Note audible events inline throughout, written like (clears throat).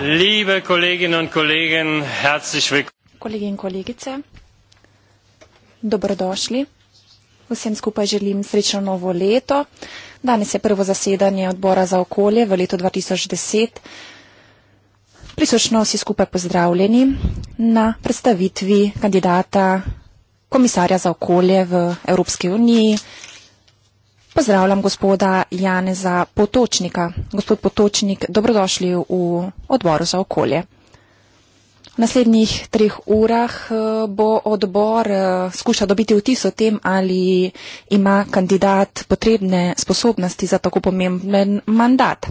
Liebe Kolleginnen und Kollegen, herzlich willkommen. Kolleginnen und Kollegen, dobrodošli. Vsem skupaj želim srečno novo leto. Danes je prvo zasedanje odbora za okolje v letu 2010. Prisošno vsi skupaj pozdravljeni na predstavitvi kandidata komisarja za okolje v Evropski uniji, Pozdravljam gospoda Janeza Potočnika. Gospod Potočnik, dobrodošli v odboru za okolje. V naslednjih treh urah eh, bo odbor eh, skušal dobiti vtis o tem, ali ima kandidat potrebne sposobnosti za tako pomemben mandat.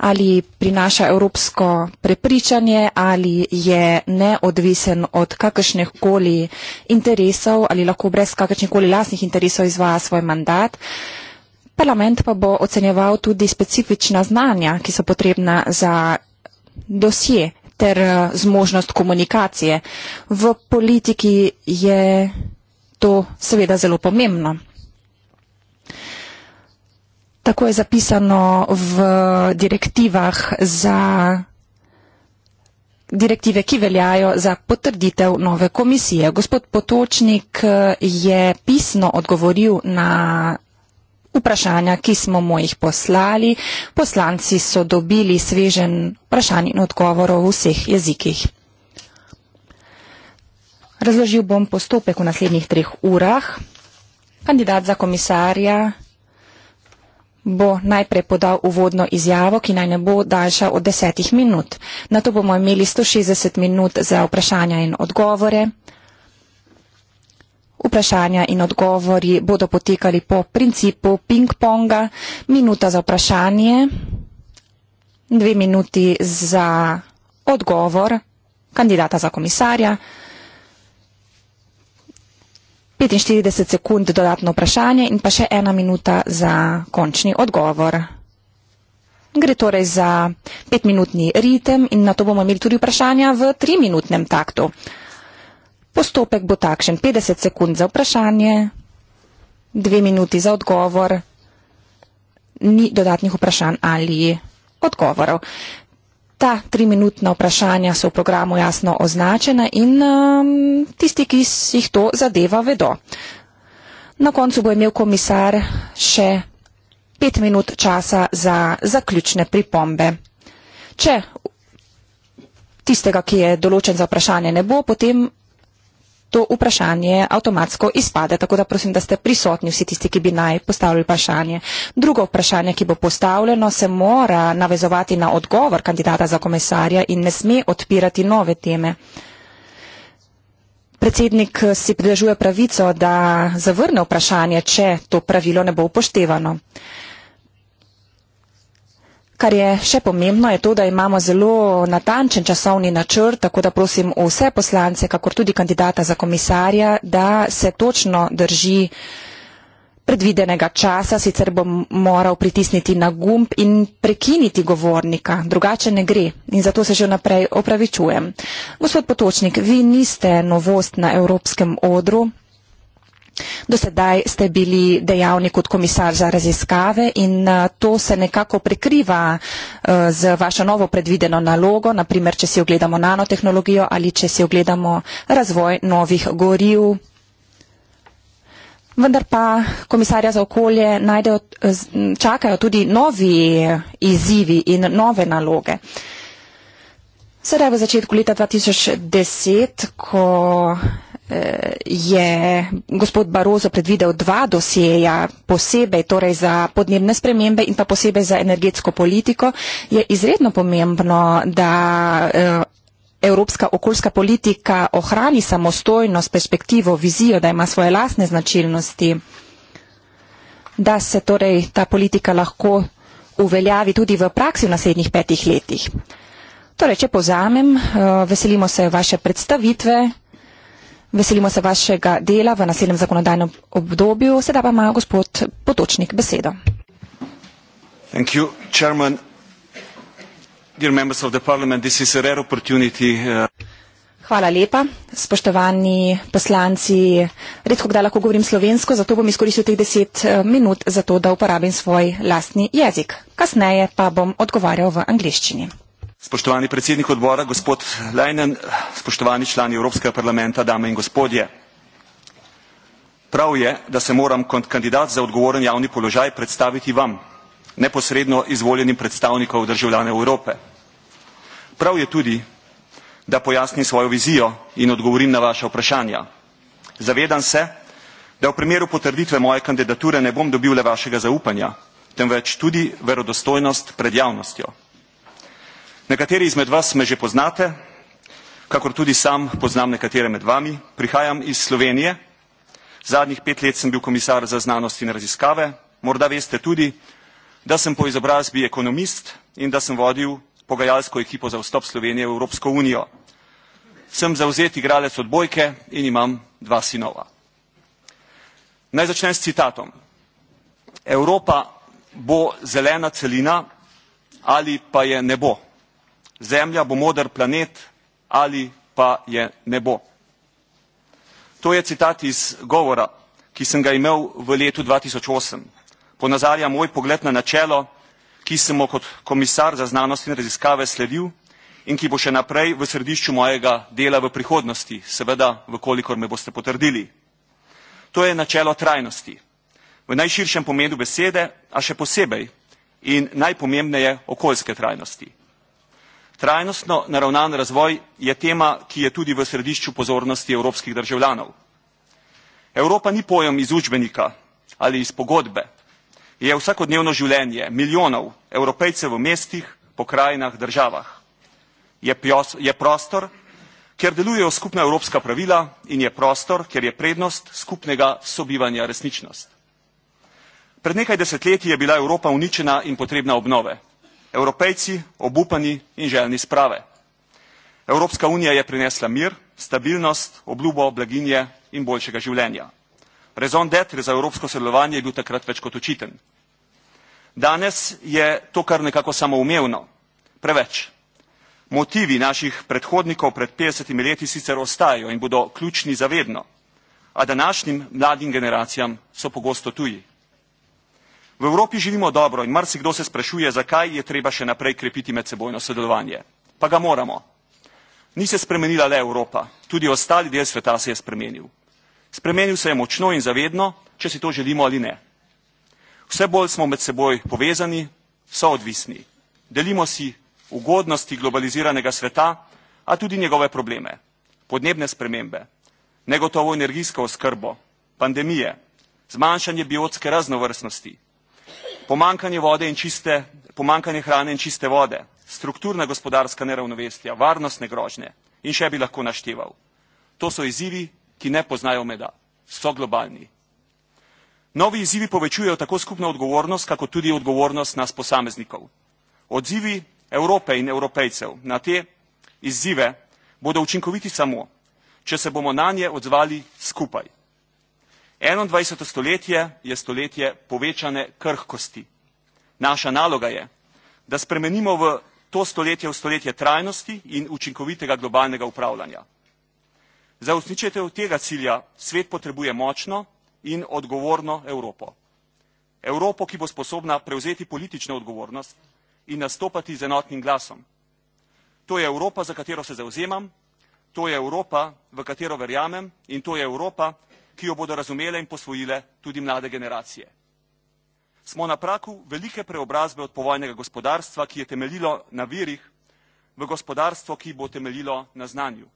Ali prinaša evropsko prepričanje, ali je neodvisen od kakršnih koli interesov, ali lahko brez kakršnih koli lasnih interesov izvaja svoj mandat. Parlament pa bo ocenjeval tudi specifična znanja, ki so potrebna za dosje ter eh, zmožnost komunikacije. V politiki je to seveda zelo pomembno. Tako je zapisano v direktivah za direktive, ki veljajo za potrditev nove komisije. Gospod Potočnik eh, je pisno odgovoril na vprašanja, ki smo mu jih poslali. Poslanci so dobili svežen vprašanj in odgovorov v vseh jezikih. Razložil bom postopek v naslednjih treh urah. Kandidat za komisarja bo najprej podal uvodno izjavo, ki naj ne bo daljša od desetih minut. Na to bomo imeli 160 minut za vprašanja in odgovore. Vprašanja in odgovori bodo potekali po principu ping-ponga. Minuta za vprašanje, dve minuti za odgovor kandidata za komisarja. 45 sekund dodatno vprašanje in pa še ena minuta za končni odgovor. Gre torej za petminutni ritem in na to bomo imeli tudi vprašanja v triminutnem taktu. Postopek bo takšen 50 sekund za vprašanje, dve minuti za odgovor, ni dodatnih vprašanj ali odgovorov. Ta tri minutna vprašanja so v programu jasno označena in um, tisti, ki jih to zadeva, vedo. Na koncu bo imel komisar še pet minut časa za zaključne pripombe. Če tistega, ki je določen za vprašanje, ne bo, potem to vprašanje avtomatsko izpade. Tako da prosim, da ste prisotni vsi tisti, ki bi naj postavili vprašanje. Drugo vprašanje, ki bo postavljeno, se mora navezovati na odgovor kandidata za komisarja in ne sme odpirati nove teme. Predsednik si pridržuje pravico, da zavrne vprašanje, če to pravilo ne bo upoštevano. Kar je še pomembno, je to, da imamo zelo natančen časovni načrt, tako da prosim vse poslance, kakor tudi kandidata za komisarja, da se točno drži predvidenega časa, sicer bom moral pritisniti na gumb in prekiniti govornika, drugače ne gre in zato se že naprej opravičujem. Gospod Potočnik, vi niste novost na evropskem odru. Do sedaj ste bili dejavni kot komisar za raziskave in eh, to se nekako prekriva eh, z vašo novo predvideno nalogo, naprimer, če si ogledamo nanotehnologijo ali če si ogledamo razvoj novih goriv. Vendar pa komisarja za okolje najdejo, eh, čakajo tudi novi izzivi in nove naloge. Sedaj v začetku leta 2010, ko je gospod Barozo predvidel dva dosjeja, posebej torej za podnebne spremembe in pa posebej za energetsko politiko, je izredno pomembno, da eh, evropska okoljska politika ohrani samostojnost, perspektivo, vizijo, da ima svoje lasne značilnosti, da se torej ta politika lahko uveljavi tudi v praksi v naslednjih petih letih. Torej, če povzamem, eh, veselimo se vaše predstavitve. Veselimo se vašega dela v naslednjem zakonodajnem obdobju. Sedaj pa ima gospod Potočnik besedo. Thank you, chairman. Dear members of the parliament, this is a rare opportunity. Uh, Hvala lepa, spoštovani poslanci. Redko kdaj lahko govorim slovensko, zato bom izkoristil teh deset eh, minut za to, da uporabim svoj lastni jezik. Kasneje pa bom odgovarjal v angliščini. Spoštovani predsednik odbora, gospod Leinen, spoštovani člani Evropskega parlamenta, dame in gospodje. Prav je, da se moram kot kandidat za odgovoren javni položaj predstaviti vam, neposredno izvoljenim predstavnikom državljane Evrope. Prav je tudi, da pojasnim svojo vizijo in odgovorim na vaše vprašanja. Zavedam se, da v primeru potrditve moje kandidature ne bom dobil le vašega zaupanja, temveč tudi verodostojnost pred javnostjo. Nekateri izmed vas me že poznate, kakor tudi sam poznam nekatere med vami. Prihajam iz Slovenije. Zadnjih pet let sem bil komisar za znanost in raziskave. Morda veste tudi, da sem po izobrazbi ekonomist in da sem vodil pogajalsko ekipo za vstop Slovenije v Evropsko unijo. Sem zauzet igralec odbojke in imam dva sinova. Naj začnem s citatom. Evropa bo zelena celina ali pa je ne bo zemlja bo moder planet ali pa je ne bo. To je citat iz govora, ki sem ga imel v letu 2008. Ponazarja moj pogled na načelo, ki sem mu kot komisar za znanost in raziskave sledil in ki bo še naprej v središču mojega dela v prihodnosti, seveda, vkolikor me boste potrdili. To je načelo trajnosti. V najširšem pomenu besede, a še posebej in najpomembneje okoljske trajnosti. Trajnostno naravnan razvoj je tema, ki je tudi v središču pozornosti evropskih državljanov. Evropa ni pojem iz učbenika ali iz pogodbe, je vsakodnevno življenje milijonov evropejcev v mestih, pokrajinah, državah. Je, pios, je prostor, kjer delujejo skupna evropska pravila in je prostor, kjer je prednost skupnega sobivanja resničnost. Pred nekaj desetletji je bila Evropa uničena in potrebna obnove evropejci obupani in željni sprave. Evropska unija je prinesla mir, stabilnost, obljubo blaginje in boljšega življenja. Rezon detre za evropsko sodelovanje je bil takrat več kot očiten. Danes je to kar nekako samoumevno, preveč. Motivi naših predhodnikov pred 50 leti sicer ostajajo in bodo ključni zavedno, a današnjim mladim generacijam so pogosto tuji. V Evropi živimo dobro in marsikdo se sprašuje, zakaj je treba še naprej krepiti medsebojno sodelovanje. Pa ga moramo. Ni se spremenila le Evropa, tudi ostali del sveta se je spremenil. Spremenil se je močno in zavedno, če si to želimo ali ne. Vse bolj smo med seboj povezani, soodvisni. Delimo si ugodnosti globaliziranega sveta, a tudi njegove probleme. Podnebne spremembe, negotovo energijsko oskrbo, pandemije, zmanjšanje biotske raznovrstnosti, pomankanje vode in čiste, pomankanje hrane in čiste vode, strukturna gospodarska neravnovesja, varnostne grožnje in še bi lahko našteval. To so izzivi, ki ne poznajo meda, so globalni. Novi izzivi povečujejo tako skupno odgovornost, kako tudi odgovornost nas posameznikov. Odzivi Evrope in Evropejcev na te izzive bodo učinkoviti samo, če se bomo na nje odzvali skupaj. 21. stoletje je stoletje povečane krhkosti. Naša naloga je, da spremenimo v to stoletje v stoletje trajnosti in učinkovitega globalnega upravljanja. Za usničitev tega cilja svet potrebuje močno in odgovorno Evropo. Evropo, ki bo sposobna prevzeti politično odgovornost in nastopati z enotnim glasom. To je Evropa, za katero se zauzemam, to je Evropa, v katero verjamem in to je Evropa, ki jo bodo razumele in posvojile tudi mlade generacije. Smo na praku velike preobrazbe od povojnega gospodarstva, ki je temeljilo na virih, v gospodarstvo, ki bo temeljilo na znanju.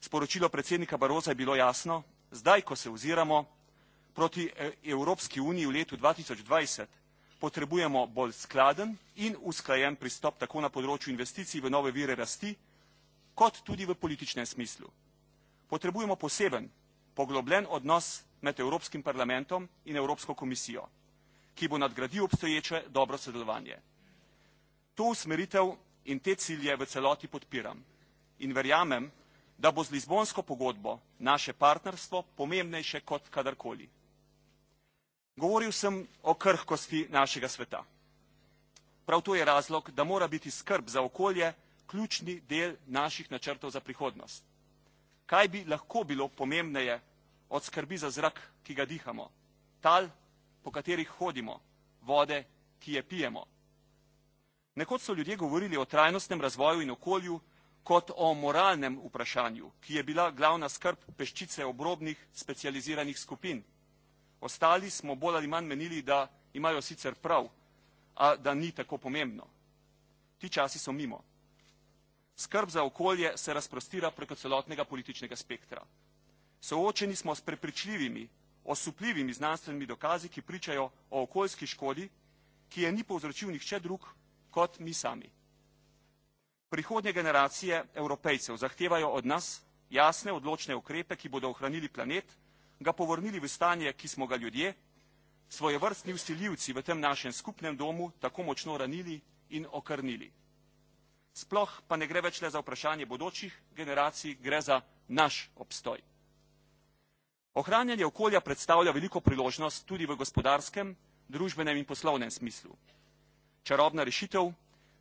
Sporočilo predsednika Baroza je bilo jasno, zdaj, ko se oziramo proti e, Evropski uniji v letu 2020, potrebujemo bolj skladen in usklajen pristop tako na področju investicij v nove vire rasti, kot tudi v političnem smislu. Potrebujemo poseben poglobljen odnos med Evropskim parlamentom in Evropsko komisijo, ki bo nadgradil obstoječe dobro sodelovanje. To usmeritev in te cilje v celoti podpiram in verjamem, da bo z Lizbonsko pogodbo naše partnerstvo pomembnejše kot kadarkoli. Govoril sem o krhkosti našega sveta. Prav to je razlog, da mora biti skrb za okolje ključni del naših načrtov za prihodnost kaj bi lahko bilo pomembneje od skrbi za zrak, ki ga dihamo, tal, po katerih hodimo, vode, ki je pijemo. Nekod so ljudje govorili o trajnostnem razvoju in okolju kot o moralnem vprašanju, ki je bila glavna skrb peščice obrobnih specializiranih skupin. Ostali smo bolj ali manj menili, da imajo sicer prav, a da ni tako pomembno. Ti časi so mimo skrb za okolje se razprostira preko celotnega političnega spektra. Soočeni smo s prepričljivimi, osupljivimi znanstvenimi dokazi, ki pričajo o okoljski škodi, ki je ni povzročil nihče drug kot mi sami. Prihodnje generacije evropejcev zahtevajo od nas jasne, odločne ukrepe, ki bodo ohranili planet, ga povrnili v stanje, ki smo ga ljudje, svoje vrstni usiljivci v tem našem skupnem domu tako močno ranili in okrnili sploh pa ne gre več le za vprašanje bodočih generacij, gre za naš obstoj. Ohranjanje okolja predstavlja veliko priložnost tudi v gospodarskem, družbenem in poslovnem smislu. Čarobna rešitev,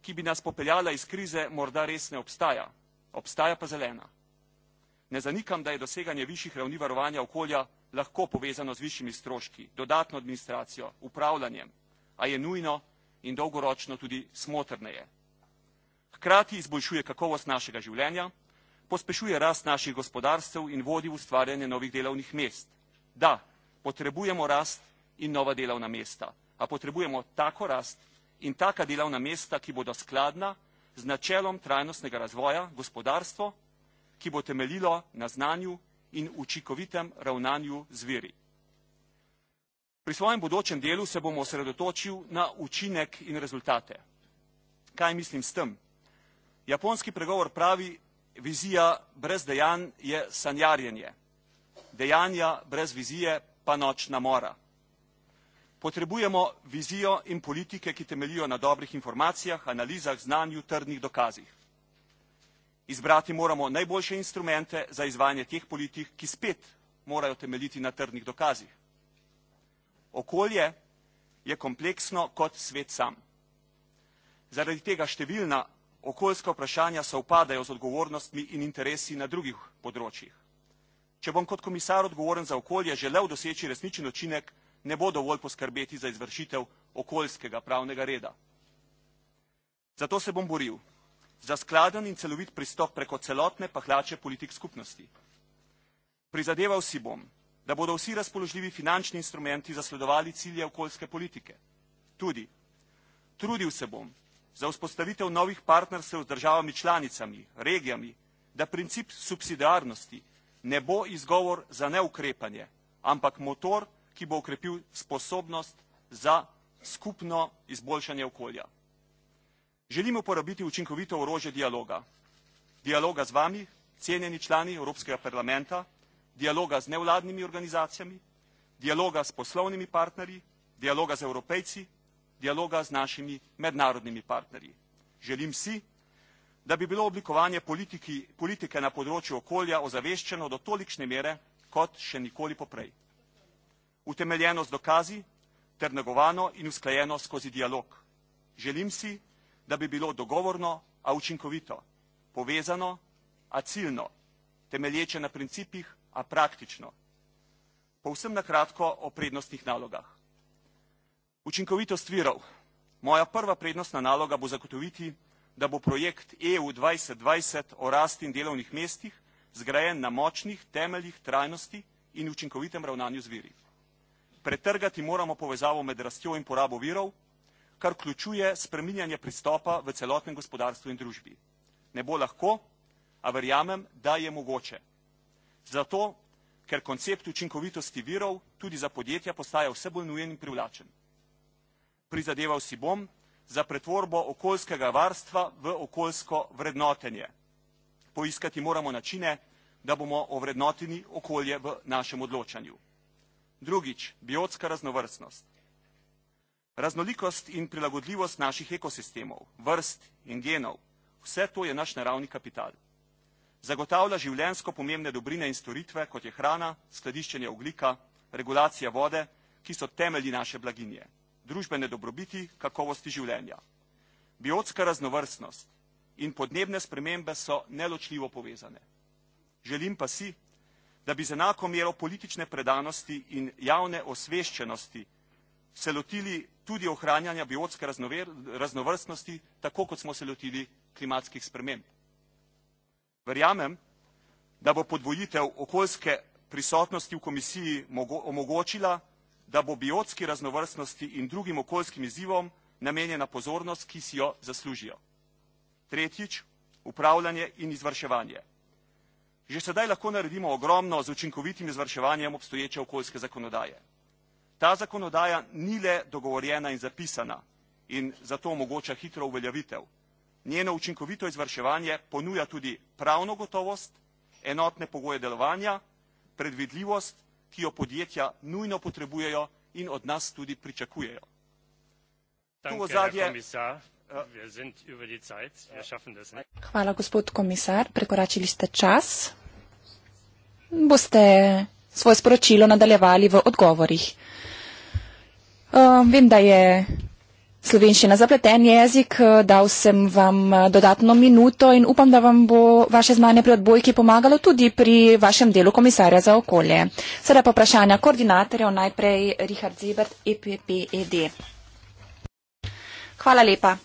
ki bi nas popeljala iz krize, morda res ne obstaja. Obstaja pa zelena. Ne zanikam, da je doseganje višjih ravni varovanja okolja lahko povezano z višjimi stroški, dodatno administracijo, upravljanjem, a je nujno in dolgoročno tudi smotrneje hkrati izboljšuje kakovost našega življenja, pospešuje rast naših gospodarstv in vodi v ustvarjanje novih delovnih mest. Da, potrebujemo rast in nova delovna mesta, a potrebujemo tako rast in taka delovna mesta, ki bodo skladna z načelom trajnostnega razvoja gospodarstvo, ki bo temeljilo na znanju in učinkovitem ravnanju zveri. Pri svojem bodočem delu se bomo osredotočil na učinek in rezultate. Kaj mislim s tem? Japonski pregovor pravi, vizija brez dejanj je sanjarjenje. Dejanja brez vizije pa nočna mora. Potrebujemo vizijo in politike, ki temelijo na dobrih informacijah, analizah, znanju, trdnih dokazih. Izbrati moramo najboljše instrumente za izvajanje teh politik, ki spet morajo temeljiti na trdnih dokazih. Okolje je kompleksno kot svet sam. Zaradi tega številna okoljska vprašanja sovpadajo z odgovornostmi in interesi na drugih področjih. Če bom kot komisar odgovoren za okolje želel doseči resničen učinek, ne bo dovolj poskrbeti za izvršitev okoljskega pravnega reda. Zato se bom boril za skladen in celovit pristop preko celotne pahlače politik skupnosti. Prizadeval si bom, da bodo vsi razpoložljivi finančni instrumenti zasledovali cilje okoljske politike. Tudi, trudil se bom, za vzpostavitev novih partnerstv z državami članicami, regijami, da princip subsidiarnosti ne bo izgovor za neukrepanje, ampak motor, ki bo ukrepil sposobnost za skupno izboljšanje okolja. Želimo porabiti učinkovito orožje dialoga. Dialoga z vami, cenjeni člani Evropskega parlamenta, dialoga z nevladnimi organizacijami, dialoga s poslovnimi partnerji, dialoga z evropejci dialoga z našimi mednarodnimi partnerji. Želim si, da bi bilo oblikovanje politiki, politike na področju okolja ozaveščeno do tolikšne mere, kot še nikoli poprej. Utemeljeno z dokazi, ter negovano in usklajeno skozi dialog. Želim si, da bi bilo dogovorno, a učinkovito, povezano, a ciljno, temelječe na principih, a praktično. Povsem na kratko o prednostnih nalogah. Učinkovitost virov. Moja prva prednostna naloga bo zagotoviti, da bo projekt EU 2020 o rasti in delovnih mestih zgrajen na močnih temeljih trajnosti in učinkovitem ravnanju z viri. Pretrgati moramo povezavo med rastjo in porabo virov, kar vključuje spreminjanje pristopa v celotnem gospodarstvu in družbi. Ne bo lahko, a verjamem, da je mogoče. Zato, ker koncept učinkovitosti virov tudi za podjetja postaja vse bolj nujen in privlačen prizadeval si bom za pretvorbo okoljskega varstva v okoljsko vrednotenje. Poiskati moramo načine, da bomo ovrednotili okolje v našem odločanju. Drugič, biotska raznovrstnost. Raznolikost in prilagodljivost naših ekosistemov, vrst in genov, vse to je naš naravni kapital. Zagotavlja življensko pomembne dobrine in storitve, kot je hrana, skladiščenje oglika, regulacija vode, ki so temelji naše blaginje družbene dobrobiti, kakovosti življenja. Biotska raznovrstnost in podnebne spremembe so neločljivo povezane. Želim pa si, da bi z enako mero politične predanosti in javne osveščenosti se lotili tudi ohranjanja biotske raznovrstnosti, tako kot smo se lotili klimatskih sprememb. Verjamem, da bo podvojitev okoljske prisotnosti v komisiji omogočila, da bo biotski raznovrstnosti in drugim okoljskim izzivom namenjena pozornost, ki si jo zaslužijo. Tretjič, upravljanje in izvrševanje. Že sedaj lahko naredimo ogromno z učinkovitim izvrševanjem obstoječe okoljske zakonodaje. Ta zakonodaja ni le dogovorjena in zapisana in zato omogoča hitro uveljavitev. Njeno učinkovito izvrševanje ponuja tudi pravno gotovost, enotne pogoje delovanja, predvidljivost ki jo podjetja nujno potrebujejo in od nas tudi pričakujejo. Eh, ja. Hvala, gospod komisar. Prekoračili ste čas. Boste svoje sporočilo nadaljevali v odgovorih. Uh, vem, da je slovenščina zapleten jezik. Eh, dal sem vam eh, dodatno minuto in upam, da vam bo vaše znanje pri odbojki pomagalo tudi pri vašem delu komisarja za okolje. Sedaj pa vprašanja koordinatorjev, najprej Richard Zibert, EPPED. Hvala lepa.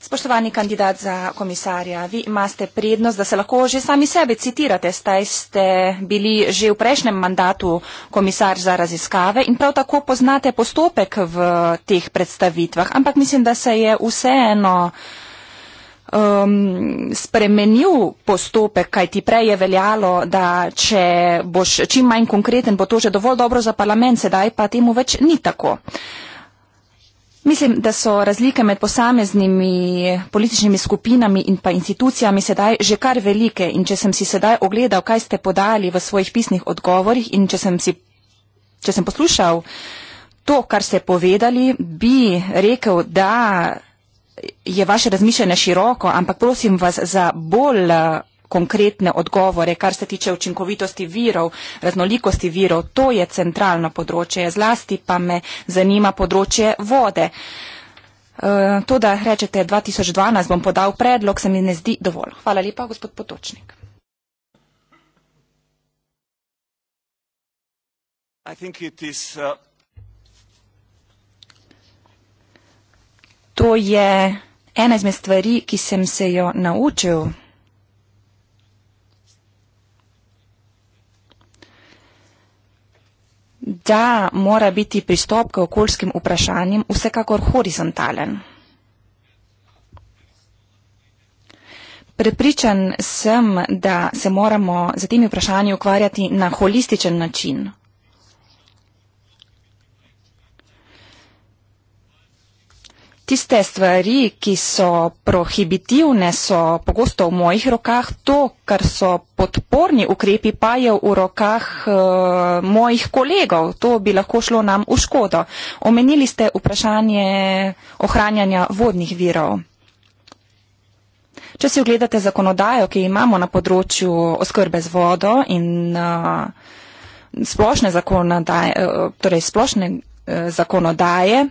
Spoštovani kandidat za komisarja, vi imate prednost, da se lahko že sami sebe citirate. Staj ste bili že v prejšnjem mandatu komisar za raziskave in prav tako poznate postopek v teh predstavitvah. Ampak mislim, da se je vseeno um, spremenil postopek, kaj ti prej je veljalo, da če boš čim manj konkreten, bo to že dovolj dobro za parlament, sedaj pa temu več ni tako. Uh, Mislim, da so razlike med posameznimi političnimi skupinami in pa institucijami sedaj že kar velike in če sem si sedaj ogledal, kaj ste podali v svojih pisnih odgovorih in če sem, si, če sem poslušal to, kar ste povedali, bi rekel, da je vaše razmišljanje široko, ampak prosim vas za bolj konkretne odgovore, kar se tiče učinkovitosti virov, raznolikosti virov, to je centralno področje, zlasti pa me zanima področje vode. E, to, da rečete 2012 bom podal predlog, se mi ne zdi dovolj. Hvala lepa, gospod Potočnik. Uh, to je ena izmed stvari, ki sem se jo naučil. da mora biti pristop k okoljskim vprašanjem vsekakor horizontalen. Prepričan sem, da se moramo z temi vprašanji ukvarjati na holističen način, tiste stvari, ki so prohibitivne, so pogosto v mojih rokah, to, kar so podporni ukrepi, pa je v rokah uh, mojih kolegov. To bi lahko šlo nam v škodo. Omenili ste vprašanje ohranjanja vodnih virov. Če si ogledate zakonodajo, ki imamo na področju oskrbe z vodo in uh, splošne zakonodaje, uh, torej splošne, uh, zakonodaje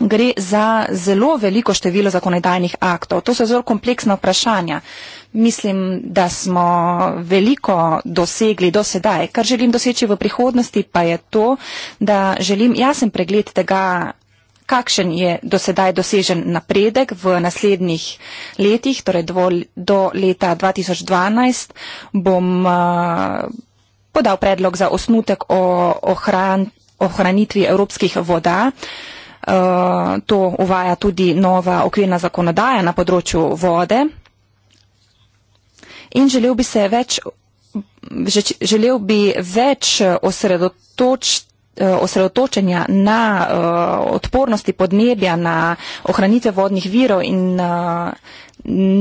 gre za zelo veliko število zakonodajnih aktov. To so zelo kompleksna vprašanja. Mislim, da smo veliko dosegli do sedaj. Kar želim doseči v prihodnosti, pa je to, da želim jasen pregled tega, kakšen je do sedaj dosežen napredek v naslednjih letih, torej do, do leta 2012, bom eh, podal predlog za osnutek o ohran, ohranitvi evropskih voda. Eh, to uvaja tudi nova okvirna zakonodaja na področju vode. In želel bi se več, želel bi več eh, osredotoč, eh, osredotočenja na odpornosti podnebja, na ohranitve vodnih virov in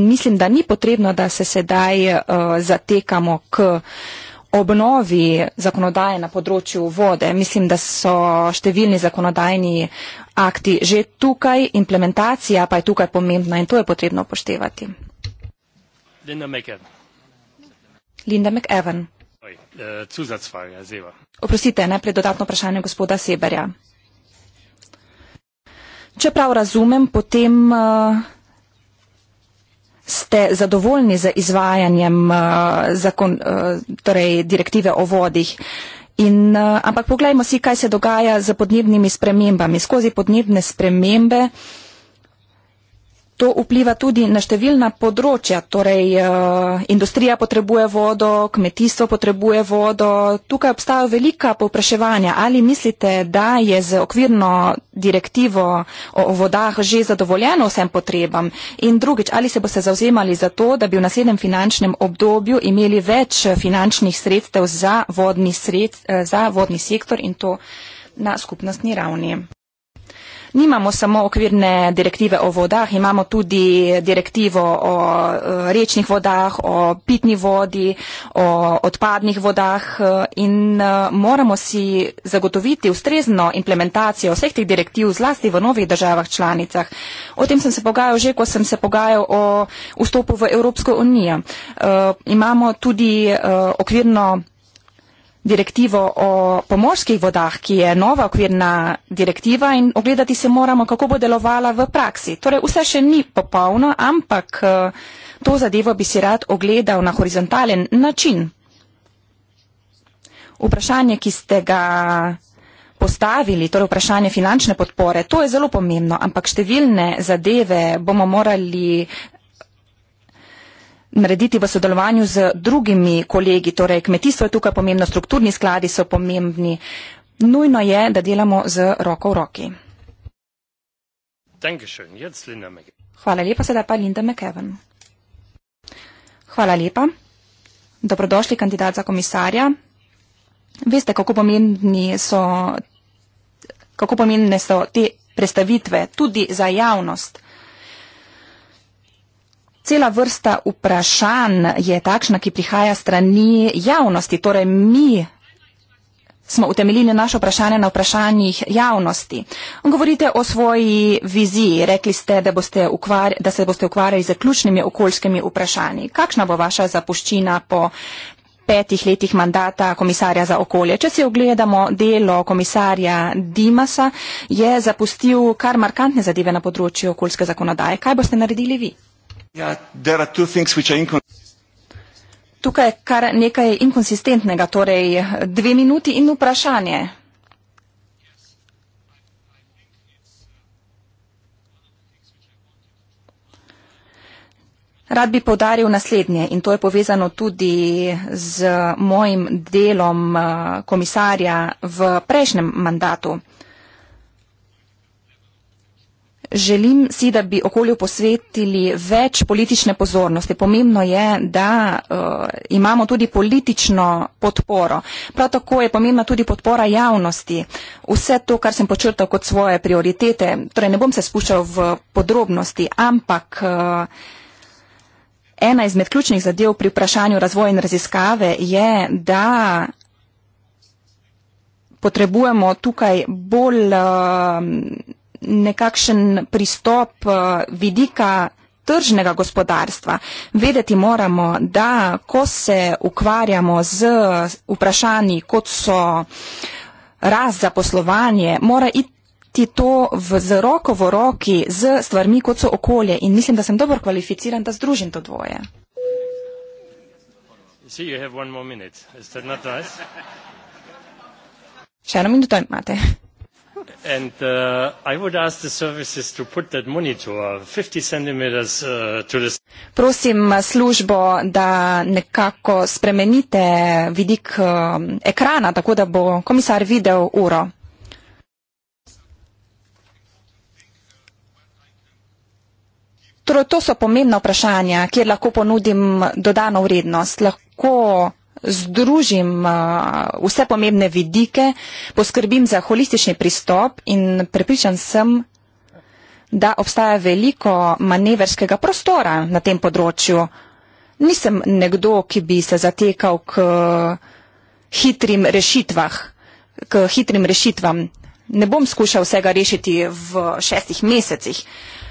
mislim, da ni potrebno, da se sedaj zatekamo k obnovi zakonodaje na področju vode. Mislim, da so številni zakonodajni akti že tukaj, implementacija pa je tukaj pomembna in to je potrebno upoštevati. Linda McEwen. Eh, ja, Oprostite, najprej dodatno vprašanje gospoda Seberja. Če prav razumem, potem uh, ste zadovoljni z za izvajanjem uh, zakon, uh, torej direktive o vodih. In, uh, ampak poglejmo si, kaj se dogaja z podnebnimi spremembami. Skozi podnebne spremembe uh, To vpliva tudi na številna področja, torej eh, industrija potrebuje vodo, kmetijstvo potrebuje vodo. Tukaj obstajajo velika povpraševanja. Ali mislite, da je z okvirno direktivo o vodah že zadovoljeno vsem potrebam? In drugič, ali se boste zauzemali za to, da bi v naslednjem finančnem obdobju imeli več finančnih sredstev za vodni, sred, eh, za vodni sektor in to na skupnostni ravni? nimamo samo okvirne direktive o vodah, imamo tudi direktivo o eh, rečnih vodah, o pitni vodi, o odpadnih vodah eh, in eh, moramo si zagotoviti ustrezno implementacijo vseh teh direktiv zlasti v novih državah članicah. O tem sem se pogajal že, ko sem se pogajal o vstopu v Evropsko unijo. Imamo tudi okvirno direktivo o pomorskih vodah, ki je nova okvirna direktiva in ogledati se moramo, kako bo delovala v praksi. Torej, vse še ni popolno, ampak eh, to zadevo bi si rad ogledal na horizontalen način. Vprašanje, ki ste ga postavili, torej vprašanje finančne podpore, to je zelo pomembno, ampak številne zadeve bomo morali narediti v sodelovanju z drugimi kolegi. Torej, kmetijstvo je tukaj pomembno, strukturni skladi so pomembni. Nujno je, da delamo z roko v roki. Hvala lepa, sedaj pa Linda McEwen. Hvala lepa. Dobrodošli, kandidat za komisarja. Veste, kako, so, kako pomembne so te predstavitve tudi za javnost cela vrsta vprašanj je takšna, ki prihaja strani javnosti. Torej, mi smo utemeljili naše vprašanje na vprašanjih javnosti. Govorite o svoji viziji. Rekli ste, da, boste ukvar, da se boste ukvarjali z ključnimi okoljskimi vprašanji. Kakšna bo vaša zapuščina po petih letih mandata komisarja za okolje. Če si ogledamo delo komisarja Dimasa, je zapustil kar markantne zadeve na področju okoljske zakonodaje. Kaj boste naredili vi? Tukaj je kar nekaj inkonsistentnega, torej dve minuti in vprašanje. Rad bi povdaril naslednje in to je povezano tudi z mojim delom eh, komisarja v prejšnjem mandatu. Želim si, da bi okolju posvetili več politične pozornosti. Pomembno je, da uh, imamo tudi politično podporo. Prav tako je pomembna tudi podpora javnosti. Vse to, kar sem počrtal kot svoje prioritete, torej ne bom se spuščal v podrobnosti, ampak uh, ena izmed ključnih zadev pri vprašanju razvoja in raziskave je, da potrebujemo tukaj bolj. Uh, nekakšen pristop eh, vidika tržnega gospodarstva. Vedeti moramo, da ko se ukvarjamo z vprašanji, kot so rast za poslovanje, mora iti to v, z roko v roki z stvarmi, kot so okolje. In mislim, da sem dobro kvalificiran, da združim to dvoje. Nice? Še eno minuto imate and uh, I would ask the services to put that monitor 50 cm uh, to the Prosim službo, da nekako spremenite vidik um, ekrana, tako da bo komisar videl uro. Torej, to so pomembna vprašanja, kjer lahko ponudim dodano vrednost. Lahko združim vse pomembne vidike, poskrbim za holistični pristop in prepričan sem, da obstaja veliko manevrskega prostora na tem področju. Nisem nekdo, ki bi se zatekal k hitrim rešitvah, k hitrim rešitvam. Ne bom skušal vsega rešiti v šestih mesecih. Uh,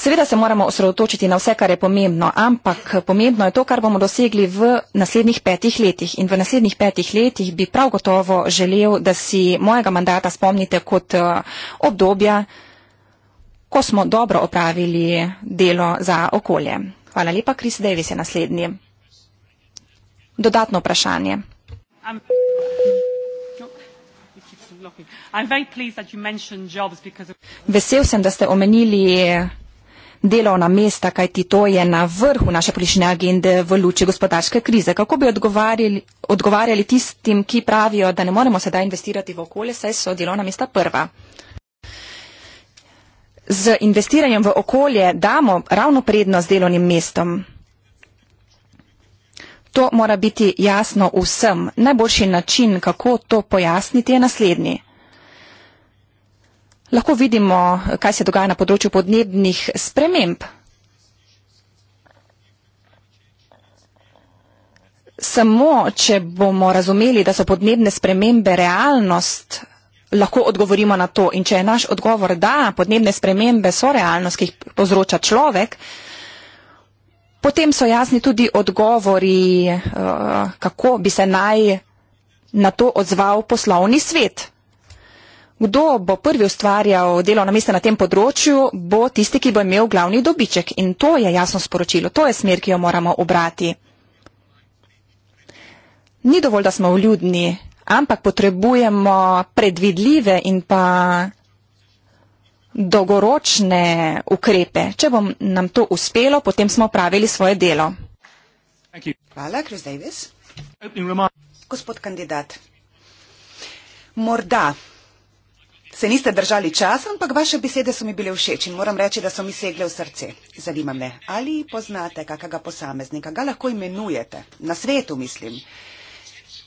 Seveda se moramo osredotočiti na vse, kar je pomembno, ampak pomembno je to, kar bomo dosegli v naslednjih petih letih. In v naslednjih petih letih bi prav gotovo želel, da si mojega mandata spomnite kot eh, obdobja, ko smo dobro opravili delo za okolje. Hvala lepa, Kris Davis je naslednji. Dodatno vprašanje. No, Vesel sem, da ste omenili delovna mesta, kaj ti to je na vrhu naše politične agende v luči gospodarske krize. Kako bi odgovarjali, odgovarjali tistim, ki pravijo, da ne moremo sedaj investirati v okolje, saj so delovna mesta prva? Z investiranjem v okolje damo ravno prednost delovnim mestom. To mora biti jasno vsem. Najboljši način, kako to pojasniti, je naslednji lahko vidimo, kaj se dogaja na področju podnebnih sprememb. Samo, če bomo razumeli, da so podnebne spremembe realnost, lahko odgovorimo na to. In če je naš odgovor, da podnebne spremembe so realnost, ki jih povzroča človek, potem so jasni tudi odgovori, eh, kako bi se naj na to odzval poslovni svet. Kdo bo prvi ustvarjal delovna mesta na tem področju, bo tisti, ki bo imel glavni dobiček. In to je jasno sporočilo, to je smer, ki jo moramo obrati. Ni dovolj, da smo vljudni, ampak potrebujemo predvidljive in pa dolgoročne ukrepe. Če bom nam to uspelo, potem smo opravili svoje delo. Hvala, Chris Davis. Gospod kandidat. Morda se niste držali časa, ampak vaše besede so mi bile všeč in moram reči, da so mi segle v srce. Zanima me, ali poznate kakega posameznika, ga lahko imenujete, na svetu mislim,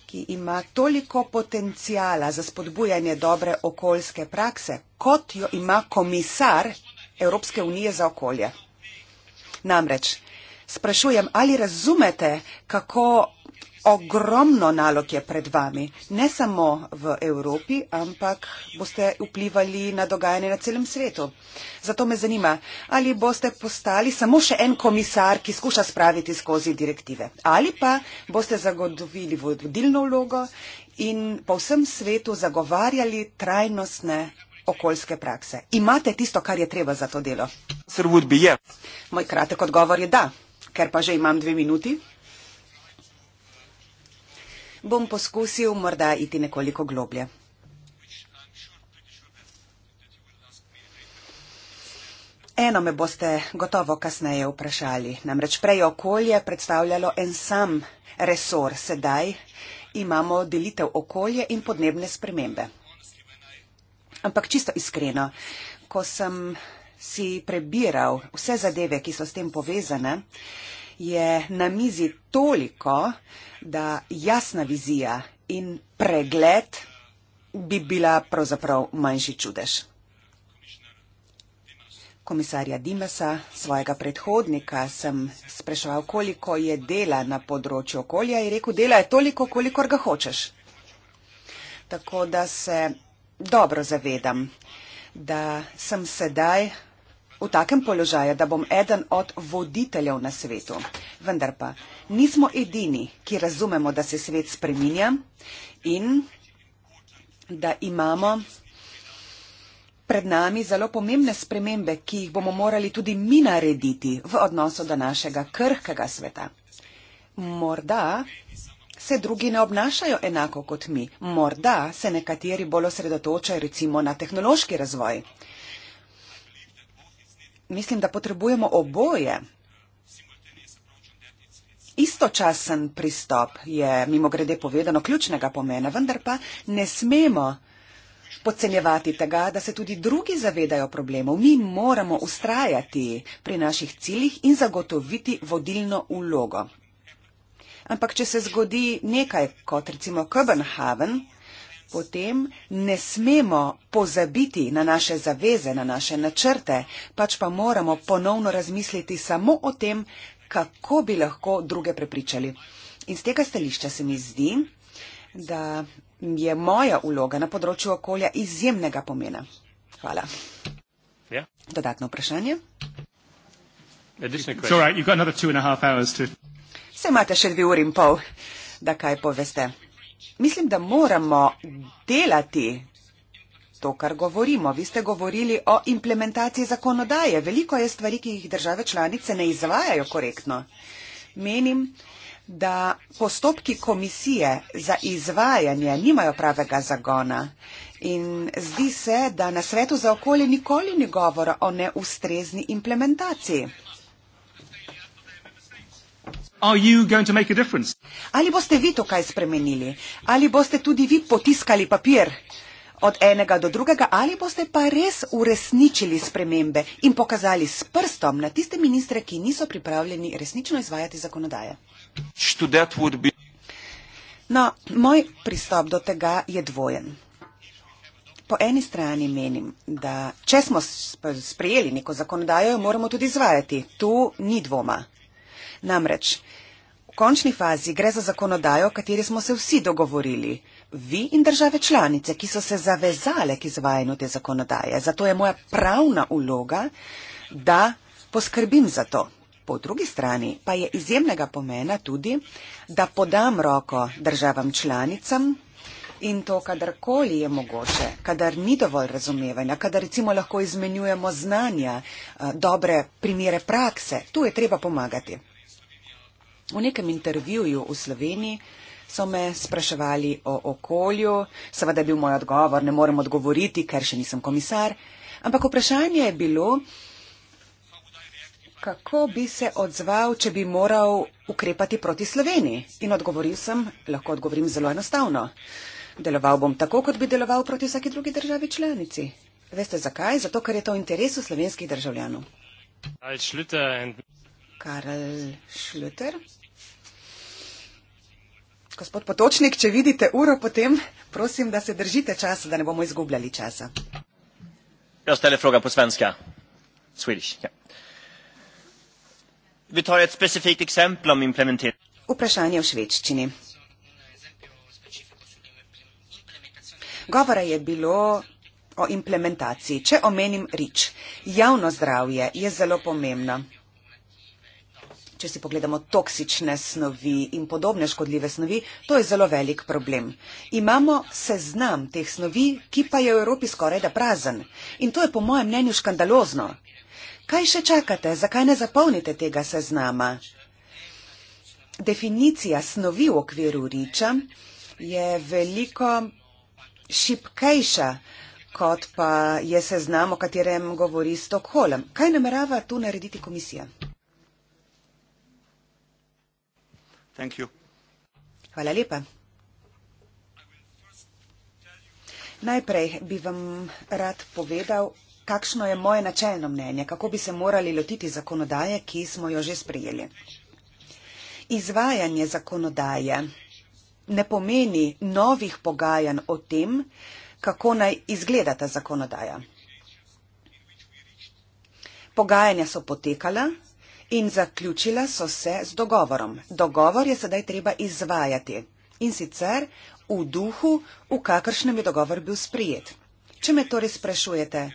ki ima toliko potencijala za spodbujanje dobre okoljske prakse, kot jo ima komisar Evropske unije za okolje. Namreč, sprašujem, ali razumete, kako Ogromno nalog je pred vami, ne samo v Evropi, ampak boste vplivali na dogajanje na celem svetu. Zato me zanima, ali boste postali samo še en komisar, ki skuša spraviti skozi direktive, ali pa boste zagotovili vodilno vlogo in po vsem svetu zagovarjali trajnostne okoljske prakse. Imate tisto, kar je treba za to delo? Moj kratek odgovor je da, ker pa že imam dve minuti bom poskusil morda iti nekoliko globlje. Eno me boste gotovo kasneje vprašali, namreč prej je okolje predstavljalo en sam resor, sedaj imamo delitev okolje in podnebne spremembe. Ampak čisto iskreno, ko sem si prebiral vse zadeve, ki so s tem povezane, je na mizi toliko, da jasna vizija in pregled bi bila pravzaprav manjši čudež. Komisarja Dimasa, svojega predhodnika, sem spraševal, koliko je dela na področju okolja in rekel, dela je toliko, kolikor ga hočeš. Tako da se dobro zavedam, da sem sedaj v takem položaju, da bom eden od voditeljev na svetu. Vendar pa nismo edini, ki razumemo, da se svet spreminja in da imamo pred nami zelo pomembne spremembe, ki jih bomo morali tudi mi narediti v odnosu do našega krhkega sveta. Morda se drugi ne obnašajo enako kot mi, morda se nekateri bolj osredotočajo recimo na tehnološki razvoj mislim, da potrebujemo oboje. Istočasen pristop je, mimo grede povedano, ključnega pomena, vendar pa ne smemo podcenjevati tega, da se tudi drugi zavedajo problemov. Mi moramo ustrajati pri naših ciljih in zagotoviti vodilno vlogo. Ampak, če se zgodi nekaj kot recimo Copenhagen, potem ne smemo pozabiti na naše zaveze, na naše načrte, pač pa moramo ponovno razmisliti samo o tem, kako bi lahko druge prepričali. In z tega stališča se mi zdi, da je moja vloga na področju okolja izjemnega pomena. Hvala. Yeah. Ja. Dodatno vprašanje. Right, to... Se imate še dve uri in pol, da kaj poveste. Mislim, da moramo delati to, kar govorimo. Vi ste govorili o implementaciji zakonodaje. Veliko je stvari, ki jih države članice ne izvajajo korektno. Menim, da postopki komisije za izvajanje nimajo pravega zagona. In zdi se, da na svetu za okolje nikoli ni govora o neustrezni implementaciji. Ali boste vi to kaj spremenili? Ali boste tudi vi potiskali papir od enega do drugega? Ali boste pa res uresničili spremembe in pokazali s prstom na tiste ministre, ki niso pripravljeni resnično izvajati zakonodaje? No, moj pristop do tega je dvojen. Po eni strani menim, da če smo sprejeli neko zakonodajo, jo moramo tudi izvajati. Tu ni dvoma. Namreč, v končni fazi gre za zakonodajo, o kateri smo se vsi dogovorili. Vi in države članice, ki so se zavezale k izvajanju te zakonodaje. Zato je moja pravna uloga, da poskrbim za to. Po drugi strani pa je izjemnega pomena tudi, da podam roko državam članicam in to, kadarkoli je mogoče, kadar ni dovolj razumevanja, kadar recimo lahko izmenjujemo znanja, eh, dobre primere prakse, tu je treba pomagati. V nekem intervjuju v Sloveniji so me spraševali o okolju, seveda je bil moj odgovor, ne morem odgovoriti, ker še nisem komisar, ampak vprašanje je bilo, kako bi se odzval, če bi moral ukrepati proti Sloveniji. In odgovoril sem, lahko odgovorim zelo enostavno. Deloval bom tako, kot bi deloval proti vsaki drugi državi članici. Veste zakaj? Zato, ker je to v interesu slovenskih državljanov. Karel Šluter. Gospod Potočnik, če vidite uro, potem prosim, da se držite časa, da ne bomo izgubljali časa. Jaz stele vprašam po svenska. Swedish, ja. Vi tar et specifikt eksempel om implementering. Vprašanje v švedščini. Govora je bilo o implementaciji. Če omenim rič, javno zdravje je zelo pomembno če si pogledamo toksične snovi in podobne škodljive snovi, to je zelo velik problem. Imamo seznam teh snovi, ki pa je v Evropi skoraj da prazen. In to je po mojem mnenju škandalozno. Kaj še čakate? Zakaj ne zapolnite tega seznama? Definicija snovi v okviru riča je veliko šipkejša kot pa je seznam, o katerem govori Stokholm. Kaj namerava tu narediti komisija? Thank you. Hvala lepa. Najprej bi vam rad povedal, kakšno je moje načelno mnenje, kako bi se morali lotiti zakonodaje, ki smo jo že sprejeli. Izvajanje zakonodaje ne pomeni novih pogajanj o tem, kako naj izgleda ta zakonodaja. Pogajanja so potekala, in zaključile so se z dogovorom. Dogovor je sedaj treba izvajati in sicer v duhu, v kakršnem je dogovor bil sprijet. Če me torej sprašujete,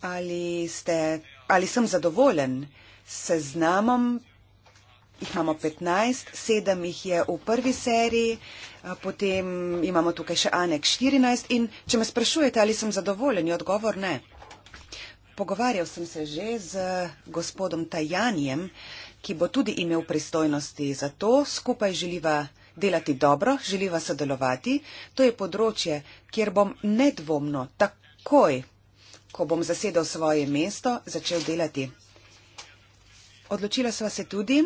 ali, ste, ali sem zadovoljen se znamom, jih imamo 15, 7 jih je v prvi seriji, potem imamo tukaj še aneks 14 in če me sprašujete, ali sem zadovoljen, je odgovor ne. Pogovarjal sem se že z gospodom Tajanjem, ki bo tudi imel pristojnosti za to, skupaj želiva delati dobro, želiva sodelovati. To je področje, kjer bom nedvomno takoj, ko bom zasedal svoje mesto, začel delati. Odločila sva se tudi,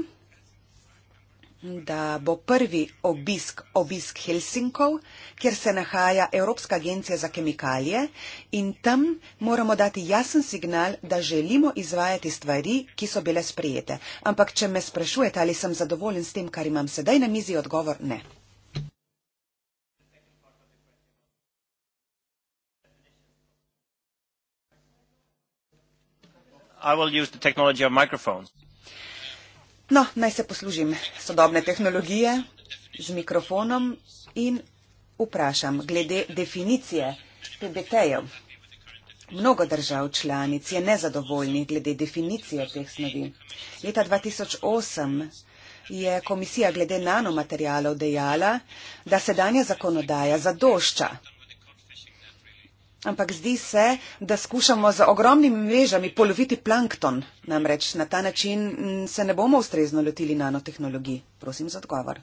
da bo prvi obisk obisk Helsinkov, kjer se nahaja Evropska agencija za kemikalije in tam moramo dati jasen signal, da želimo izvajati stvari, ki so bile sprijete. Ampak, če me sprašujete, ali sem zadovoljen s tem, kar imam sedaj na mizi, odgovor ne. I will use the technology of microphones. No, naj se poslužim sodobne tehnologije z mikrofonom in vprašam glede definicije PBT-jev. Mnogo držav članic je nezadovoljnih glede definicije teh snovi. Leta 2008 je komisija glede nanomaterijalov dejala, da sedanja zakonodaja zadošča Ampak zdi se, da skušamo z ogromnimi mrežami poloviti plankton. Namreč na ta način mm, se ne bomo ustrezno lotili nanotehnologij. Prosim za odgovor.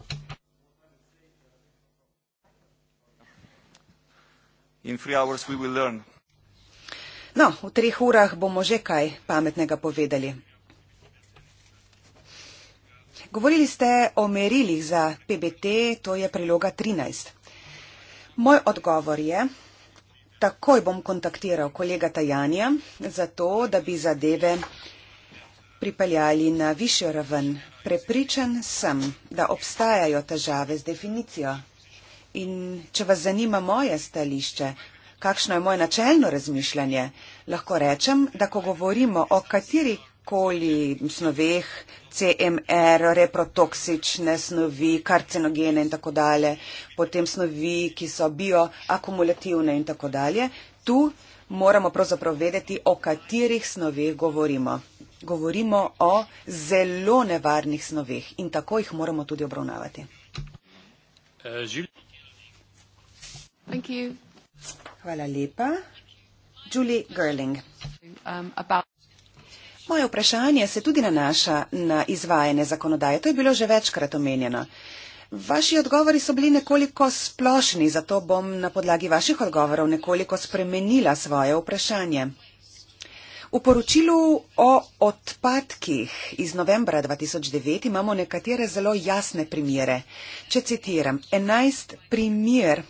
No, v treh urah bomo že kaj pametnega povedali. Govorili ste o merilih za PBT, to je priloga 13. Moj odgovor je, Takoj bom kontaktiral kolega Tajanja, zato da bi zadeve pripeljali na višjo raven. Prepričan sem, da obstajajo težave z definicijo. In če vas zanima moje stališče, kakšno je moje načeljno razmišljanje, lahko rečem, da ko govorimo o katerih koli snoveh, CMR, reprotoksične snovi, karcinogene in tako dalje, potem snovi, ki so bioakumulativne in tako dalje. Tu moramo pravzaprav vedeti, o katerih snoveh govorimo. Govorimo o zelo nevarnih snoveh in tako jih moramo tudi obravnavati. Hvala lepa. Julie Gerling. Um, about... Moje vprašanje se tudi nanaša na izvajanje zakonodaje. To je bilo že večkrat omenjeno. Vaši odgovori so bili nekoliko splošni, zato bom na podlagi vaših odgovorov nekoliko spremenila svoje vprašanje. V poročilu o odpadkih iz novembra 2009 imamo nekatere zelo jasne primere. Če citiram, 11, primer,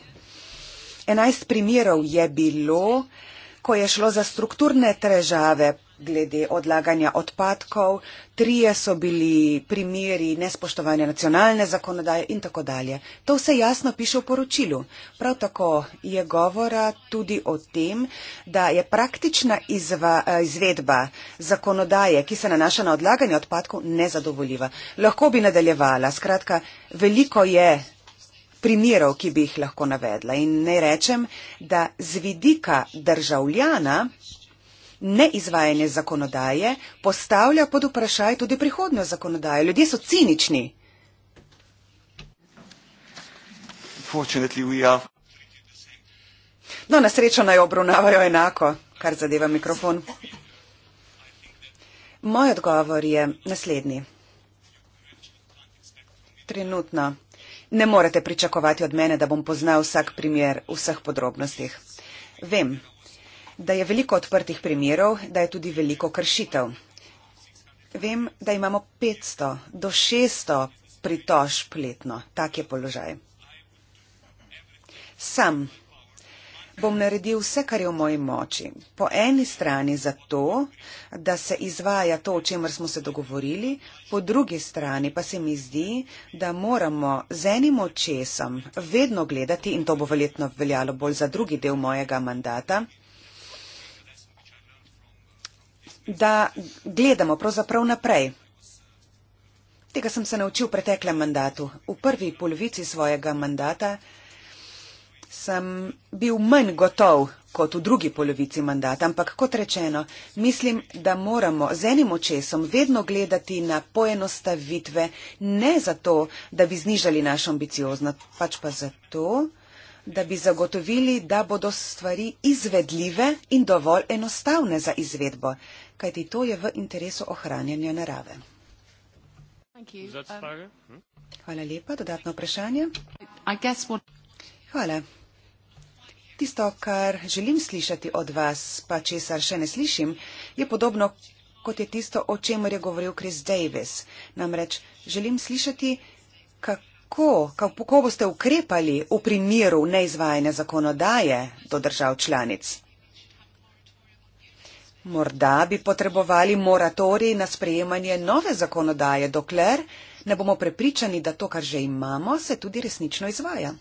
11 primerov je bilo, ko je šlo za strukturne težave glede odlaganja odpadkov, trije so bili primeri nespoštovanja nacionalne zakonodaje in tako dalje. To vse jasno piše v poročilu. Prav tako je govora tudi o tem, da je praktična izva, eh, izvedba zakonodaje, ki se nanaša na odlaganje odpadkov, nezadovoljiva. Lahko bi nadaljevala. Skratka, veliko je primerov, ki bi jih lahko navedla. In ne rečem, da z vidika državljana neizvajanje zakonodaje postavlja pod vprašaj tudi prihodno zakonodajo. Ljudje so cinični. No, na srečo naj obravnavajo enako, kar zadeva mikrofon. Moj odgovor je naslednji. Trenutno ne morete pričakovati od mene, da bom poznal vsak primer v vseh podrobnostih. Vem, da je veliko odprtih primerov, da je tudi veliko kršitev. Vem, da imamo 500 do 600 pritožb letno. Tak je položaj. Sam bom naredil vse, kar je v moji moči. Po eni strani zato, da se izvaja to, o čemer smo se dogovorili, po drugi strani pa se mi zdi, da moramo z enim očesom vedno gledati, in to bo verjetno veljalo bolj za drugi del mojega mandata, da gledamo pravzaprav naprej. Tega sem se naučil v preteklem mandatu. V prvi polovici svojega mandata sem bil manj gotov kot v drugi polovici mandata, ampak kot rečeno, mislim, da moramo z enim očesom vedno gledati na poenostavitve, ne zato, da bi znižali našo ambicioznost, pač pa zato, da bi zagotovili, da bodo stvari izvedljive in dovolj enostavne za izvedbo kajti to je v interesu ohranjanja narave. Um, Hvala lepa. Dodatno vprašanje? Hvala. Tisto, kar želim slišati od vas, pa česar še ne slišim, je podobno kot je tisto, o čemer je govoril Chris Davis. Namreč želim slišati, kako, kako boste ukrepali v primeru neizvajanja zakonodaje do držav članic. Morda bi potrebovali moratorij na sprejemanje nove zakonodaje, dokler ne bomo prepričani, da to, kar že imamo, se tudi resnično izvaja.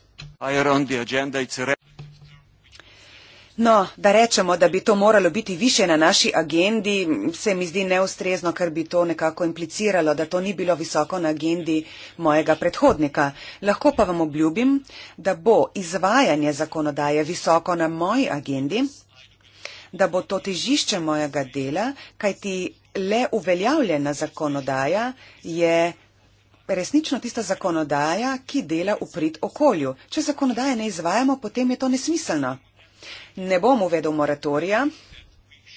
No, da rečemo, da bi to moralo biti više na naši agendi, se mi zdi neustrezno, ker bi to nekako impliciralo, da to ni bilo visoko na agendi mojega predhodnika. Lahko pa vam obljubim, da bo izvajanje zakonodaje visoko na moji agendi da bo to težišče mojega dela, kajti le uveljavljena zakonodaja je resnično tista zakonodaja, ki dela v prid okolju. Če zakonodaje ne izvajamo, potem je to nesmiselno. Ne bom uvedel moratorija,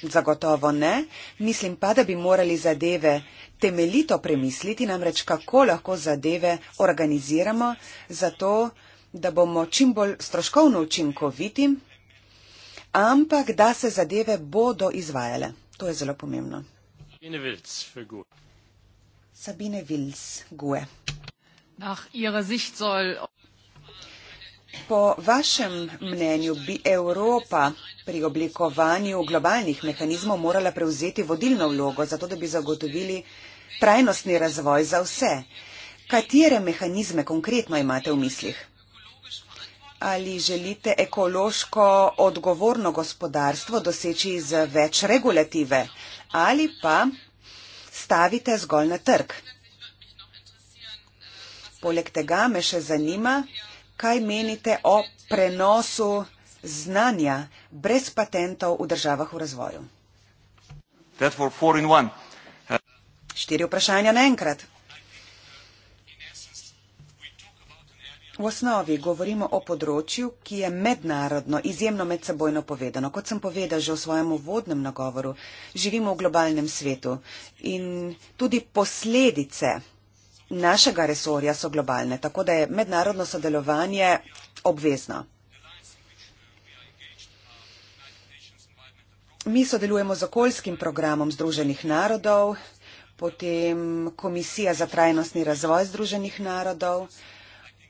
zagotovo ne, mislim pa, da bi morali zadeve temeljito premisliti, namreč kako lahko zadeve organiziramo, zato da bomo čim bolj stroškovno učinkoviti ampak da se zadeve bodo izvajale. To je zelo pomembno. Sabine Wils, Sabine Wils Gue. Po vašem mnenju bi Evropa pri oblikovanju globalnih mehanizmov morala prevzeti vodilno vlogo, zato da bi zagotovili trajnostni razvoj za vse. Katere mehanizme konkretno imate v mislih? ali želite ekološko odgovorno gospodarstvo doseči z več regulative ali pa stavite zgolj na trg. Poleg tega me še zanima, kaj menite o prenosu znanja brez patentov v državah v razvoju. Štiri vprašanja naenkrat. V osnovi govorimo o področju, ki je mednarodno, izjemno medsebojno povedano. Kot sem povedal že v svojem uvodnem nagovoru, živimo v globalnem svetu in tudi posledice našega resorja so globalne, tako da je mednarodno sodelovanje obvezno. Mi sodelujemo z okoljskim programom Združenih narodov, potem Komisija za trajnostni razvoj Združenih narodov,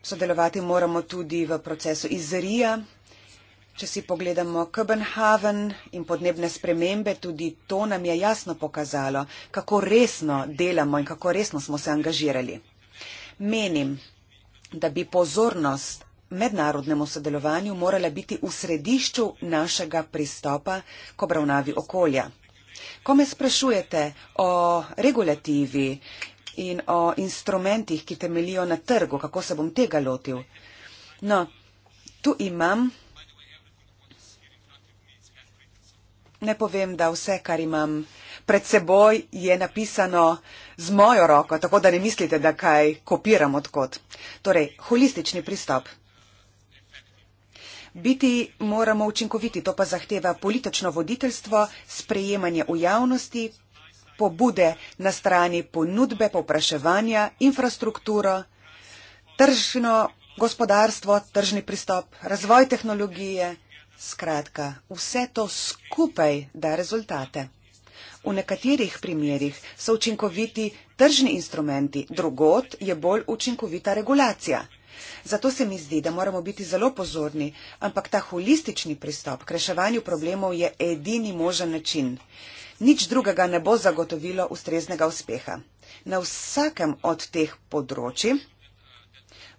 Sodelovati moramo tudi v procesu iz Rija. Če si pogledamo Kopenhagen in podnebne spremembe, tudi to nam je jasno pokazalo, kako resno delamo in kako resno smo se angažirali. Menim, da bi pozornost mednarodnemu sodelovanju morala biti v središču našega pristopa k obravnavi okolja. Ko me sprašujete o regulativi, in o instrumentih, ki temelijo na trgu, kako se bom tega lotil. No, tu imam. Ne povem, da vse, kar imam pred seboj, je napisano z mojo roko, tako da ne mislite, da kaj kopiram odkot. Torej, holistični pristop. Biti moramo učinkoviti, to pa zahteva politično voditeljstvo, sprejemanje v javnosti, pobude na strani ponudbe, popraševanja, infrastrukturo, tržno gospodarstvo, tržni pristop, razvoj tehnologije. Skratka, vse to skupaj da rezultate. V nekaterih primerjih so učinkoviti tržni instrumenti, drugot je bolj učinkovita regulacija. Zato se mi zdi, da moramo biti zelo pozorni, ampak ta holistični pristop k reševanju problemov je edini možen način nič drugega ne bo zagotovilo ustreznega uspeha. Na vsakem od teh področji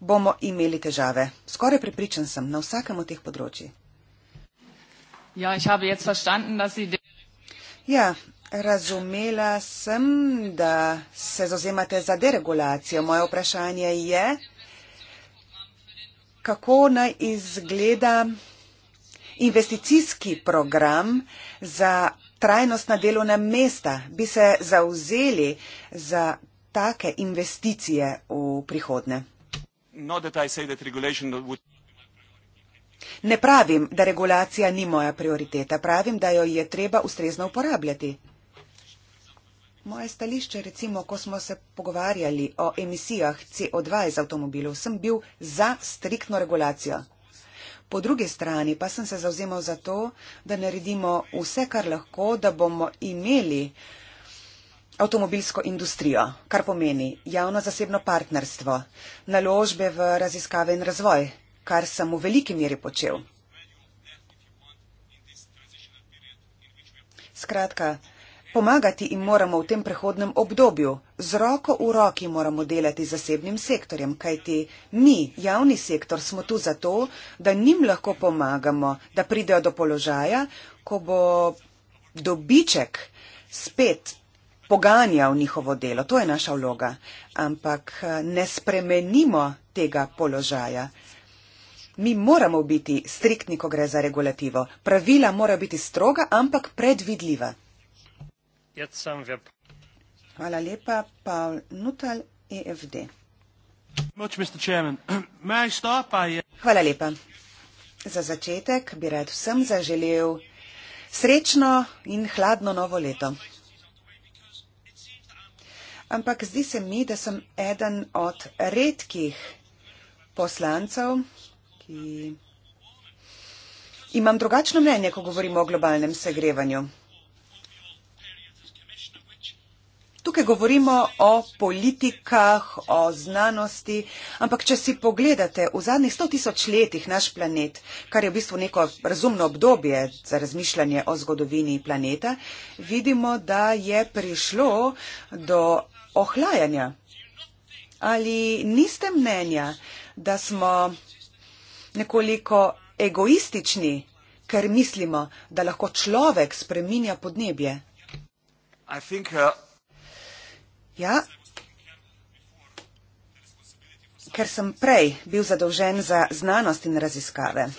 bomo imeli težave. Skoraj pripričan sem na vsakem od teh področji. Ja, ja, razumela sem, da se zazemate za deregulacijo. Moje vprašanje je, kako naj izgleda investicijski program za trajnostna delovna mesta, bi se zauzeli za take investicije v prihodne. Ne pravim, da regulacija ni moja prioriteta, pravim, da jo je treba ustrezno uporabljati. Moje stališče, recimo, ko smo se pogovarjali o emisijah CO2 iz avtomobilov, sem bil za striktno regulacijo. Po drugi strani pa sem se zauzemal za to, da naredimo vse, kar lahko, da bomo imeli avtomobilsko industrijo, kar pomeni javno-zasebno partnerstvo, naložbe v raziskave in razvoj, kar sem v veliki meri počel. Skratka, Pomagati jim moramo v tem prehodnem obdobju. Z roko v roki moramo delati zasebnim sektorjem, kajti mi, javni sektor, smo tu zato, da njim lahko pomagamo, da pridejo do položaja, ko bo dobiček spet poganjal njihovo delo. To je naša vloga. Ampak eh, ne spremenimo tega položaja. Mi moramo biti striktni, ko gre za regulativo. Pravila morajo biti stroga, ampak predvidljiva. Hvala lepa. Paul Nutal, EFD. (clears throat) Uh, Hvala lepa. Za začetek bi rad vsem zaželel srečno in hladno novo leto. Ampak zdi se mi, da sem eden od redkih poslancev, ki imam drugačno mnenje, ko govorimo o globalnem segrevanju. Tukaj govorimo o politikah, o znanosti, ampak če si pogledate v zadnjih 100 tisoč letih naš planet, kar je v bistvu neko razumno obdobje za razmišljanje o zgodovini planeta, vidimo, da je prišlo do ohlajanja. Ali niste mnenja, da smo nekoliko egoistični, ker mislimo, da lahko človek spreminja podnebje? I think, uh... Ja, ker sem prej bil zadolžen za znanost in raziskave.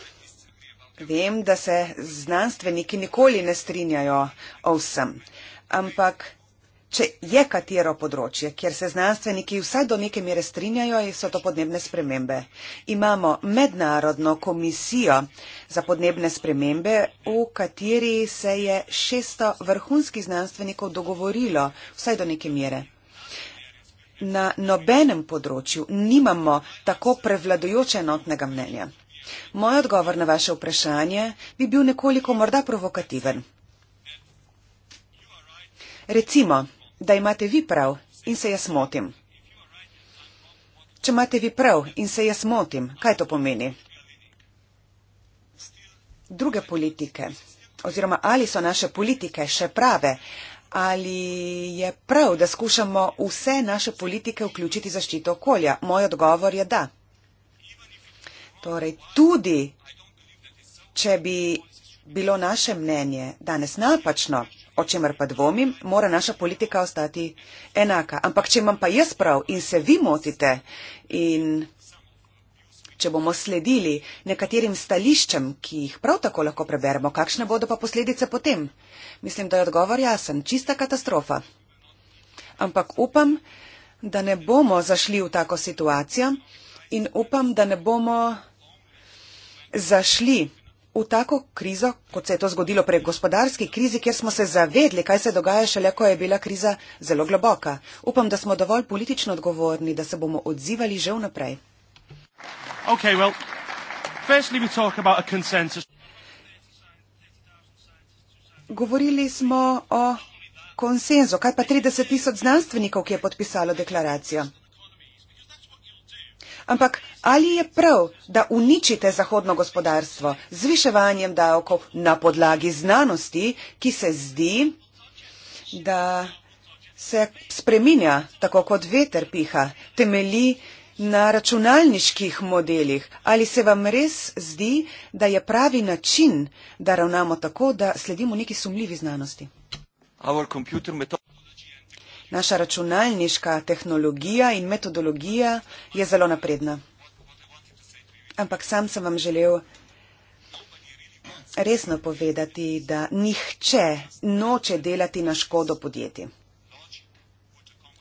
Vem, da se znanstveniki nikoli ne strinjajo o vsem, ampak če je katero področje, kjer se znanstveniki vsaj do neke mere strinjajo, so to podnebne spremembe. Imamo mednarodno komisijo za podnebne spremembe, v kateri se je 600 vrhunskih znanstvenikov dogovorilo vsaj do neke mere na nobenem področju nimamo tako prevladojoče enotnega mnenja. Moj odgovor na vaše vprašanje bi bil nekoliko morda provokativen. Recimo, da imate vi prav in se jaz motim. Če imate vi prav in se jaz motim, kaj to pomeni? Druge politike oziroma ali so naše politike še prave, ali je prav, da skušamo vse naše politike vključiti zaščito okolja? Moj odgovor je da. Torej, tudi, če bi bilo naše mnenje danes napačno, o čemer pa dvomim, mora naša politika ostati enaka. Ampak, če imam pa jaz prav in se vi motite in Če bomo sledili nekaterim stališčem, ki jih prav tako lahko preberemo, kakšne bodo pa posledice potem? Mislim, da je odgovor jasen, čista katastrofa. Ampak upam, da ne bomo zašli v tako situacijo in upam, da ne bomo zašli v tako krizo, kot se je to zgodilo pre gospodarski krizi, kjer smo se zavedli, kaj se dogaja šele, ko je bila kriza zelo globoka. Upam, da smo dovolj politično odgovorni, da se bomo odzivali že vnaprej. Okay, well, firstly we talk about a consensus. Govorili smo o konsenzu. Kaj pa 30 tisoč znanstvenikov, ki je podpisalo deklaracijo? Ampak ali je prav, da uničite zahodno gospodarstvo z zviševanjem davkov na podlagi znanosti, ki se zdi, da se spreminja tako kot veter piha, temelji na računalniških modelih, ali se vam res zdi, da je pravi način, da ravnamo tako, da sledimo neki sumljivi znanosti? Naša računalniška tehnologija in metodologija je zelo napredna. Ampak sam sem vam želel resno povedati, da nihče noče delati na škodo podjetij.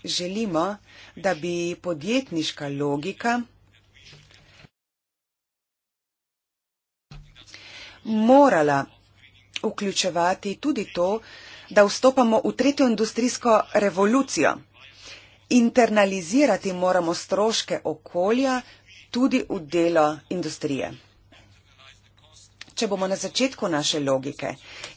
Želimo, da bi podjetniška logika morala vključevati tudi to, da vstopamo v tretjo industrijsko revolucijo. Internalizirati moramo stroške okolja tudi v delo industrije če bomo na začetku naše logike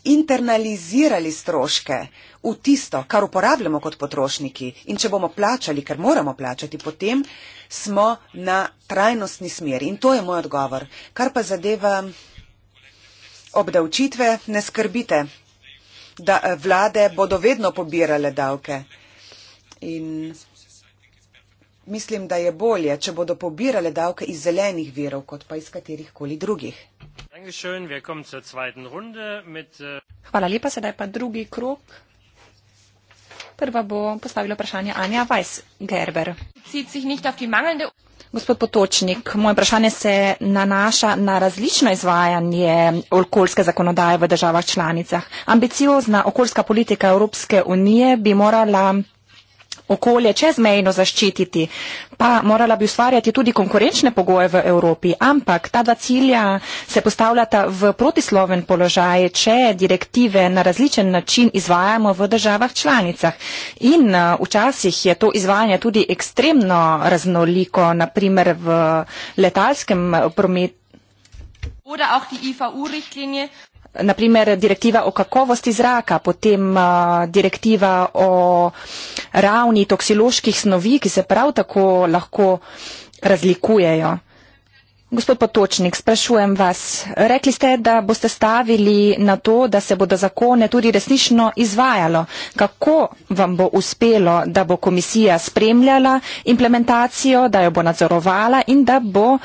internalizirali stroške v tisto, kar uporabljamo kot potrošniki in če bomo plačali, ker moramo plačati, potem smo na trajnostni smeri. In to je moj odgovor. Kar pa zadeva obdavčitve, ne skrbite, da eh, vlade bodo vedno pobirale davke. In mislim, da je bolje, če bodo pobirale davke iz zelenih virov, kot pa iz katerih koli drugih. Äh, Hvala lepa, sedaj pa drugi krok. Prva bo postavila vprašanje Anja Weisgerber. Gospod Potočnik, moje vprašanje se nanaša na različno izvajanje okoljske zakonodaje v državah članicah. Ambiciozna okoljska politika Evropske unije bi morala okolje čezmejno zaščititi, pa morala bi ustvarjati tudi konkurenčne pogoje v Evropi. Ampak ta dva cilja se postavljata v protisloven položaj, če direktive na različen način izvajamo v državah članicah. In eh, včasih je to izvajanje tudi ekstremno raznoliko, naprimer v letalskem eh, prometu. Oder auch die IVU-Richtlinie naprimer direktiva o kakovosti zraka, potem uh, direktiva o ravni toksiloških snovi, ki se prav tako lahko razlikujejo. Gospod Potočnik, sprašujem vas, rekli ste, da boste stavili na to, da se bodo zakone tudi resnično izvajalo. Kako vam bo uspelo, da bo komisija spremljala implementacijo, da jo bo nadzorovala in da bo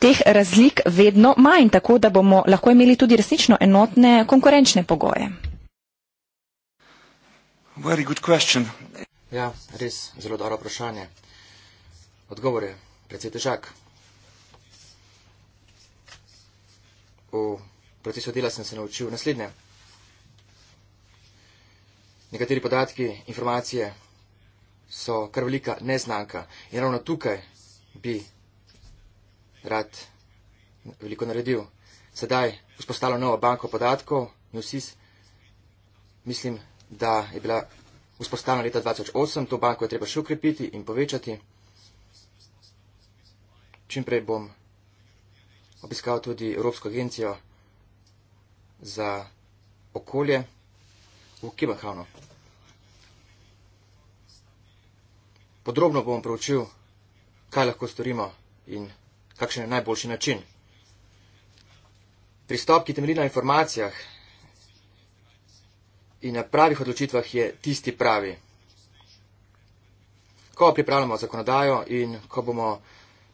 teh razlik vedno manj, tako da bomo lahko imeli tudi resnično enotne konkurenčne pogoje. Ja, res zelo dobro vprašanje. Odgovor je precej težak. V procesu dela sem se naučil naslednje. Nekateri podatki, informacije so kar velika neznanka in ravno tukaj bi rad veliko naredil. Sedaj vzpostavljam novo banko podatkov, NUSIS. Mislim, da je bila vzpostavljena leta 2008. To banko je treba še ukrepiti in povečati. Čim prej bom obiskal tudi Evropsko agencijo za okolje v Kibahavnu. Podrobno bom proučil, kaj lahko storimo in kakšen je najboljši način. Pristop, ki temelji na informacijah in na pravih odločitvah, je tisti pravi. Ko pripravljamo zakonodajo in ko bomo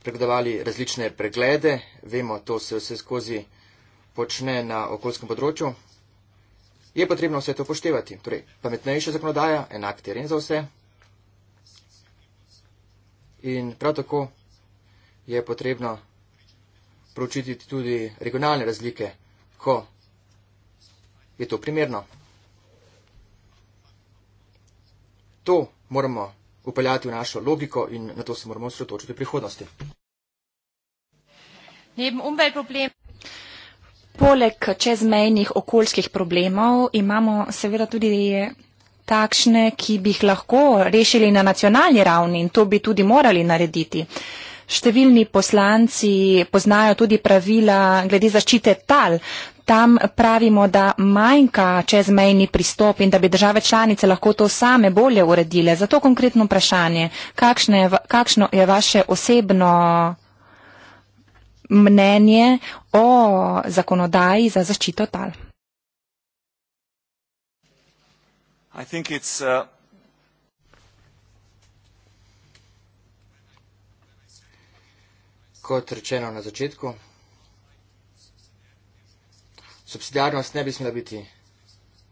pregledovali različne preglede, vemo, to se vse skozi počne na okoljskem področju, je potrebno vse to poštevati. Torej, pametnejša zakonodaja, enak teren za vse. In prav tako je potrebno pročiti tudi regionalne razlike, ko je to primerno. To moramo upeljati v našo logiko in na to se moramo osredotočiti v prihodnosti. Poleg čezmejnih okoljskih problemov imamo seveda tudi takšne, ki bi jih lahko rešili na nacionalni ravni in to bi tudi morali narediti. Številni poslanci poznajo tudi pravila glede zaščite tal. Tam pravimo, da manjka čezmejni pristop in da bi države članice lahko to same bolje uredile. Zato konkretno vprašanje, kakšne, kakšno je vaše osebno mnenje o zakonodaji za zaščito tal? kot rečeno na začetku, subsidiarnost ne bi smela biti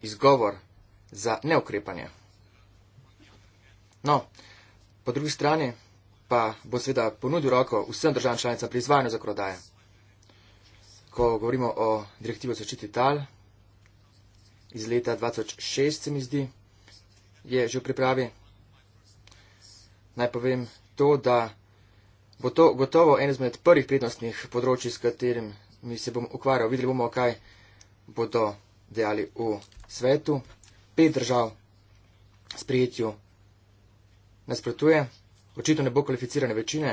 izgovor za neukrepanje. No, po drugi strani pa bo seveda ponudil roko vsem državam članicam pri izvajanju zakonodaje. Ko govorimo o direktivi o zaščiti tal iz leta 2006, se mi zdi, je že v pripravi. Naj povem to, da bo to gotovo en izmed prvih prednostnih področji, s katerim mi se bom ukvarjal. Videli bomo, kaj bodo dejali v svetu. Pet držav sprijetju nasprotuje, očitno ne bo kvalificirane večine,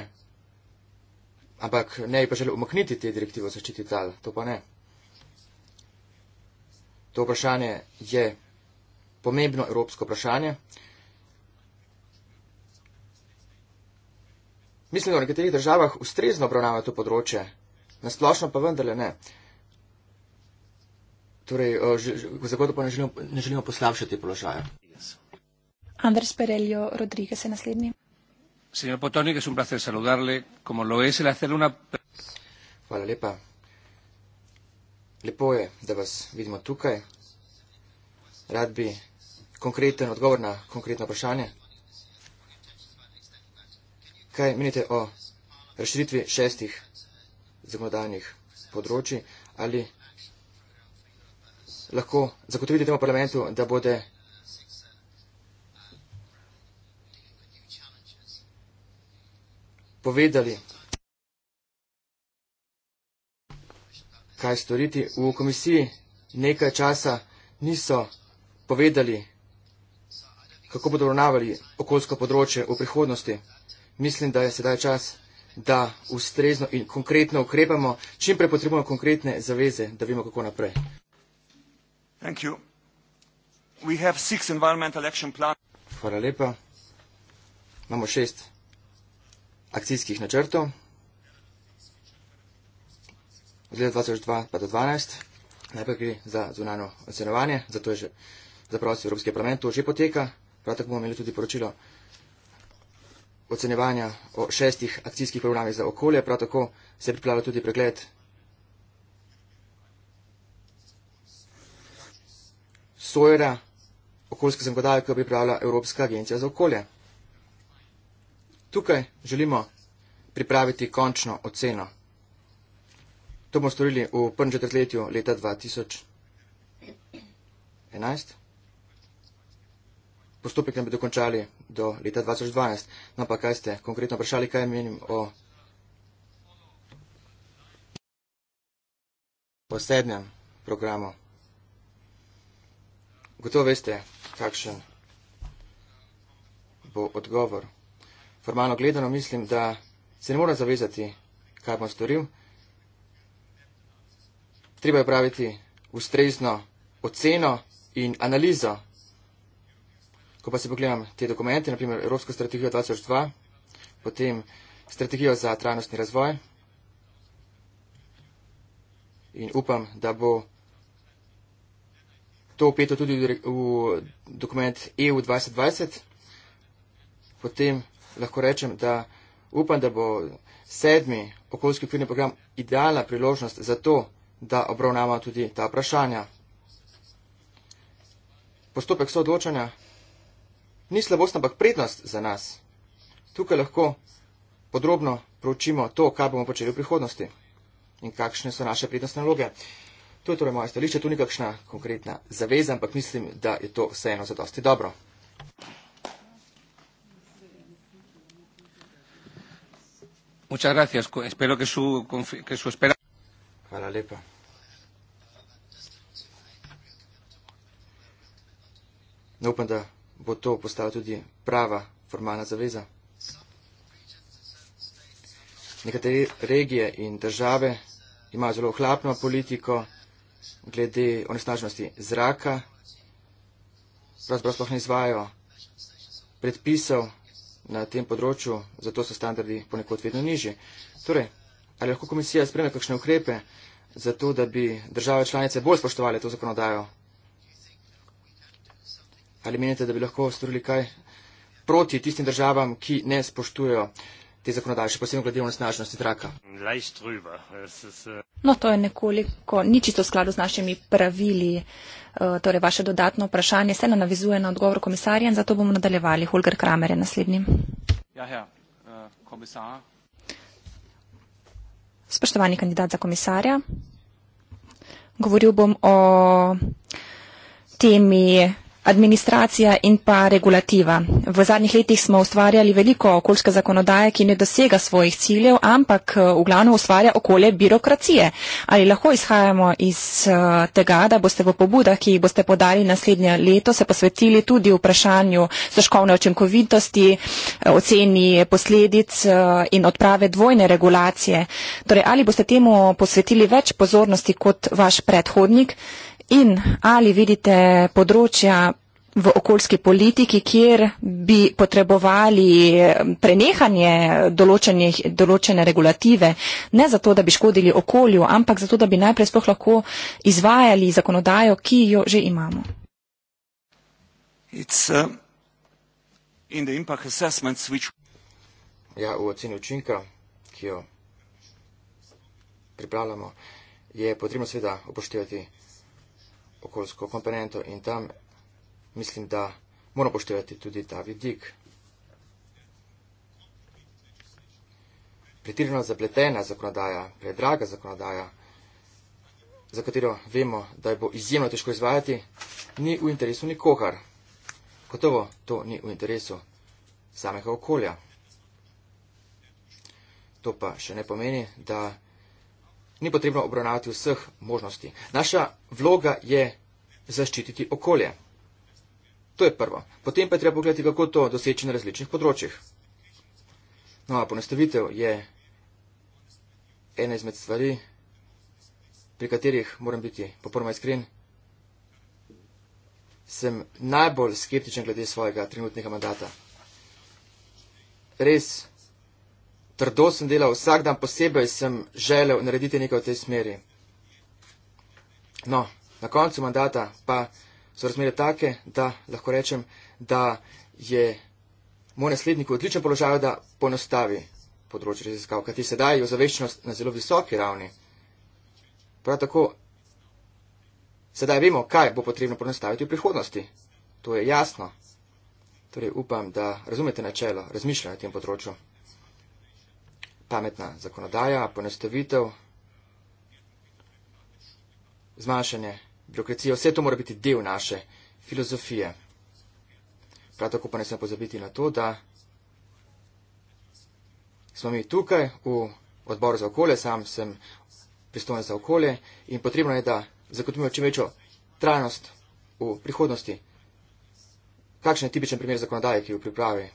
ampak ne bi pa želel umakniti te direktive o zaščiti tal, to pa ne. To vprašanje je pomembno evropsko vprašanje. Mislim, da v nekaterih državah ustrezno obravnava to področje, nasplošno pa vendarle ne. Torej, eh, zagotovo pa ne želimo, ne želimo poslavšati položaja. Andres Pereljo, Rodrigo se naslednji. Potornik, saludarle, una... Hvala lepa. Lepo je, da vas vidimo tukaj. Rad bi konkreten odgovor na konkretno vprašanje kaj menite o razširitvi šestih zakonodajnih področji ali lahko zagotovite temu parlamentu, da bode povedali, kaj storiti. V komisiji nekaj časa niso povedali, kako bodo obravnavali okoljsko področje v prihodnosti mislim, da je sedaj čas, da ustrezno in konkretno ukrepamo. Čim prej potrebujemo konkretne zaveze, da vemo, kako naprej. Hvala lepa. Imamo šest akcijskih načrtov. Od leta 2002 pa do 2012. Najprej gre za zunano ocenovanje, zato je že zapravo Evropski parlament to že poteka. Prav tako bomo imeli tudi poročilo ocenevanja o šestih akcijskih programih za okolje. Prav tako se je pripravljal tudi pregled. Sojera okoljske zagodaje, ki jo pripravlja Evropska agencija za okolje. Tukaj želimo pripraviti končno oceno. To bomo storili v prvem četrtletju leta 2011. Postopek nam bi dokončali do leta 2012. No pa kaj ste konkretno vprašali, kaj menim o, o sedmem programu. Gotovo veste, kakšen bo odgovor. Formalno gledano mislim, da se ne mora zavezati, kaj bom storil. Treba je praviti ustrezno oceno in analizo Ko pa si pogledam te dokumente, naprimer Evropsko strategijo 2002, potem strategijo za trajnostni razvoj in upam, da bo to upeto tudi v dokument EU 2020, potem lahko rečem, da upam, da bo sedmi okoljski okvirni program idealna priložnost za to, da obravnava tudi ta vprašanja. Postopek soodločanja ni slabost, ampak prednost za nas. Tukaj lahko podrobno proučimo to, kaj bomo počeli v prihodnosti in kakšne so naše prednostne naloge. To je torej moje stališče, tu ni kakšna konkretna zaveza, ampak mislim, da je to vseeno za dosti dobro. Hvala lepa. No, upam, da bo to postala tudi prava formalna zaveza. Nekatere regije in države imajo zelo ohlapno politiko glede onesnaženosti zraka, pravzaprav sploh ne izvajo predpisov na tem področju, zato so standardi ponekod vedno nižji. Torej, ali lahko komisija spreme kakšne ukrepe za to, da bi države članice bolj spoštovali to zakonodajo ali menite, da bi lahko storili kaj proti tistim državam, ki ne spoštujejo te zakonodaje, še posebej glede onesnaženosti zraka? Äh, no, to je nekoliko, ni čisto v skladu z našimi pravili. Äh, torej, vaše dodatno vprašanje se navizuje na odgovor komisarja in zato bomo nadaljevali. Holger Kramer je naslednji. Ja, ja, äh, komisar. Spoštovani kandidat za komisarja, govoril bom o temi administracija in pa regulativa. V zadnjih letih smo ustvarjali veliko okoljske zakonodaje, ki ne dosega svojih ciljev, ampak eh, v glavnem ustvarja okolje birokracije. Ali lahko izhajamo iz eh, tega, da boste v pobudah, ki jih boste podali naslednje leto, se posvetili tudi vprašanju stroškovne očinkovitosti, eh, oceni posledic in odprave dvojne regulacije? Torej, ali boste temu posvetili več pozornosti kot vaš predhodnik? In ali vidite področja v okoljski politiki, kjer bi potrebovali eh, prenehanje določene regulative, ne zato, da bi škodili okolju, ampak zato, da bi najprej sploh lahko izvajali zakonodajo, ki jo že imamo? Uh, ja, v oceni učinka, ki jo pripravljamo, je potrebno seveda upoštevati okoljsko komponento in tam mislim, da moramo poštevati tudi ta vidik. Pretirano zapletena zakonodaja, predraga zakonodaja, za katero vemo, da jo bo izjemno težko izvajati, ni v interesu nikogar. Gotovo to ni v interesu samega okolja. To pa še ne pomeni, da ni potrebno obravnavati vseh možnosti. Naša vloga je zaščititi okolje. To je prvo. Potem pa je treba pogledati, kako to doseči na različnih področjih. No, a ponestavitev je ena izmed stvari, pri katerih moram biti popolnoma iskren. Sem najbolj skeptičen glede svojega trenutnega mandata. Res trdo sem delal, vsak dan posebej sem želel narediti nekaj v tej smeri. No, na koncu mandata pa so razmere take, da lahko rečem, da je moj naslednik v odličnem položaju, da ponostavi področje raziskav, kajti sedaj je ozaveščenost na zelo visoki ravni. Prav tako sedaj vemo, kaj bo potrebno ponostaviti v prihodnosti. To je jasno. Torej upam, da razumete načelo razmišljanja na tem področju pametna zakonodaja, ponestavitev, zmanjšanje birokracije, vse to mora biti del naše filozofije. Prav tako pa ne smemo pozabiti na to, da smo mi tukaj v odboru za okolje, sam sem pristojen za okolje in potrebno je, da zagotovimo čim večjo trajnost v prihodnosti. Kakšen je tipičen primer zakonodaje, ki jo pripravi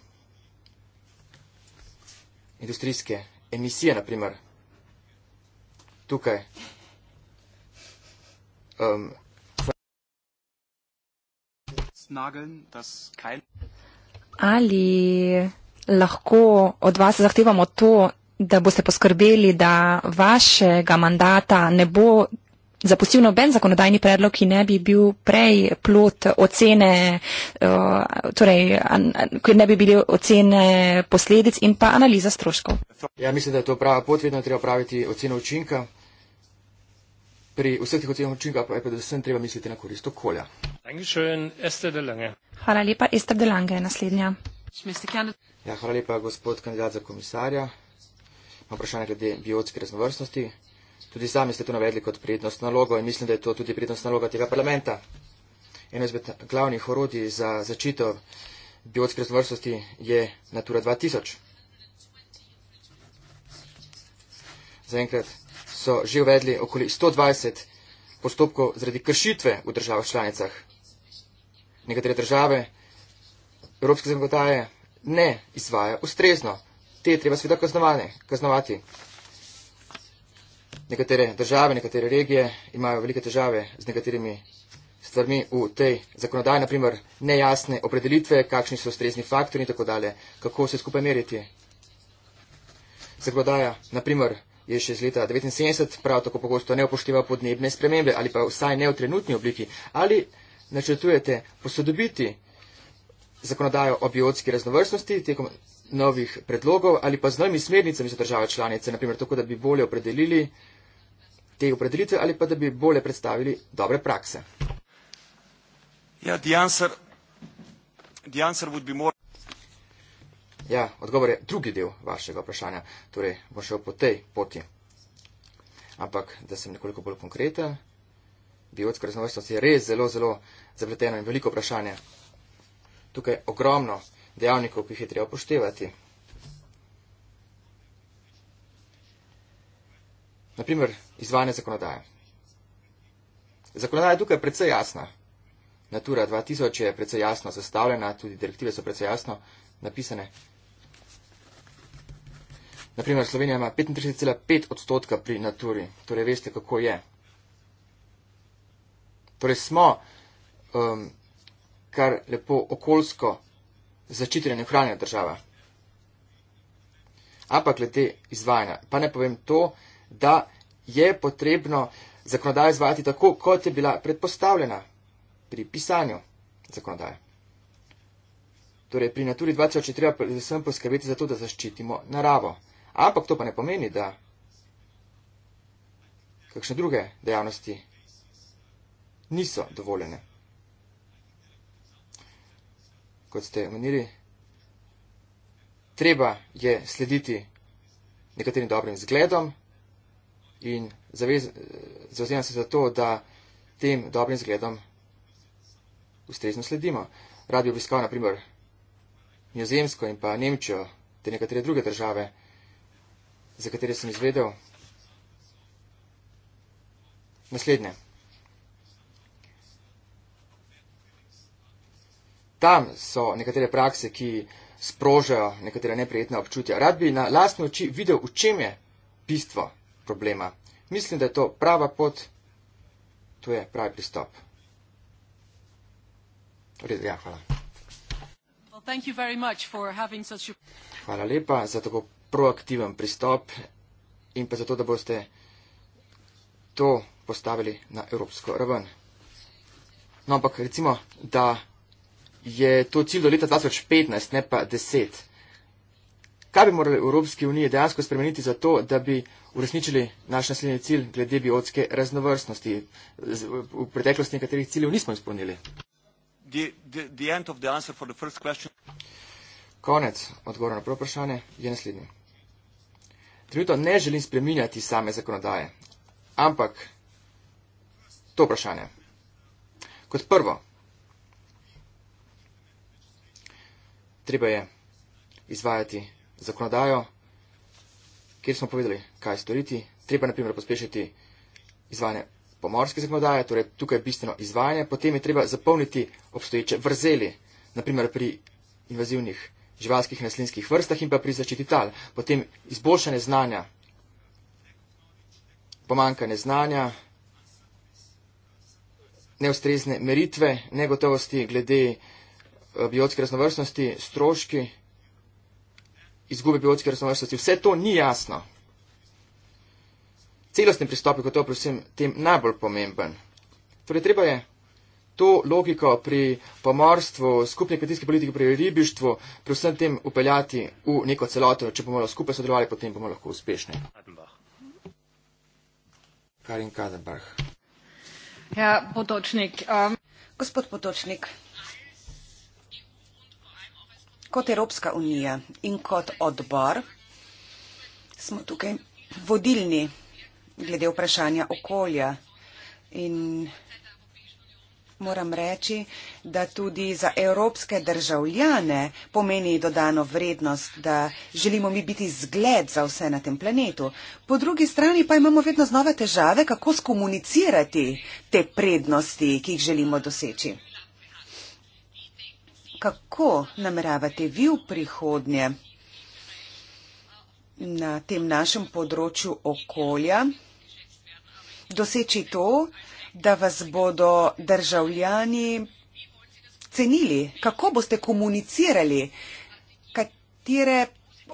industrijske emisije, naprimer. Tukaj. Um, Ali lahko od vas zahtevamo to, da boste poskrbeli, da vašega mandata ne bo zapustil noben zakonodajni predlog, ki ne bi bil prej plot ocene, eh, torej, ki ne bi bili ocene posledic in pa analiza stroškov. Ja, mislim, da je to prava pot, vedno treba praviti oceno učinka. Pri vseh teh ocenah učinka pa je predvsem treba misliti na korist okolja. Hvala lepa, Ester Delange, naslednja. Ja, hvala lepa, gospod kandidat za komisarja. Vprašanje glede biotske raznovrstnosti. Tudi sami ste to navedli kot prednost nalogo in mislim, da je to tudi prednost naloga tega parlamenta. Eno izmed glavnih orodij za začitev biotske raznovrstnosti je Natura 2000. Zaenkrat so že uvedli okoli 120 postopkov zaradi kršitve v državah članicah. Nekatere države evropske zakonodaje ne izvaja ustrezno. Te je treba sveda kaznovati nekatere države, nekatere regije imajo velike težave z nekaterimi stvarmi v tej zakonodaji, naprimer nejasne opredelitve, kakšni so strezni faktori in tako dalje, kako se skupaj meriti. Zakonodaja, naprimer, je še iz leta 1979 prav tako pogosto ne upošteva podnebne spremembe ali pa vsaj ne v trenutni obliki. Ali načrtujete posodobiti zakonodajo o biotski raznovrstnosti tekom novih predlogov ali pa z novimi smernicami za države članice, naprimer tako, da bi bolje opredelili te opredelitve ali pa da bi bolje predstavili dobre prakse. Ja, answer, answer more... ja, odgovor je drugi del vašega vprašanja, torej bo šel po tej poti. Ampak, da sem nekoliko bolj konkreten, biotsko raznovrstnost je res zelo, zelo zapleteno in veliko vprašanje. Tukaj je ogromno dejavnikov, ki jih je treba upoštevati. Naprimer, izvajanje zakonodaje. Zakonodaja je tukaj precej jasna. Natura 2000 je precej jasno zastavljena, tudi direktive so precej jasno napisane. Naprimer, Slovenija ima 35,5 odstotka pri naturi. Torej, veste, kako je. Torej, smo um, kar lepo okoljsko začitene in ohranjene država. Ampak glede izvajanja, pa ne povem to, da je potrebno zakonodajo izvajati tako, kot je bila predpostavljena pri pisanju zakonodaje. Torej, pri Naturi 2000 treba predvsem poskrbeti za to, da zaščitimo naravo. Ampak to pa ne pomeni, da kakšne druge dejavnosti niso dovoljene. Kot ste omenili, treba je slediti nekaterim dobrim zgledom, in zavzemam se za to, da tem dobrim zgledom ustrezno sledimo. Rad bi obiskal naprimer Nizozemsko in pa Nemčijo ter nekatere druge države, za katere sem izvedel. Naslednje. Tam so nekatere prakse, ki sprožajo nekatera neprijetna občutja. Rad bi na lastne oči videl, v čem je bistvo problema. Mislim, da je to prava pot, to je pravi pristop. Res, ja, hvala. Well, such... Hvala lepa za tako proaktiven pristop in pa za to, da boste to postavili na evropsko raven. No, ampak recimo, da je to cilj do leta 2015, ne pa 10. Kaj bi morali v Evropski uniji dejansko spremeniti za to, da bi uresničili naš naslednji cilj glede biotske raznovrstnosti? V preteklosti nekaterih ciljev nismo izpolnili. The, the, the Konec odgovora na prvo vprašanje je naslednji. Trenutno ne želim spreminjati same zakonodaje, ampak to vprašanje. Kot prvo, treba je izvajati zakonodajo, kjer smo povedali, kaj storiti. Treba naprimer pospešiti izvajanje pomorske zakonodaje, torej tukaj je bistveno izvajanje, potem je treba zapolniti obstoječe vrzeli, naprimer pri invazivnih živalskih in naslinskih vrstah in pa pri zaščiti tal. Potem izboljšanje znanja, pomankanje znanja, neustrezne meritve, negotovosti glede eh, biotske raznovrstnosti, stroški, izgube biotske raznovrstnosti. Vse to ni jasno. Celostni pristop je kot to predvsem tem najbolj pomemben. Torej, treba je to logiko pri pomorstvu, skupni kmetijski politiki, pri ribištvu, pri vsem tem upeljati v neko celoto. Če bomo skupaj sodelovali, potem bomo lahko uspešni. Karin Kadenbach. Ja, potočnik. Um, gospod potočnik kot Evropska unija in kot odbor smo tukaj vodilni glede vprašanja okolja in moram reči, da tudi za evropske državljane pomeni dodano vrednost, da želimo mi biti zgled za vse na tem planetu. Po drugi strani pa imamo vedno znova težave, kako skomunicirati te prednosti, ki jih želimo doseči kako nameravate vi v prihodnje na tem našem področju okolja doseči to, da vas bodo državljani cenili, kako boste komunicirali, katere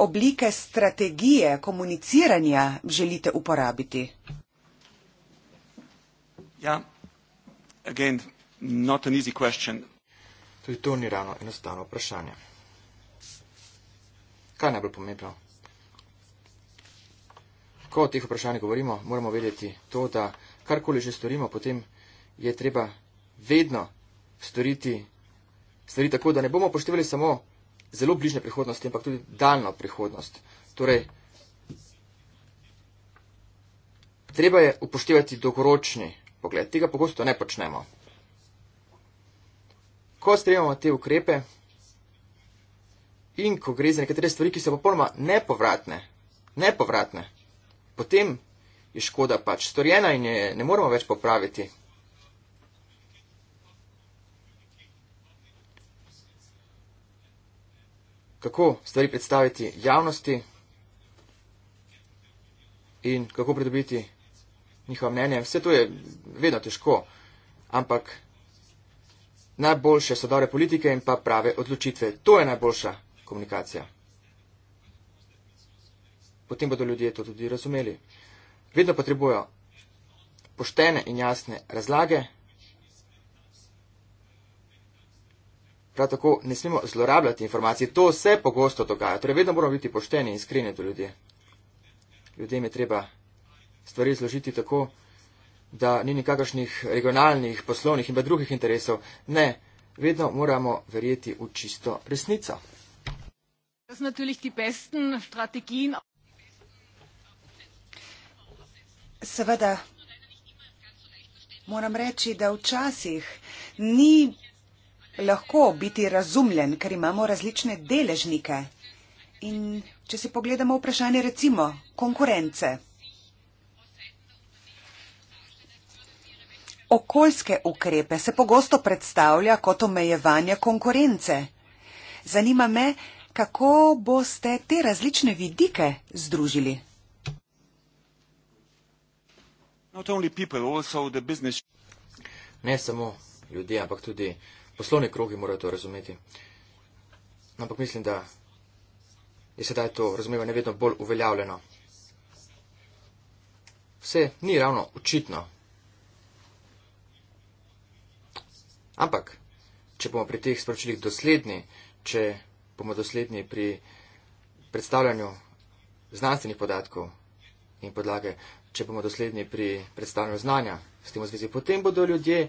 oblike strategije komuniciranja želite uporabiti. Ja, again, not an easy question. Tudi to ni ravno enostavno vprašanje. Kaj je najbolj pomembno? Ko o teh vprašanjih govorimo, moramo vedeti to, da karkoli že storimo, potem je treba vedno storiti, storiti tako, da ne bomo poštevali samo zelo bližnje prihodnosti, ampak tudi daljno prihodnost. Torej, treba je upoštevati dolgoročni pogled. Tega pogosto ne počnemo ko sprejemamo te ukrepe in ko gre za nekatere stvari, ki so popolnoma nepovratne, nepovratne, potem je škoda pač storjena in je ne moremo več popraviti. Kako stvari predstaviti javnosti in kako pridobiti njihovo mnenje, vse to je vedno težko, ampak Najboljše so dobre politike in pa prave odločitve. To je najboljša komunikacija. Potem bodo ljudje to tudi razumeli. Vedno potrebujo poštene in jasne razlage. Prav tako ne smemo zlorabljati informacij. To se pogosto dogaja. Torej, vedno moramo biti pošteni in iskreni do ljudi. Ljudem je treba stvari zložiti tako, da ni nikakršnih regionalnih, poslovnih in pa drugih interesov. Ne, vedno moramo verjeti v čisto resnico. Seveda moram reči, da včasih ni lahko biti razumljen, ker imamo različne deležnike. In če si pogledamo vprašanje recimo konkurence. Okoljske ukrepe se pogosto predstavlja kot omejevanje konkurence. Zanima me, kako boste te različne vidike združili. Ne samo ljudje, ampak tudi poslovni krogi morajo to razumeti. Ampak mislim, da je sedaj to razumevanje vedno bolj uveljavljeno. Vse ni ravno očitno, Ampak, če bomo pri teh sporočilih dosledni, če bomo dosledni pri predstavljanju znanstvenih podatkov in podlage, če bomo dosledni pri predstavljanju znanja s tem v zvezi, potem bodo ljudje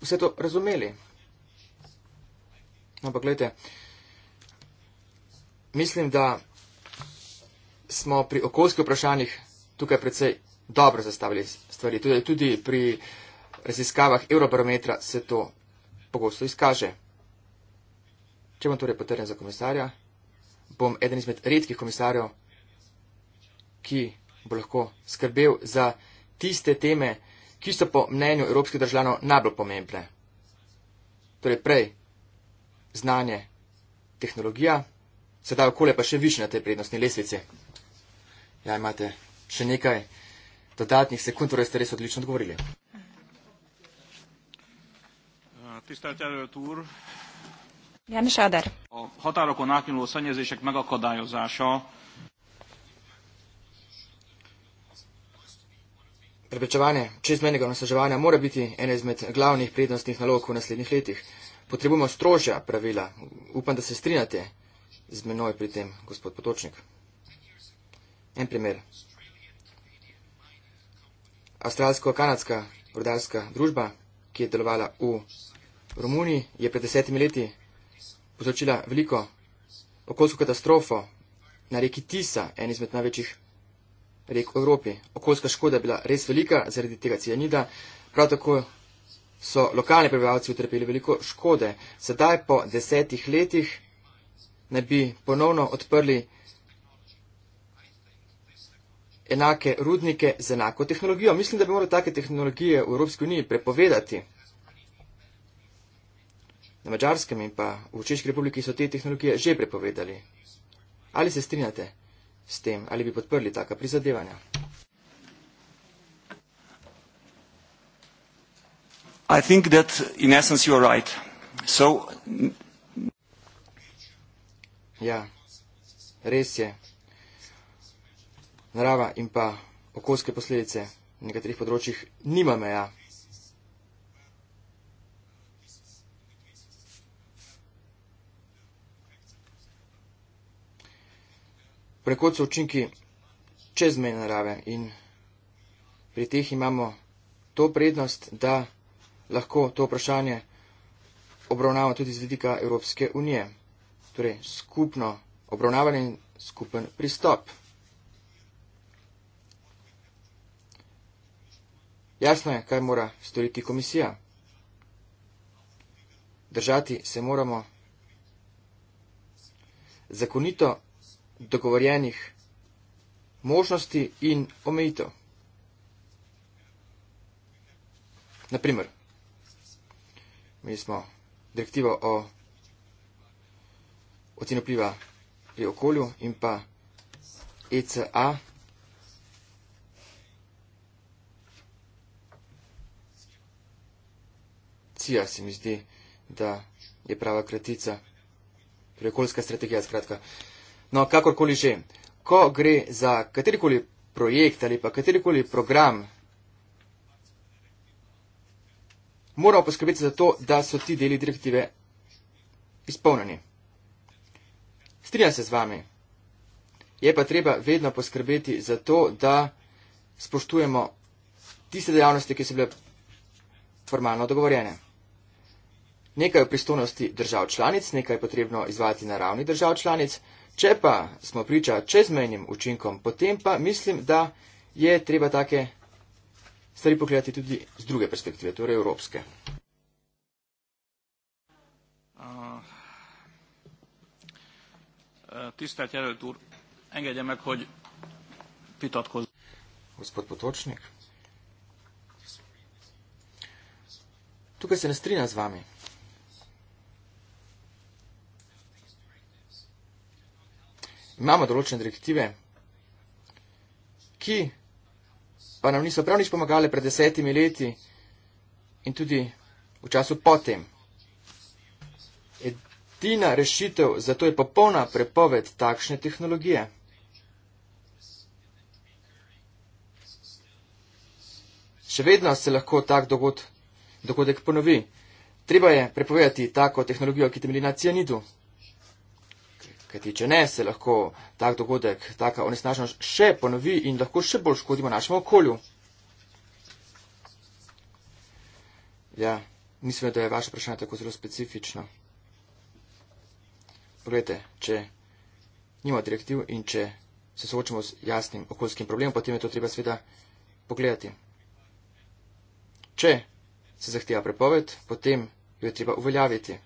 vse to razumeli. Ampak, gledajte, mislim, da smo pri okoljskih vprašanjih tukaj predvsej dobro zastavili stvari. Tudi, tudi pri uh, raziskavah Eurobarometra se to pogosto izkaže. Če bom torej potrjen za komisarja, bom eden izmed redkih komisarjev, ki bo lahko skrbel za tiste teme, ki so po mnenju evropskih državljanov najbolj pomembne. Torej prej znanje, tehnologija, sedaj okolje pa še više na tej prednostni lesvici. Ja, imate še nekaj dodatnih sekund, torej ste res odlično odgovorili. Tisztelt Előtt úr! János Ader! A határokon átnyúló szennyezések megakadályozása. Prepečevanje, čezmejnega onesnaževanja mora biti ena izmed glavnih prednostnih nalog v naslednjih letih. Potrebujemo strožja pravila. Upam, da se strinjate z menoj pri tem, gospod Potočnik. En primer. Avstralsko-kanadska prodajalska družba, ki je delovala v Romuniji je pred desetimi leti povzročila veliko okoljsko katastrofo na reki Tisa, en izmed največjih rek v Evropi. Okoljska škoda je bila res velika zaradi tega cijanida. Prav tako so lokalni prebivalci utrpeli veliko škode. Sedaj po desetih letih naj bi ponovno odprli enake rudnike z enako tehnologijo. Mislim, da bi morali take tehnologije v Evropski uniji prepovedati. Na Mačarskem in pa v Češki republiki so te tehnologije že prepovedali. Ali se strinjate s tem, ali bi podprli taka prizadevanja? Right. So... Ja, res je. Narava in pa okoljske posledice na nekaterih področjih nima meja. prekod so učinki čezmejne narave in pri teh imamo to prednost, da lahko to vprašanje obravnava tudi z vidika Evropske unije. Torej skupno obravnavanje in skupen pristop. Jasno je, kaj mora storiti komisija. Držati se moramo zakonito dogovorjenih možnosti in omejitev. Naprimer, mi smo direktivo o oceni vpliva pri okolju in pa ECA. CIA se mi zdi, da je prava kratica pri torej okoljska strategija. Skratka, No, kakorkoli že, ko gre za katerikoli projekt ali pa katerikoli program, moramo poskrbeti za to, da so ti deli direktive izpolnjeni. Strinjam se z vami. Je pa treba vedno poskrbeti za to, da spoštujemo tiste dejavnosti, ki so bile formalno dogovorjene. Nekaj je pristojnosti držav članic, nekaj je potrebno izvati na ravni držav članic, Če pa smo priča čezmejnim učinkom, potem pa mislim, da je treba take stvari pogledati tudi z druge perspektive, torej evropske. Uh, uh, tisztelt jelölt úr, engedje meg, hogy vitatkozzunk. Gospod Potocsnik. Tukaj se ne strinja z vami. imamo določene direktive, ki pa nam niso prav nič pomagale pred desetimi leti in tudi v času potem. Edina rešitev za to je popolna prepoved takšne tehnologije. Še vedno se lahko tak dogod, dogodek ponovi. Treba je prepovedati tako tehnologijo, ki temelji na cianidu. Kajti, če ne, se lahko tak dogodek, taka onesnaženost še ponovi in lahko še bolj škodimo našemu okolju. Ja, mislim, da je vaše vprašanje tako zelo specifično. Poglejte, če nima direktiv in če se soočamo z jasnim okoljskim problemom, potem je to treba sveda pogledati. Če se zahteva prepoved, potem jo je treba uveljaviti.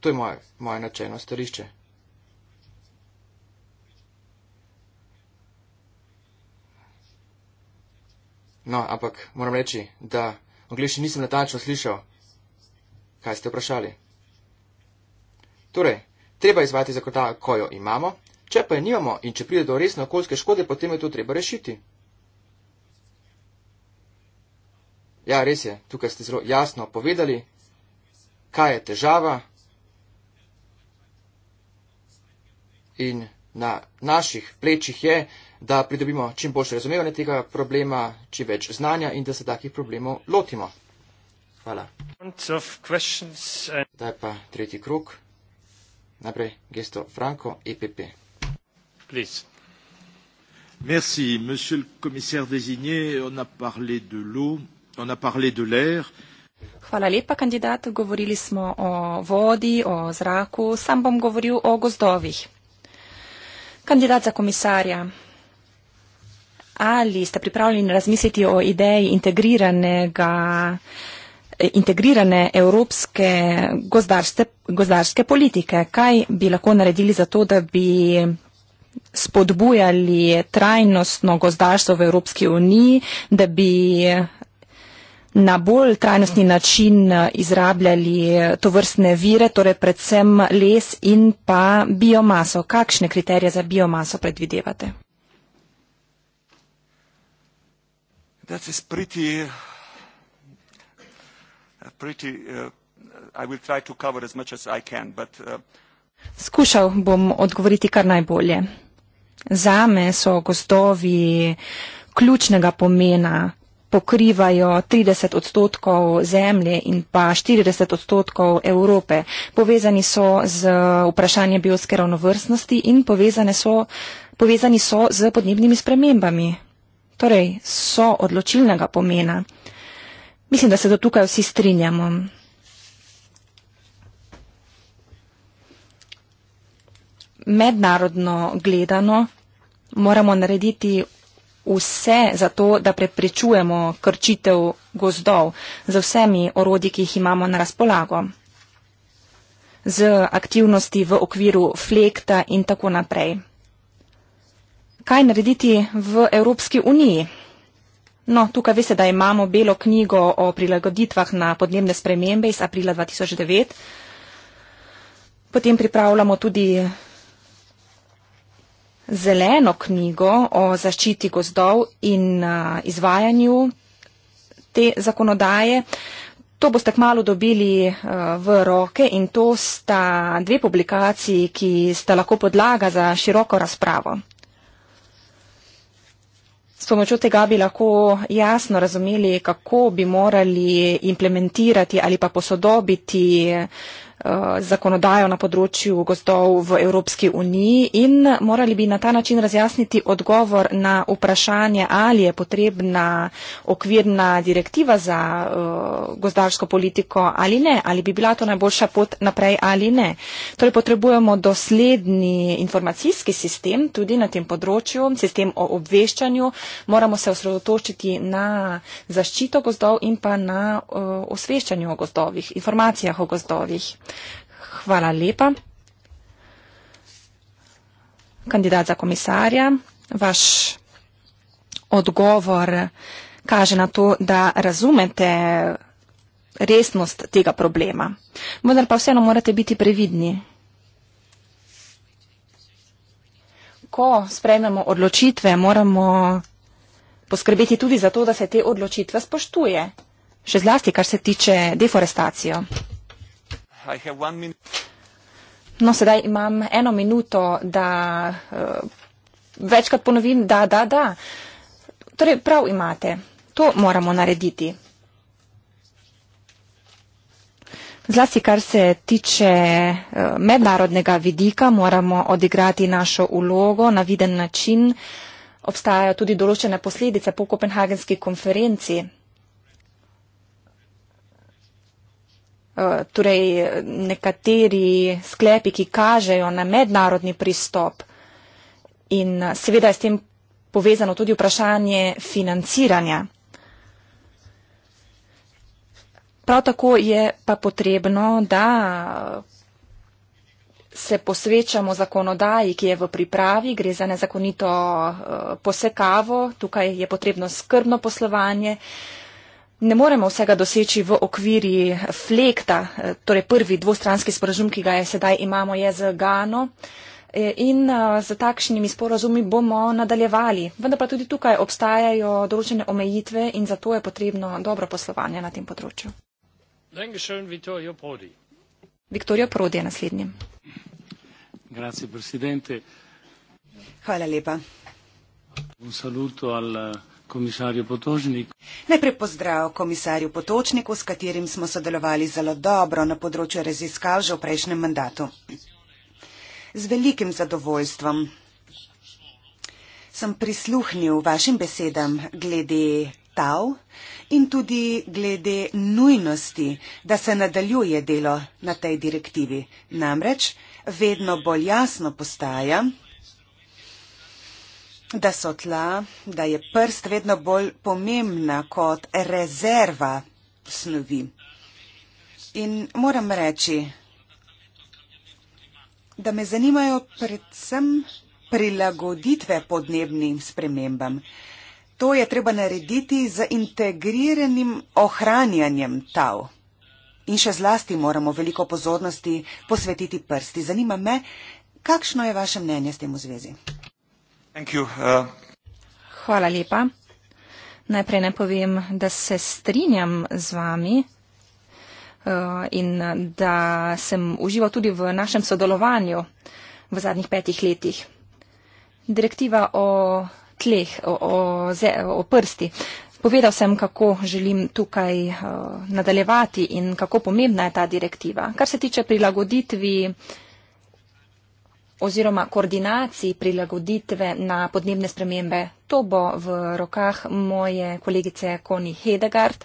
To je moje, moje načelno starišče. No, ampak moram reči, da v angliščini nisem natačno slišal, kaj ste vprašali. Torej, treba izvati zakonodajo, ko jo imamo, če pa je nimamo in če pride do resne okoljske škode, potem je to treba rešiti. Ja, res je, tukaj ste zelo jasno povedali, kaj je težava. in na naših plečih je, da pridobimo čim boljše razumevanje tega problema, čim več znanja in da se takih problemov lotimo. Hvala. Zdaj pa tretji krok. Naprej gesto Franco, EPP. Please. Merci, monsieur le commissaire désigné. On a parlé de l'eau, on a parlé de l'air. Hvala lepa, kandidat. Govorili smo o vodi, o zraku. Sam bom govoril o gozdovih. Kandidat za komisarja, ali ste pripravljeni razmisliti o ideji integriranega, integrirane evropske gozdarske, gozdarske politike? Kaj bi lahko naredili za to, da bi spodbujali trajnostno gozdarstvo v Evropski uniji, da bi na bolj trajnostni način eh, izrabljali eh, to vrstne vire, torej predvsem les in pa biomaso. Kakšne kriterije za biomaso predvidevate? Pretty, uh, pretty, uh, as as but, uh... Skušal bom odgovoriti kar najbolje. Zame so gozdovi ključnega pomena pokrivajo 30 odstotkov zemlje in pa 40 odstotkov Evrope. Povezani so z vprašanjem biotske ravnovrstnosti in so, povezani so z podnebnimi spremembami. Torej, so odločilnega pomena. Mislim, da se do tukaj vsi strinjamo. Mednarodno gledano moramo narediti vse za to, da preprečujemo krčitev gozdov z vsemi orodji, ki jih imamo na razpolago, z aktivnosti v okviru flekta in tako naprej. Kaj narediti v Evropski uniji? No, tukaj veste, da imamo belo knjigo o prilagoditvah na podnebne spremembe iz aprila 2009. Potem pripravljamo tudi zeleno knjigo o zaščiti gozdov in izvajanju te zakonodaje. To boste kmalo dobili v roke in to sta dve publikaciji, ki sta lahko podlaga za široko razpravo. S pomočjo tega bi lahko jasno razumeli, kako bi morali implementirati ali pa posodobiti uh, Eh, zakonodajo na področju gozdov v Evropski uniji in morali bi na ta način razjasniti odgovor na vprašanje, ali je potrebna okvirna direktiva za eh, gozdarsko politiko ali ne, ali bi bila to najboljša pot naprej ali ne. Torej potrebujemo dosledni informacijski sistem tudi na tem področju, sistem o obveščanju, moramo se osredotočiti na zaščito gozdov in pa na eh, osveščanju o gozdovih, informacijah o gozdovih. Hvala lepa. Kandidat za komisarja, vaš odgovor kaže na to, da razumete resnost tega problema. Vendar pa vseeno morate biti previdni. Ko sprememo odločitve, moramo poskrbeti tudi za to, da se te odločitve spoštuje. Še zlasti, kar se tiče deforestacijo. No, sedaj imam eno minuto, da uh, večkrat ponovim, da, da, da. Torej, prav imate. To moramo narediti. Zlasti, kar se tiče uh, mednarodnega vidika, moramo odigrati našo ulogo na viden način. Obstajajo tudi določene posledice po kopenhagenski konferenci. Eh, torej nekateri sklepi, ki kažejo na mednarodni pristop in seveda je s tem povezano tudi vprašanje financiranja. Prav tako je pa potrebno, da se posvečamo zakonodaji, ki je v pripravi, gre za nezakonito eh, posekavo, tukaj je potrebno skrbno poslovanje, uh, ne moremo vsega doseči v okviri flekta, eh, torej prvi dvostranski sporazum, ki ga je sedaj imamo, je z Gano. Eh, in z eh, takšnimi sporazumi bomo nadaljevali. Vendar pa tudi tukaj obstajajo določene omejitve in zato je potrebno dobro poslovanje na tem področju. Viktorijo Prodi je naslednji. Hvala lepa. Un saluto al komisarju Potočniku. Najprej pozdrav komisarju Potočniku, s katerim smo sodelovali zelo dobro na področju raziskav že v prejšnjem mandatu. Z velikim zadovoljstvom sem prisluhnil vašim besedam glede tav in tudi glede nujnosti, da se nadaljuje delo na tej direktivi. Namreč vedno bolj jasno postaja, da so tla, da je prst vedno bolj pomembna kot rezerva snovi. In moram reči, da me zanimajo predvsem prilagoditve podnebnim spremembam. To je treba narediti z integriranim ohranjanjem tav. In še zlasti moramo veliko pozornosti posvetiti prsti. Zanima me, kakšno je vaše mnenje s tem v zvezi? Uh, Hvala lepa. Najprej ne povem, da se strinjam z vami uh, in da sem užival tudi v našem sodelovanju v zadnjih petih letih. Direktiva o tleh, o, o, o prsti. Povedal sem, kako želim tukaj uh, nadaljevati in kako pomembna je ta direktiva. Kar se tiče prilagoditvi oziroma koordinaciji prilagoditve na podnebne spremembe. To bo v rokah moje kolegice Koni Hedegard.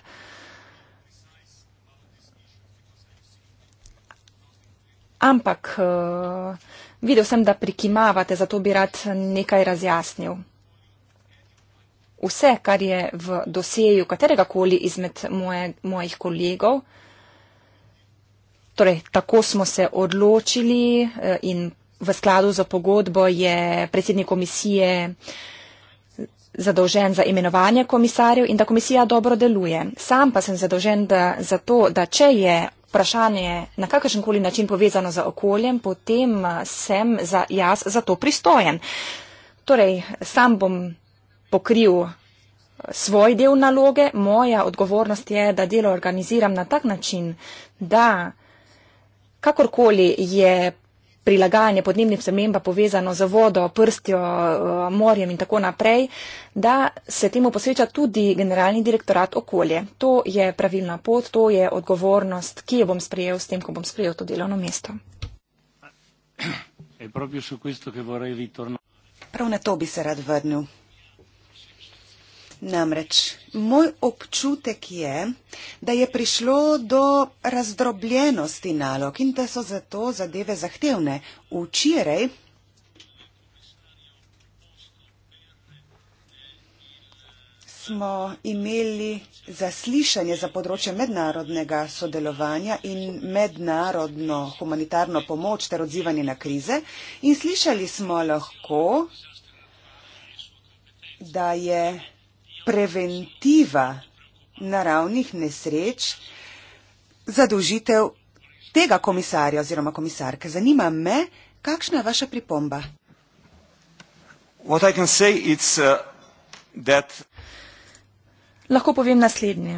Ampak eh, videl sem, da prikimavate, zato bi rad nekaj razjasnil. Vse, kar je v doseju katerega koli izmed moje, mojih kolegov, torej tako smo se odločili eh, in V skladu za pogodbo je predsednik komisije zadolžen za imenovanje komisarjev in da komisija dobro deluje. Sam pa sem zadolžen da, za to, da če je vprašanje na kakršen koli način povezano z okoljem, potem sem za, jaz za to pristojen. Torej, sam bom pokril svoj del naloge, moja odgovornost je, da delo organiziram na tak način, da kakorkoli je prilagajanje podnebnim spremembam povezano z vodo, prstjo, eh, morjem in tako naprej, da se temu posveča tudi generalni direktorat okolje. To je pravilna pot, to je odgovornost, ki jo bom sprejel s tem, ko bom sprejel to delovno mesto. Prav na to bi se rad vrnil. Namreč moj občutek je, da je prišlo do razdrobljenosti nalog in da so zato zadeve zahtevne. Včeraj smo imeli zaslišanje za področje mednarodnega sodelovanja in mednarodno humanitarno pomoč ter odzivanje na krize in slišali smo lahko, da je preventiva naravnih nesreč zadolžitev tega komisarja oziroma komisarke. Zanima me, kakšna je vaša pripomba? Uh, Lahko povem naslednje.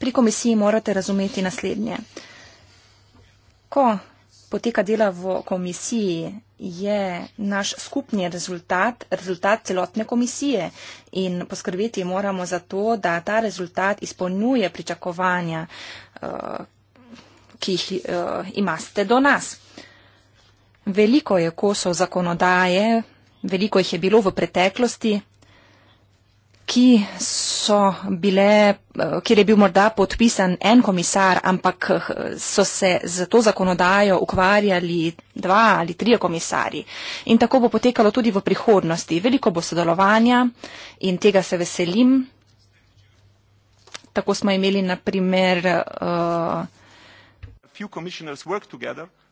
Pri komisiji morate razumeti naslednje. Ko poteka dela v komisiji, je naš skupni rezultat, rezultat celotne komisije in poskrbeti moramo za to, da ta rezultat izpolnjuje pričakovanja, eh, ki jih eh, imate do nas. Veliko je kosov zakonodaje, veliko jih je bilo v preteklosti, ki so bile, eh, kjer je bil morda podpisan en komisar, ampak eh, so se z to zakonodajo ukvarjali dva ali trije komisari. In tako bo potekalo tudi v prihodnosti. Veliko bo sodelovanja in tega se veselim. Tako smo imeli, na primer, uh,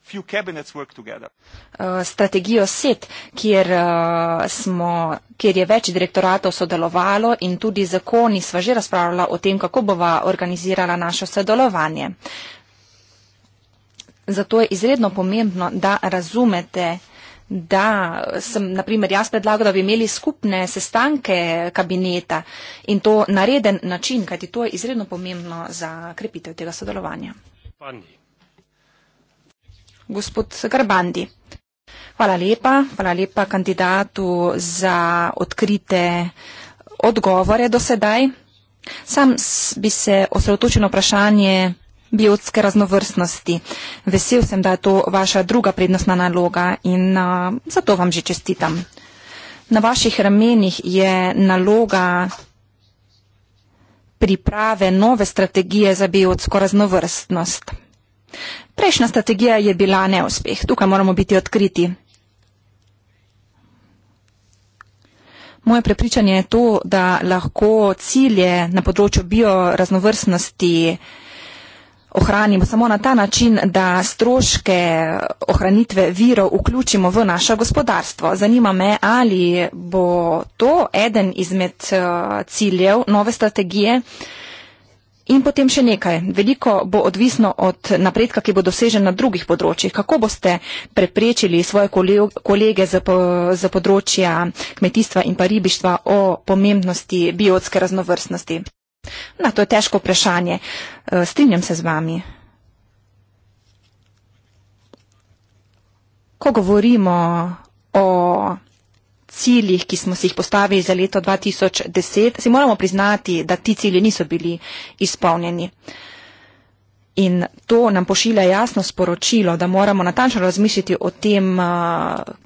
few cabinets work together. Uh, strategijo SET, kjer, uh, smo, kjer je več direktoratov sodelovalo in tudi zakoni sva že razpravljala o tem, kako bova organizirala naše sodelovanje. Zato je izredno pomembno, da razumete, da sem, naprimer, jaz predlagal, da bi imeli skupne sestanke kabineta in to nareden način, kajti to je izredno pomembno za krepitev tega sodelovanja. Pani gospod Garbandi. Hvala lepa, hvala lepa kandidatu za odkrite odgovore do sedaj. Sam bi se osredotočil na vprašanje biotske raznovrstnosti. Vesel sem, da je to vaša druga prednostna naloga in uh, zato vam že čestitam. Na vaših ramenih je naloga priprave nove strategije za biotsko raznovrstnost. Prejšnja strategija je bila neuspeh. Tukaj moramo biti odkriti. Moje prepričanje je to, da lahko cilje na področju bioraznovrstnosti ohranimo samo na ta način, da stroške ohranitve virov vključimo v naše gospodarstvo. Zanima me, ali bo to eden izmed eh, ciljev nove strategije, In potem še nekaj. Veliko bo odvisno od napredka, ki bo dosežen na drugih področjih. Kako boste preprečili svoje kolege za področja kmetijstva in pa ribištva o pomembnosti biotske raznovrstnosti? Na to je težko vprašanje. E, strinjam se z vami. Ko govorimo o ciljih, ki smo si jih postavili za leto 2010, si moramo priznati, da ti cilji niso bili izpolnjeni. In to nam pošilja jasno sporočilo, da moramo natančno razmišljati o tem,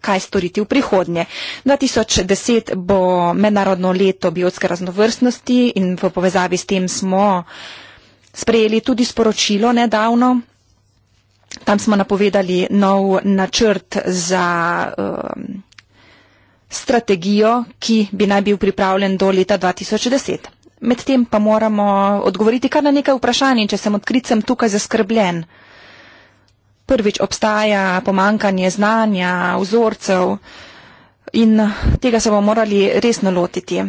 kaj storiti v prihodnje. 2010 bo mednarodno leto biotske raznovrstnosti in v povezavi s tem smo sprejeli tudi sporočilo nedavno. Tam smo napovedali nov načrt za. Um, strategijo, ki bi naj bil pripravljen do leta 2010. Medtem pa moramo odgovoriti kar na nekaj vprašanj, če sem odkrit, sem tukaj zaskrbljen. Prvič obstaja pomankanje znanja, vzorcev in tega se bomo morali resno lotiti.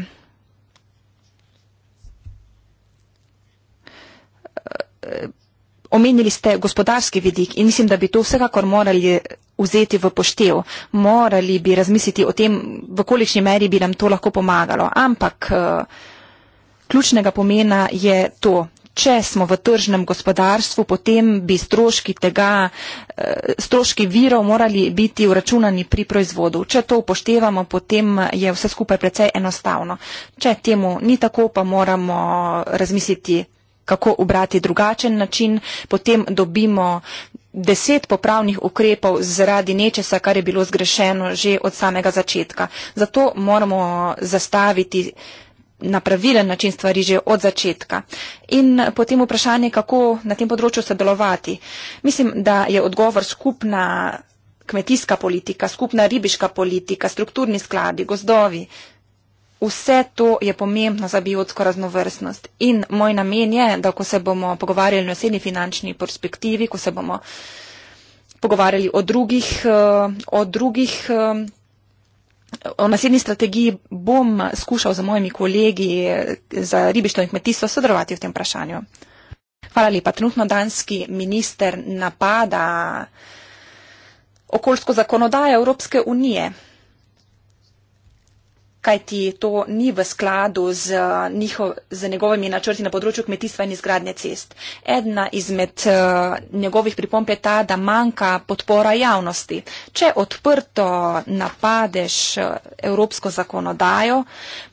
Omenili ste gospodarski vidik in mislim, da bi to vsekakor morali vzeti v poštev. Morali bi razmisliti o tem, v kolikšni meri bi nam to lahko pomagalo. Ampak eh, ključnega pomena je to. Če smo v tržnem gospodarstvu, potem bi stroški tega, eh, stroški virov morali biti uračunani pri proizvodu. Če to upoštevamo, potem je vse skupaj precej enostavno. Če temu ni tako, pa moramo razmisliti, kako ubrati drugačen način, potem dobimo deset popravnih ukrepov zaradi nečesa, kar je bilo zgrešeno že od samega začetka. Zato moramo zastaviti na pravilen način stvari že od začetka. In potem vprašanje, kako na tem področju sodelovati. Mislim, da je odgovor skupna kmetijska politika, skupna ribiška politika, strukturni skladi, gozdovi, Vse to je pomembno za biotsko raznovrstnost in moj namen je, da ko se bomo pogovarjali o naslednji finančni perspektivi, ko se bomo pogovarjali o drugih, eh, o drugih, eh, o naslednji strategiji, bom skušal z mojimi kolegi eh, za ribištvo in kmetijstvo sodelovati v tem vprašanju. Hvala lepa. Trenutno danski minister napada okoljsko zakonodajo Evropske unije kajti to ni v skladu z, njihov, z njegovimi načrti na področju kmetijstva in izgradnje cest. Edna izmed uh, njegovih pripomp je ta, da manjka podpora javnosti. Če odprto napadeš eh, evropsko zakonodajo,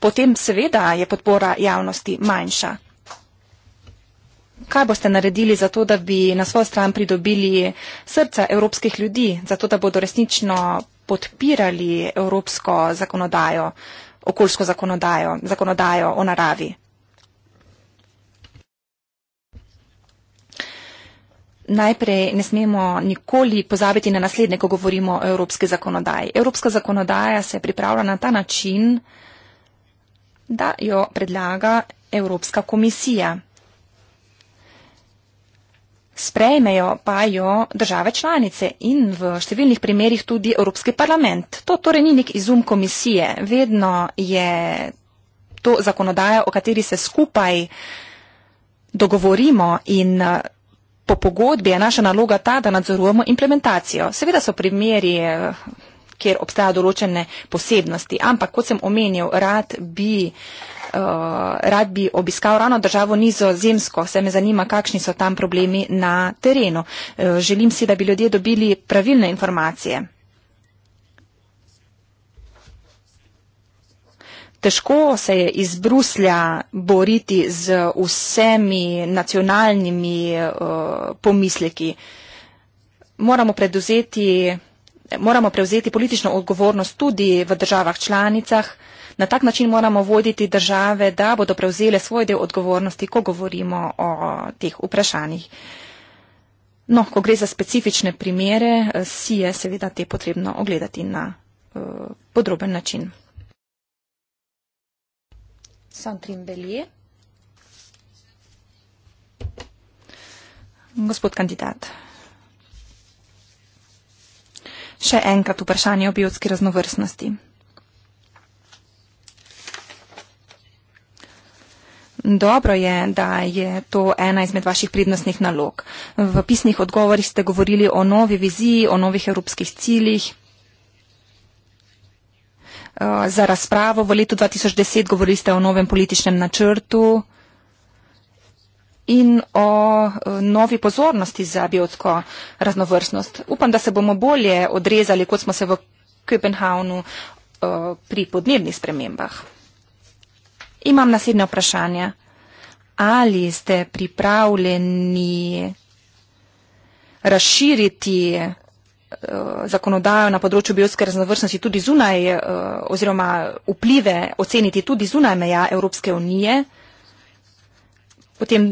potem seveda je podpora javnosti manjša. Kaj boste naredili za to, da bi na svojo stran pridobili srca evropskih ljudi, za to, da bodo resnično podpirali evropsko zakonodajo? okoljsko zakonodajo, zakonodajo o naravi. Najprej ne smemo nikoli pozabiti na naslednje, ko govorimo o evropski zakonodaji. Evropska zakonodaja se pripravlja na ta način, da jo predlaga Evropska komisija. Sprejmejo pa jo države članice in v številnih primerjih tudi Evropski parlament. To torej ni nek izum komisije. Vedno je to zakonodaja, o kateri se skupaj dogovorimo in eh, po pogodbi je naša naloga ta, da nadzorujemo implementacijo. Seveda so primeri, eh, kjer obstajajo določene posebnosti, ampak kot sem omenil, rad bi Eh, rad bi obiskal ravno državo nizozemsko. Se me zanima, kakšni so tam problemi na terenu. Eh, želim si, da bi ljudje dobili pravilne informacije. Težko se je iz Bruslja boriti z vsemi nacionalnimi uh, pomisleki. Moramo, moramo prevzeti politično odgovornost tudi v državah članicah. Uh, na tak način moramo voditi države, da bodo prevzele svoj del odgovornosti, ko govorimo o teh vprašanjih. No, ko gre za specifične primere, eh, si je seveda te potrebno ogledati na uh, podroben način. Gospod kandidat. Še enkrat vprašanje o biotski raznovrstnosti. Dobro je, da je to ena izmed vaših prednostnih nalog. V pisnih odgovorih ste govorili o novi viziji, o novih evropskih ciljih. Eh, za razpravo v letu 2010 govorili ste o novem političnem načrtu in o eh, novi pozornosti za biotsko raznovrstnost. Upam, da se bomo bolje odrezali, kot smo se v Kopenhavnu eh, pri podnebnih spremembah. Imam naslednje vprašanje. Ali ste pripravljeni razširiti eh, zakonodajo na področju biotske raznovrstnosti tudi zunaj eh, oziroma vplive oceniti tudi zunaj meja Evropske unije, potem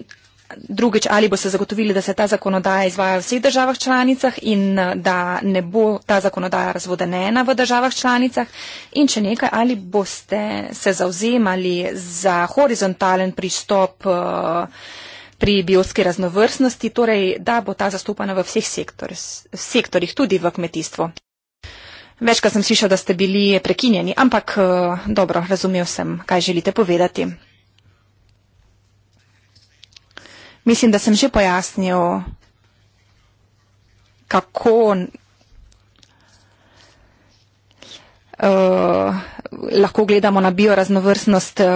drugič, ali boste zagotovili, da se ta zakonodaja izvaja v vseh državah članicah in eh, da ne bo ta zakonodaja razvodenena v državah članicah. In če nekaj, ali boste se zauzemali za horizontalen pristop eh, pri biotski raznovrstnosti, torej, da bo ta zastopana v vseh sektor, sektorjih, tudi v kmetijstvu. Večkrat sem slišal, da ste bili prekinjeni, ampak eh, dobro, razumel sem, kaj želite povedati. Mislim, da sem že pojasnil, kako Eh, lahko gledamo na bioraznovrstnost uh,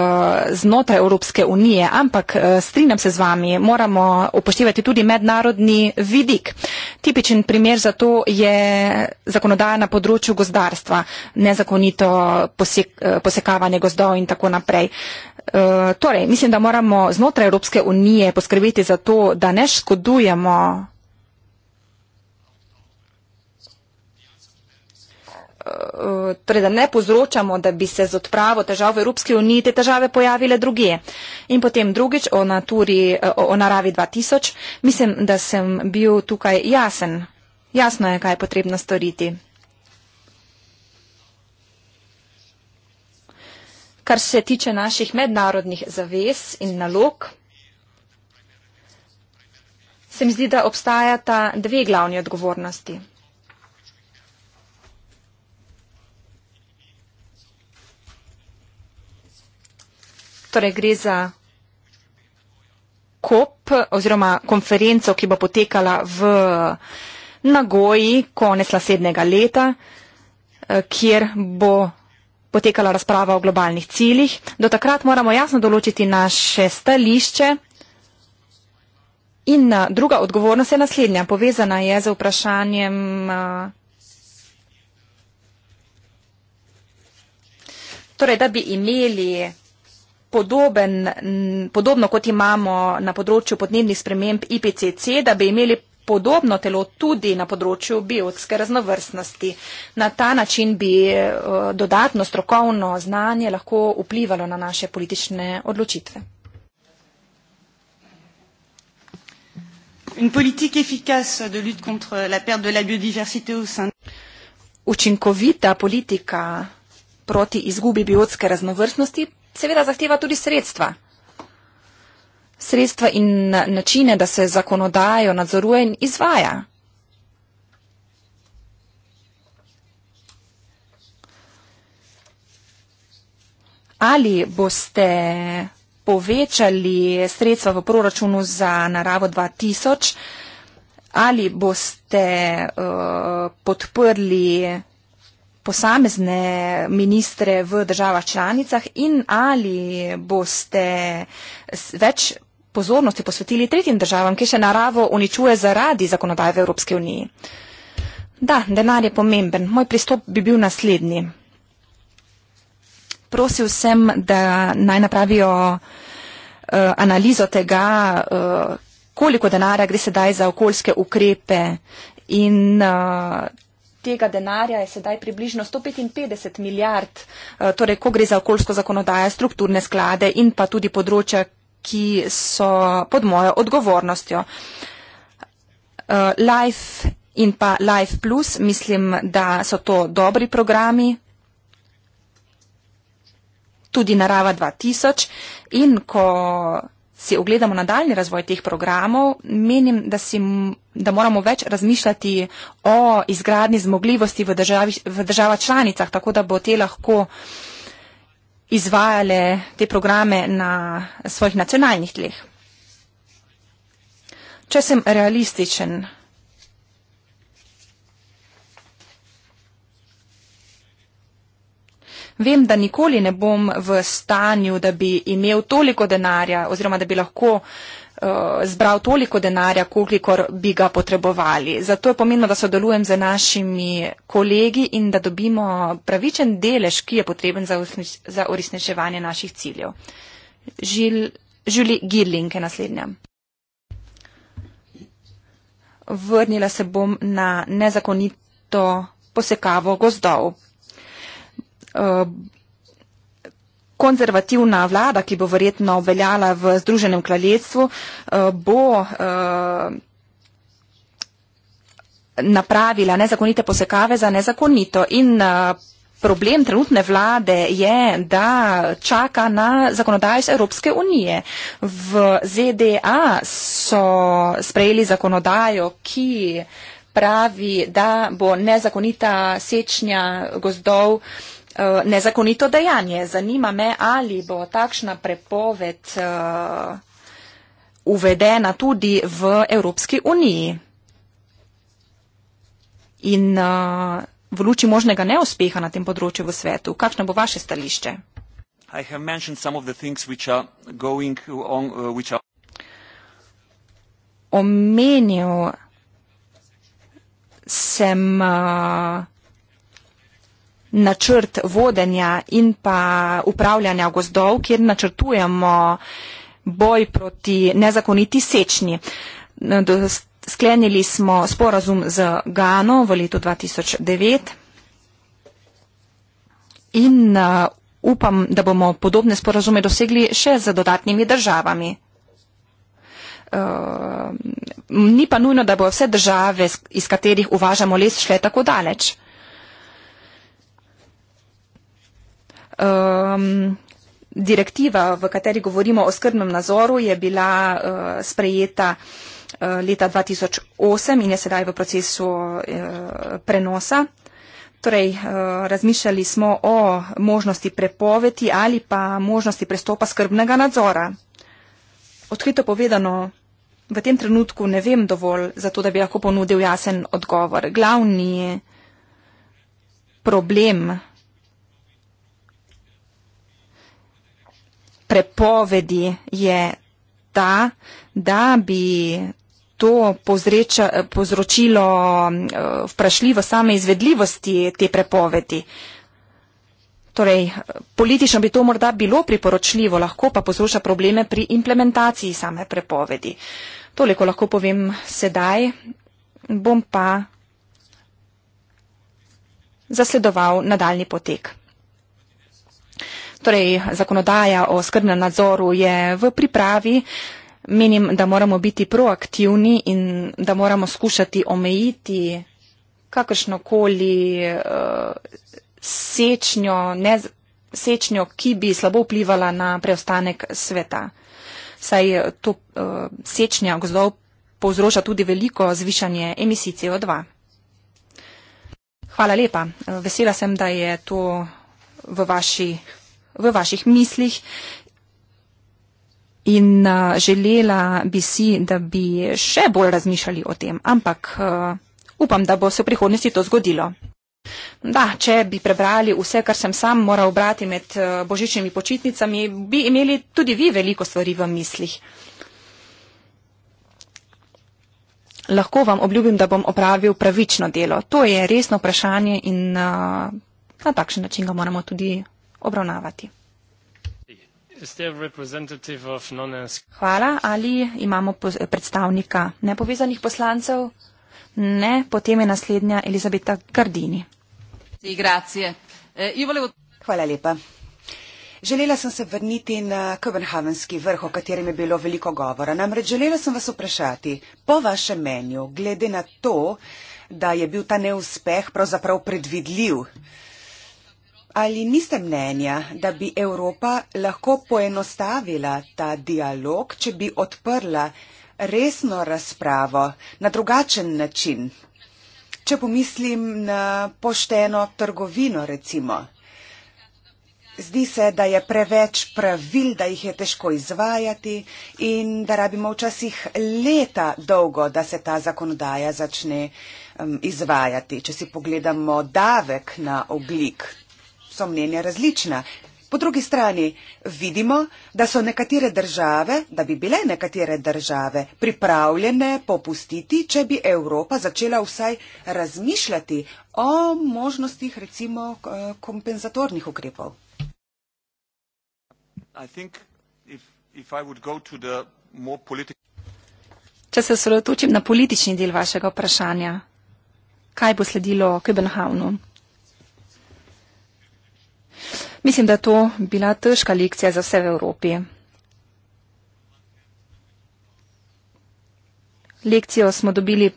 znotraj Evropske unije, ampak uh, strinjam se z vami, moramo upoštevati tudi mednarodni vidik. Tipičen primer za to je zakonodaja na področju gozdarstva, nezakonito posek, uh, posekavanje gozdov in tako naprej. Uh, torej, mislim, da moramo znotraj Evropske unije poskrbeti za to, da ne škodujemo Eh, torej da ne povzročamo, da bi se z odpravo težav v Evropski uniji te težave pojavile druge. In potem drugič o, naturi, eh, o, o naravi 2000. Mislim, da sem bil tukaj jasen. Jasno je, kaj je potrebno storiti. Kar se tiče naših mednarodnih zavez in nalog, se mi zdi, da obstajata dve glavni odgovornosti. Torej gre za kop oziroma konferenco, ki bo potekala v Nagoji konec naslednjega leta, eh, kjer bo potekala razprava o globalnih ciljih. Do takrat moramo jasno določiti naše stališče. In eh, druga odgovornost je naslednja. Povezana je z vprašanjem eh, torej, da bi imeli podoben, podobno kot imamo na področju podnebnih sprememb IPCC, da bi imeli podobno telo tudi na področju biotske raznovrstnosti. Na ta način bi eh, dodatno strokovno znanje lahko vplivalo na naše politične odločitve. Učinkovita politika proti izgubi biotske raznovrstnosti seveda zahteva tudi sredstva. Sredstva in načine, da se zakonodajo nadzoruje in izvaja. Ali boste povečali sredstva v proračunu za naravo 2000, ali boste uh, podprli posamezne ministre v državah članicah in ali boste več pozornosti posvetili tretjim državam, ki še naravo uničuje zaradi zakonodaje v Evropske unije. Da, denar je pomemben. Moj pristop bi bil naslednji. Prosil sem, da naj napravijo uh, analizo tega, uh, koliko denarja gre sedaj za okoljske ukrepe in uh, tega denarja je sedaj približno 155 milijard, eh, torej ko gre za okoljsko zakonodajo, strukturne sklade in pa tudi področja, ki so pod mojo odgovornostjo. Eh, Life in pa Life Plus, mislim, da so to dobri programi, tudi narava 2000 in ko si ogledamo nadaljni razvoj teh programov, menim, da, si, da moramo več razmišljati o izgradni zmogljivosti v, državi, v država članicah, tako da bo te lahko izvajale te programe na svojih nacionalnih tleh. Če sem realističen, vem, da nikoli ne bom v stanju, da bi imel toliko denarja oziroma da bi lahko eh, zbral toliko denarja, kolikor bi ga potrebovali. Zato je pomembno, da sodelujem z našimi kolegi in da dobimo pravičen delež, ki je potreben za uresničevanje naših ciljev. Žuli Girling je naslednja. Vrnila se bom na nezakonito posekavo gozdov. Eh, konzervativna vlada, ki bo verjetno veljala v Združenem kraljestvu, eh, bo eh, napravila nezakonite posekave za nezakonito in problem trenutne vlade je, da čaka na zakonodajo iz Evropske unije. V ZDA so sprejeli zakonodajo, ki pravi, da bo nezakonita sečnja gozdov Eh, nezakonito dejanje. Zanima me, ali bo takšna prepoved eh, uvedena tudi v Evropski uniji. In eh, v luči možnega neuspeha na tem področju v svetu, kakšno bo vaše stališče? Omenil sem uh, načrt vodenja in pa upravljanja gozdov, kjer načrtujemo boj proti nezakoniti sečni. Sklenili smo sporazum z Gano v letu 2009 in uh, upam, da bomo podobne sporazume dosegli še z dodatnimi državami. Uh, ni pa nujno, da bo vse države, iz katerih uvažamo les, šle tako daleč. Uh, Um, direktiva, v kateri govorimo o skrbnem nazoru, je bila uh, sprejeta uh, leta 2008 in je sedaj v procesu uh, prenosa. Torej, uh, razmišljali smo o možnosti prepovedi ali pa možnosti prestopa skrbnega nadzora. Odkrito povedano, v tem trenutku ne vem dovolj za to, da bi lahko ponudil jasen odgovor. Glavni problem prepovedi je ta, da bi to povzreča, povzročilo eh, vprašljivo same izvedljivosti te prepovedi. Torej, politično bi to morda bilo priporočljivo, lahko pa povzroča probleme pri implementaciji same prepovedi. Toliko lahko povem sedaj, bom pa zasledoval nadaljni potek. Torej, zakonodaja o skrbnem nadzoru je v pripravi. Menim, da moramo biti proaktivni in da moramo skušati omejiti kakršnokoli uh, sečnjo, ne, sečnjo, ki bi slabo vplivala na preostanek sveta. Saj eh, to uh, sečnja gozdov povzroča tudi veliko zvišanje emisij CO2. Hvala lepa. Vesela sem, da je to v vaši v vaših mislih. In uh, želela bi si, da bi še bolj razmišljali o tem, ampak uh, upam, da bo se v prihodnosti to zgodilo. Da, če bi prebrali vse, kar sem sam moral brati med uh, božičnimi počitnicami, bi imeli tudi vi veliko stvari v mislih. Lahko vam obljubim, da bom opravil pravično delo. To je resno vprašanje in uh, na takšen način ga moramo tudi obravnavati. Hvala. Ali imamo predstavnika nepovezanih poslancev? Ne. Potem je naslednja Elizabeta Gardini. Eh, Hvala lepa. Želela sem se vrniti na Kopenhavenski vrh, o katerem je bilo veliko govora. Namreč želela sem vas vprašati, po vašem mnenju, glede na to, da je bil ta neuspeh pravzaprav predvidljiv, Ali niste mnenja, da bi Evropa lahko poenostavila ta dialog, če bi odprla resno razpravo na drugačen način? Če pomislim na pošteno trgovino, recimo. Zdi se, da je preveč pravil, da jih je težko izvajati in da rabimo včasih leta dolgo, da se ta zakonodaja začne um, izvajati. Če si pogledamo davek na oglik, so mnenja različna. Po drugi strani vidimo, da so nekatere države, da bi bile nekatere države pripravljene popustiti, če bi Evropa začela vsaj razmišljati o možnostih recimo eh, kompenzatornih ukrepov. Če se sredotočim na politični del vašega vprašanja, kaj bo sledilo Kibenhavnu? Mislim, da je to bila težka lekcija za vse v Evropi. Lekcijo smo dobili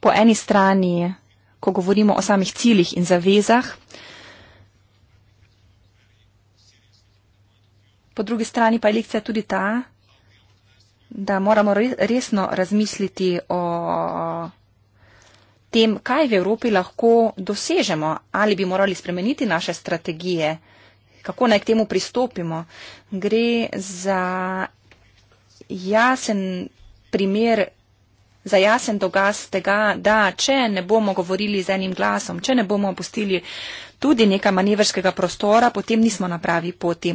po eni strani, ko govorimo o samih ciljih in zavezah, po drugi strani pa je lekcija tudi ta, da moramo resno razmisliti o tem, kaj v Evropi lahko dosežemo, ali bi morali spremeniti naše strategije, kako naj k temu pristopimo. Gre za jasen primer, za jasen dogaz tega, da če ne bomo govorili z enim glasom, če ne bomo opustili tudi nekaj manevrskega prostora, potem nismo na pravi poti.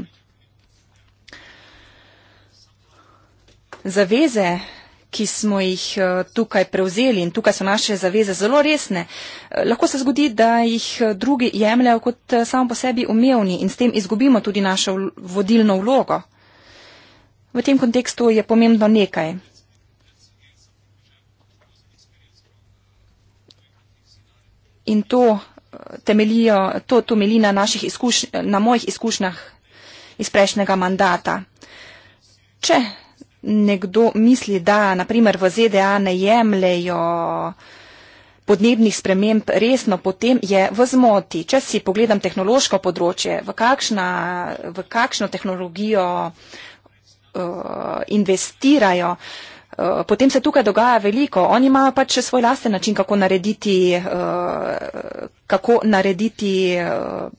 Zaveze ki smo jih eh, tukaj prevzeli in tukaj so naše zaveze zelo resne, eh, lahko se zgodi, da jih eh, drugi jemljajo kot samo po sebi umevni in s tem izgubimo tudi našo vodilno vlogo. V tem kontekstu je pomembno nekaj. In to temeljijo, to temelji na, izkuš, na mojih izkušnjah iz prejšnjega mandata. Če nekdo misli, da naprimer v ZDA ne jemljajo podnebnih sprememb resno, potem je v zmoti. Če si pogledam tehnološko področje, v, kakšna, v kakšno tehnologijo uh, investirajo, uh, potem se tukaj dogaja veliko. Oni imajo pač svoj lasten način, kako narediti, uh, kako narediti uh,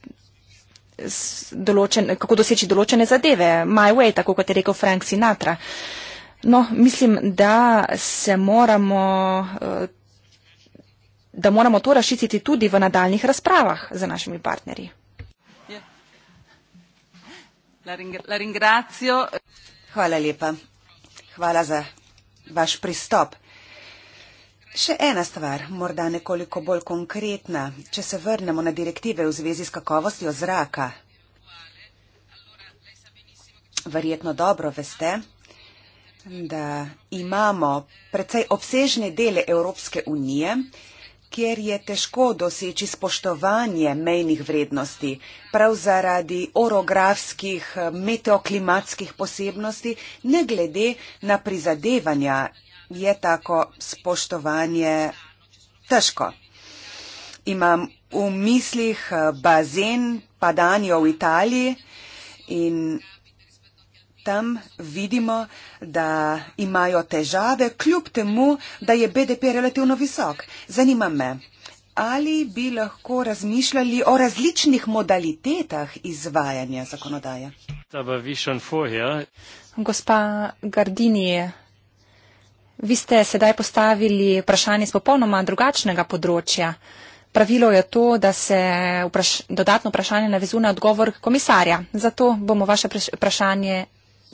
določen, kako doseči določene zadeve. My way, tako kot je rekel Frank Sinatra. No, mislim, da se moramo, eh, da moramo to rašiti tudi v nadaljnih razpravah z našimi partnerji. Hvala lepa. Hvala za vaš pristop. Še ena stvar, morda nekoliko bolj konkretna, če se vrnemo na direktive v zvezi s kakovostjo zraka. Verjetno dobro veste, da imamo precej obsežne dele Evropske unije, kjer je težko doseči spoštovanje mejnih vrednosti, prav zaradi orografskih, meteoklimatskih posebnosti, ne glede na prizadevanja je tako spoštovanje težko. Imam v mislih eh, bazen padanja v Italiji in tam vidimo, da imajo težave, kljub temu, da je BDP relativno visok. Zanima me, ali bi lahko razmišljali o različnih modalitetah izvajanja zakonodaje. Gospa Gardini je Vi ste sedaj postavili vprašanje iz popolnoma drugačnega področja. Pravilo je to, da se vpraš dodatno vprašanje navezuje na odgovor komisarja. Zato bomo vaše vprašanje.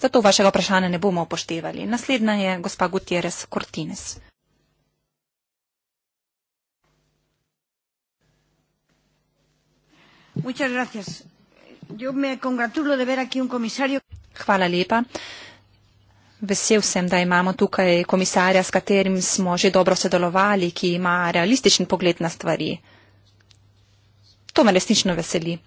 Zato vašega vprašanja ne bomo upoštevali. Naslednja je gospa Gutierrez Cortines. Hvala lepa. Vesel sem, da imamo tukaj komisarja, s katerim smo že dobro sodelovali, ki ima realističen pogled na stvari. To me resnično veseli.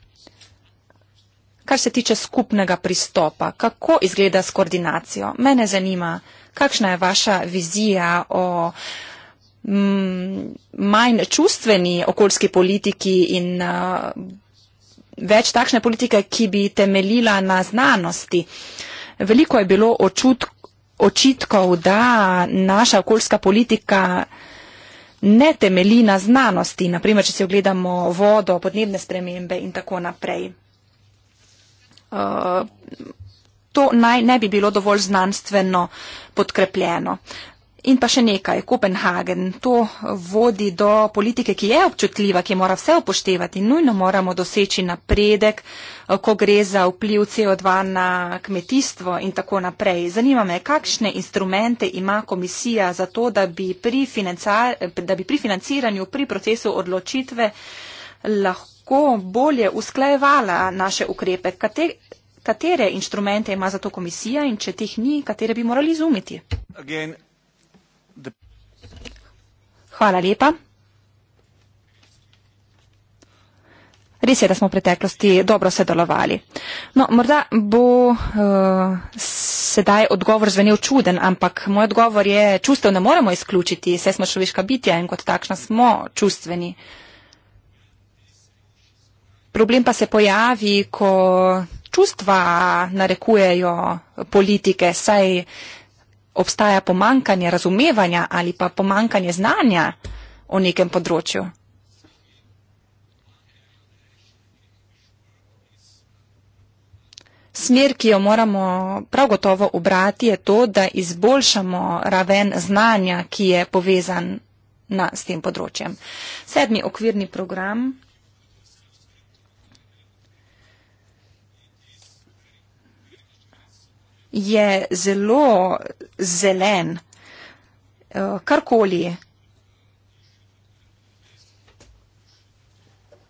Kar se tiče skupnega pristopa, kako izgleda s koordinacijo? Mene zanima, kakšna je vaša vizija o mm, manj čustveni okoljski politiki in uh, več takšne politike, ki bi temeljila na znanosti. Veliko je bilo očutkov, očitkov, da naša okoljska politika ne temeli na znanosti, naprimer, če si ogledamo vodo, podnebne spremembe in tako naprej. Uh, to naj ne bi bilo dovolj znanstveno podkrepljeno. Uh, In pa še nekaj, Kopenhagen, to vodi do politike, ki je občutljiva, ki mora vse upoštevati. Nujno moramo doseči napredek, eh, ko gre za vpliv CO2 na kmetijstvo in tako naprej. Zanima me, kakšne instrumente ima komisija za to, da bi pri, da bi pri financiranju, pri procesu odločitve lahko bolje usklajevala naše ukrepe. Kate katere inštrumente ima za to komisija in če teh ni, katere bi morali izumiti? Again. Hvala lepa. Res je, da smo v preteklosti dobro sodelovali. No, morda bo uh, sedaj odgovor zvenel čuden, ampak moj odgovor je, čustev ne moremo izključiti, vse smo človeška bitja in kot takšna smo čustveni. Problem pa se pojavi, ko čustva narekujejo politike, saj uh, obstaja pomankanje razumevanja ali pa pomankanje znanja o nekem področju. Smer, ki jo moramo prav gotovo obrati, je to, da izboljšamo raven znanja, ki je povezan na, s tem področjem. Sedmi okvirni program je zelo zelen, eh, karkoli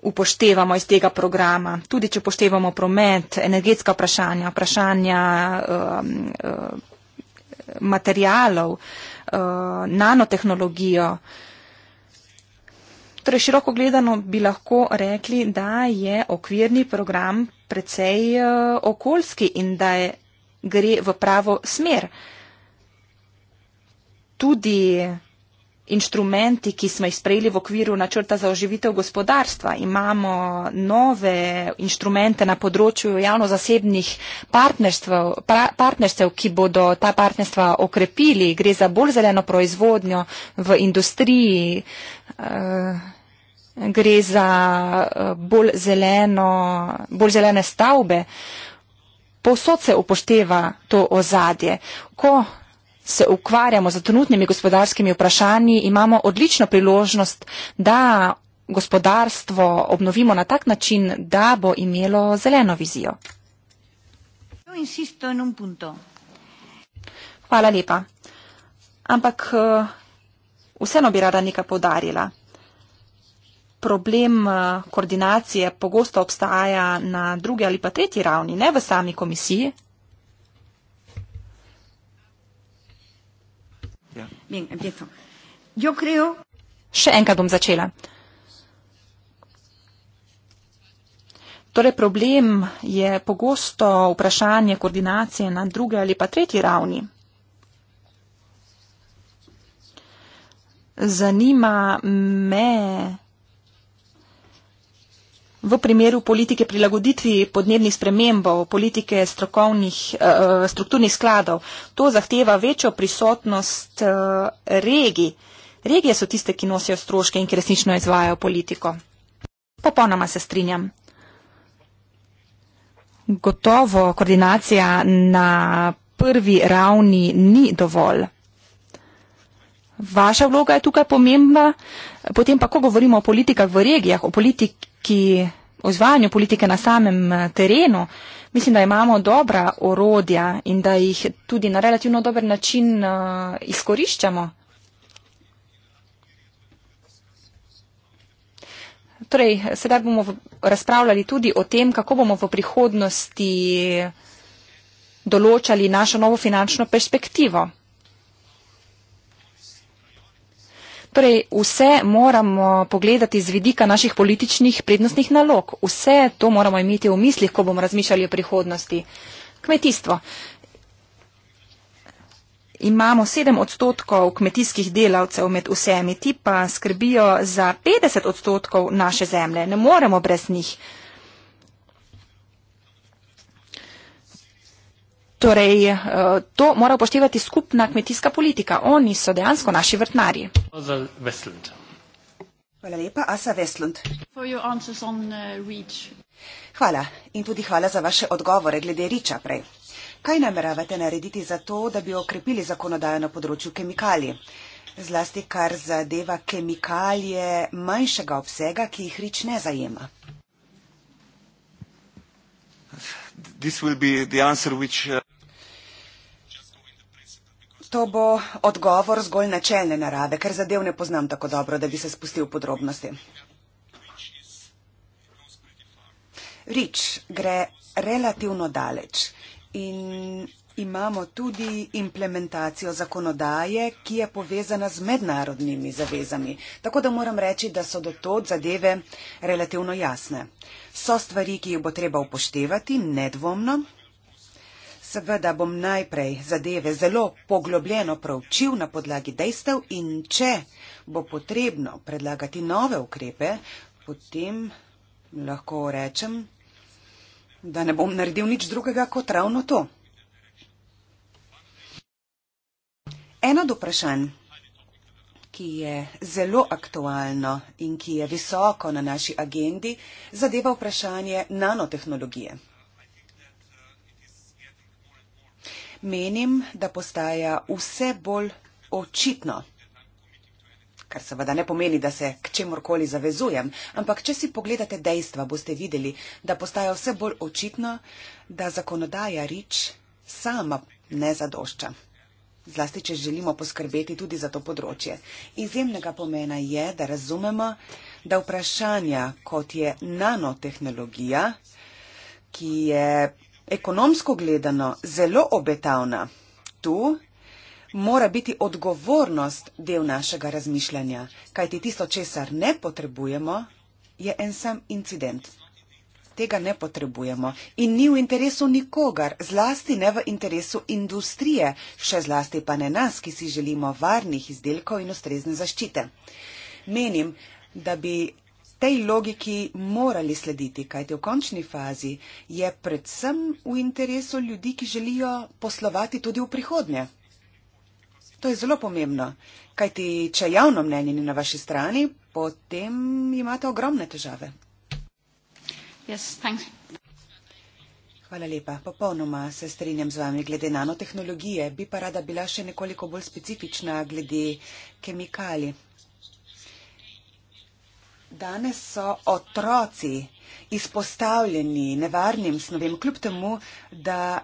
upoštevamo iz tega programa, tudi če upoštevamo promet, energetska vprašanja, vprašanja materijalov, eh, nanotehnologijo. Torej, široko gledano bi lahko rekli, da je okvirni program precej eh, okoljski in da je gre v pravo smer. Tudi inštrumenti, ki smo jih sprejeli v okviru načrta za oživitev gospodarstva, imamo nove inštrumente na področju javno-zasebnih partnerstv, pra, partnerstv, ki bodo ta partnerstva okrepili. Gre za bolj zeleno proizvodnjo v industriji. Uh, Gre za eh, bolj, zeleno, bolj zelene stavbe. Uh, Povsod se upošteva to ozadje. Ko se ukvarjamo z trenutnimi gospodarskimi vprašanji, imamo odlično priložnost, da gospodarstvo obnovimo na tak način, da bo imelo zeleno vizijo. Hvala lepa. Ampak eh, vseeno bi rada nekaj podarila problem eh, koordinacije pogosto obstaja na drugi ali pa tretji ravni, ne v sami komisiji. Ja. Še enkrat bom začela. Torej, problem je pogosto vprašanje koordinacije na druge ali pa tretji ravni. Zanima me, v primeru politike prilagoditvi podnebnih spremembov, politike eh, strukturnih skladov, to zahteva večjo prisotnost eh, regij. Regije so tiste, ki nosijo stroške in ki resnično izvajajo politiko. Popolnoma se strinjam. Gotovo koordinacija na prvi ravni ni dovolj. Vaša vloga je tukaj pomembna. Potem pa, ko govorimo o politikah v regijah, o politiki, o izvajanju politike na samem eh, terenu, mislim, da imamo dobra orodja in da jih tudi na relativno dober način uh, izkoriščamo. Torej, sedaj bomo razpravljali tudi o tem, kako bomo v prihodnosti določali našo novo finančno perspektivo. Torej, vse moramo pogledati z vidika naših političnih prednostnih nalog. Vse to moramo imeti v mislih, ko bomo razmišljali o prihodnosti. Kmetijstvo. Imamo 7 odstotkov kmetijskih delavcev med vsemi, ti pa skrbijo za 50 odstotkov naše zemlje. Ne moremo brez njih. Torej, eh, to mora upoštevati skupna kmetijska politika. Oni so dejansko naši vrtnari. Hvala lepa, Asa Vestlund. Uh, hvala in tudi hvala za vaše odgovore glede Riča prej. Kaj nameravate narediti za to, da bi okrepili zakonodajo na področju kemikalij? Zlasti kar zadeva kemikalije manjšega obsega, ki jih Rič ne zajema. This will be the answer which uh, To bo odgovor zgolj načelne narave, ker zadev ne poznam tako dobro, da bi se spustil v podrobnosti. Rič gre relativno daleč in imamo tudi implementacijo zakonodaje, ki je povezana z mednarodnimi zavezami. Tako da moram reči, da so do to zadeve relativno jasne. So stvari, ki jih bo treba upoštevati, nedvomno. Seveda bom najprej zadeve zelo poglobljeno pravčil na podlagi dejstev in če bo potrebno predlagati nove ukrepe, potem lahko rečem, da ne bom naredil nič drugega kot ravno to. Eno od vprašanj, ki je zelo aktualno in ki je visoko na naši agendi, zadeva vprašanje nanotehnologije. menim, da postaja vse bolj očitno. Kar seveda ne pomeni, da se k čemorkoli zavezujem, ampak če si pogledate dejstva, boste videli, da postaja vse bolj očitno, da zakonodaja rič sama ne zadošča. Zlasti, če želimo poskrbeti tudi za to področje. Izjemnega pomena je, da razumemo, da vprašanja, kot je nanotehnologija, ki je ekonomsko gledano zelo obetavna. Tu mora biti odgovornost del našega razmišljanja, kajti tisto, česar ne potrebujemo, je en sam incident. Tega ne potrebujemo in ni v interesu nikogar, zlasti ne v interesu industrije, še zlasti pa ne nas, ki si želimo varnih izdelkov in ustrezne zaščite. Menim, da bi tej logiki morali slediti, kajte v končni fazi je predvsem v interesu ljudi, ki želijo poslovati tudi v prihodnje. To je zelo pomembno, kajte če javno mnenje ni na vaši strani, potem imate ogromne težave. Yes, Hvala lepa. Popolnoma se strinjam z vami glede nanotehnologije. Bi pa rada bila še nekoliko bolj specifična glede kemikalij. Danes so otroci izpostavljeni nevarnim snovem, kljub temu, da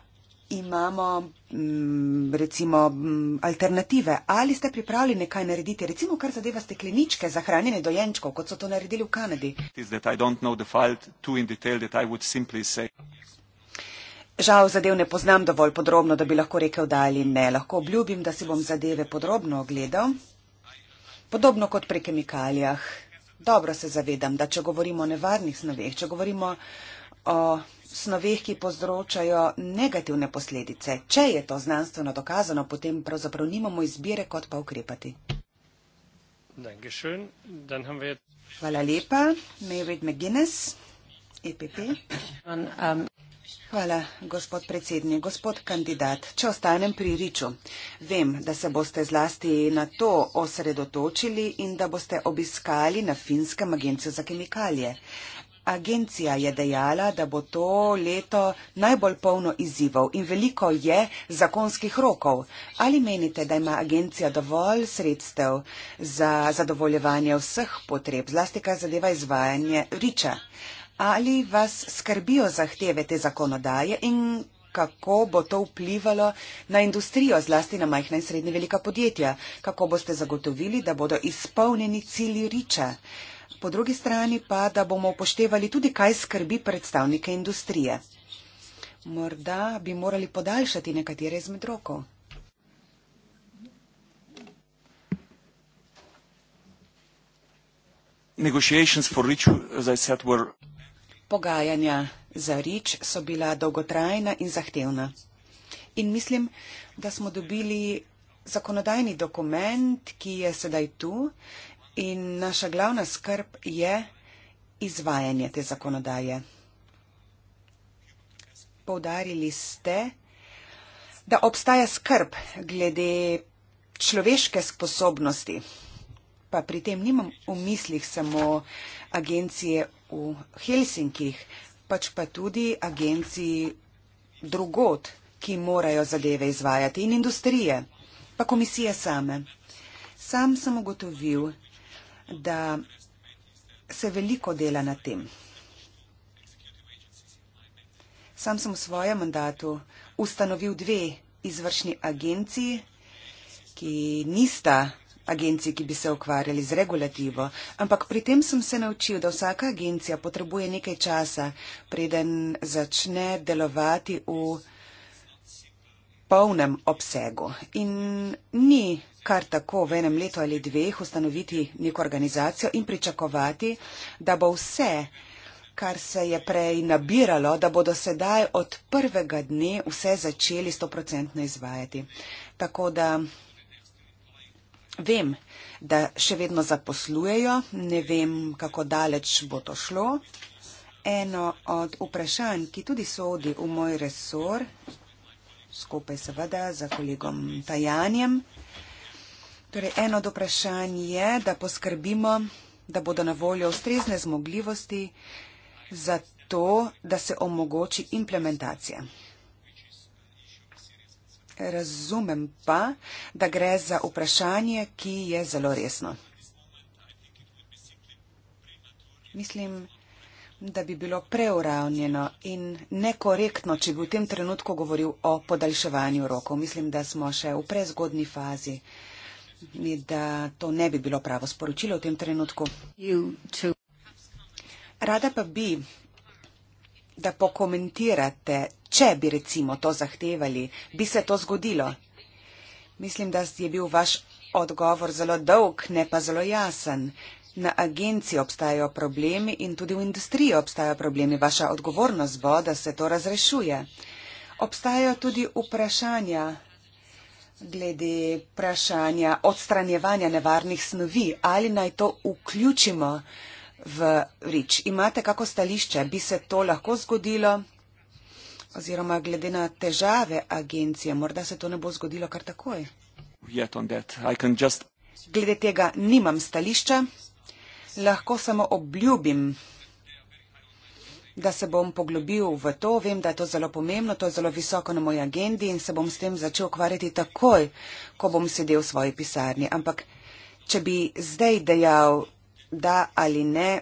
imamo mm, recimo mm, alternative. Ali ste pripravljeni kaj narediti, recimo kar zadeva stekleničke za hranjenje dojenčkov, kot so to naredili v Kanadi? Žal zadev ne poznam dovolj podrobno, da bi lahko rekel, da ali ne. Lahko obljubim, da si bom zadeve podrobno ogledal, podobno kot pri kemikalijah. Dobro se zavedam, da če govorimo o nevarnih snoveh, če govorimo o snoveh, ki povzročajo negativne posledice, če je to znanstveno dokazano, potem pravzaprav nimamo izbire, kot pa ukrepati. Hvala lepa. Mary McGuinness, EPP. Hvala, gospod predsednik. Gospod kandidat, če ostanem pri Riču, vem, da se boste zlasti na to osredotočili in da boste obiskali na Finskem agencijo za kemikalije. Agencija je dejala, da bo to leto najbolj polno izzivov in veliko je zakonskih rokov. Ali menite, da ima agencija dovolj sredstev za zadovoljevanje vseh potreb, zlasti kar zadeva izvajanje Riča? Ali vas skrbijo zahteve te zakonodaje in kako bo to vplivalo na industrijo, zlasti na majhna in srednje velika podjetja? Kako boste zagotovili, da bodo izpolnjeni cilji riča? Po drugi strani pa, da bomo upoštevali tudi, kaj skrbi predstavnike industrije. Morda bi morali podaljšati nekatere izmed rokov. Negotiations for rich, as I said, were Pogajanja za rič so bila dolgotrajna in zahtevna. In mislim, da smo dobili zakonodajni dokument, ki je sedaj tu in naša glavna skrb je izvajanje te zakonodaje. Povdarili ste, da obstaja skrb glede človeške sposobnosti. Pa pri tem nimam v mislih samo agencije v Helsinkih, pač pa tudi agenciji drugot, ki morajo zadeve izvajati in industrije, pa komisije same. Sam sem ugotovil, da se veliko dela na tem. Sam sem v svojem mandatu ustanovil dve izvršni agenciji, ki nista agencij, ki bi se ukvarjali z regulativo, ampak pri tem sem se naučil, da vsaka agencija potrebuje nekaj časa, preden začne delovati v polnem obsegu. In ni kar tako v enem letu ali dveh ustanoviti neko organizacijo in pričakovati, da bo vse, kar se je prej nabiralo, da bodo sedaj od prvega dne vse začeli stoprocentno izvajati. Tako da Vem, da še vedno zaposlujejo, ne vem, kako daleč bo to šlo. Eno od vprašanj, ki tudi sodi v moj resor, skupaj seveda za kolegom Tajanjem, torej eno od vprašanj je, da poskrbimo, da bodo na voljo ustrezne zmogljivosti za to, da se omogoči implementacija. Razumem pa, da gre za vprašanje, ki je zelo resno. Mislim, da bi bilo preuravnjeno in nekorektno, če bi v tem trenutku govoril o podaljševanju rokov. Mislim, da smo še v prezgodni fazi in da to ne bi bilo pravo sporočilo v tem trenutku. Rada pa bi da pokomentirate, če bi recimo to zahtevali, bi se to zgodilo? Mislim, da je bil vaš odgovor zelo dolg, ne pa zelo jasen. Na agenciji obstajajo problemi in tudi v industriji obstajajo problemi. Vaša odgovornost bo, da se to razrešuje. Obstajajo tudi vprašanja glede vprašanja odstranjevanja nevarnih snovi, ali naj to vključimo v reč. Imate kako stališče, bi se to lahko zgodilo? Oziroma, glede na težave agencije, morda se to ne bo zgodilo kar takoj. Just... Glede tega nimam stališča, lahko samo obljubim, da se bom poglobil v to. Vem, da je to zelo pomembno, to je zelo visoko na moji agendi in se bom s tem začel ukvarjati takoj, ko bom sedel v svoji pisarni. Ampak, če bi zdaj dejal, da ali ne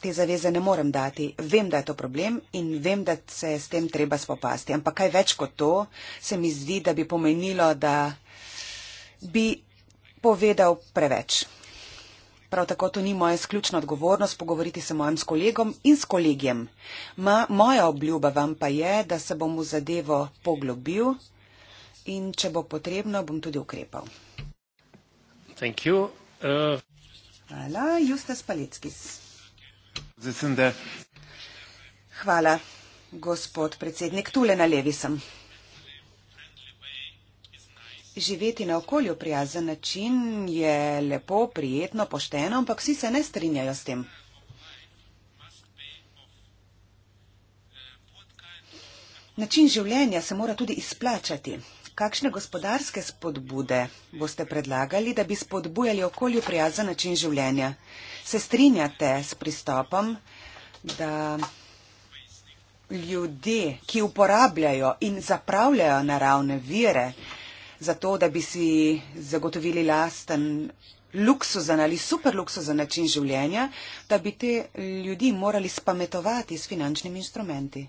te zaveze ne morem dati. Vem, da je to problem in vem, da se je s tem treba spopasti. Ampak kaj več kot to, se mi zdi, da bi pomenilo, da bi povedal preveč. Prav tako to ni moja sključna odgovornost pogovoriti se mojim kolegom in s kolegijem. Ma, moja obljuba vam pa je, da se bom v zadevo poglobil in če bo potrebno, bom tudi ukrepal. Hvala. Uh... Hvala, Justas Paleckis. Hvala, gospod predsednik. Tule na levi sem. Živeti na okolju prijazen način je lepo, prijetno, pošteno, ampak vsi se ne strinjajo s tem. Način življenja se mora tudi izplačati kakšne gospodarske spodbude boste predlagali, da bi spodbujali okolju prijazen način življenja? Se strinjate s pristopom, da ljudje, ki uporabljajo in zapravljajo naravne vire, zato da bi si zagotovili lasten luksuzan ali superluksuzan način življenja, da bi te ljudi morali spametovati s finančnimi instrumenti?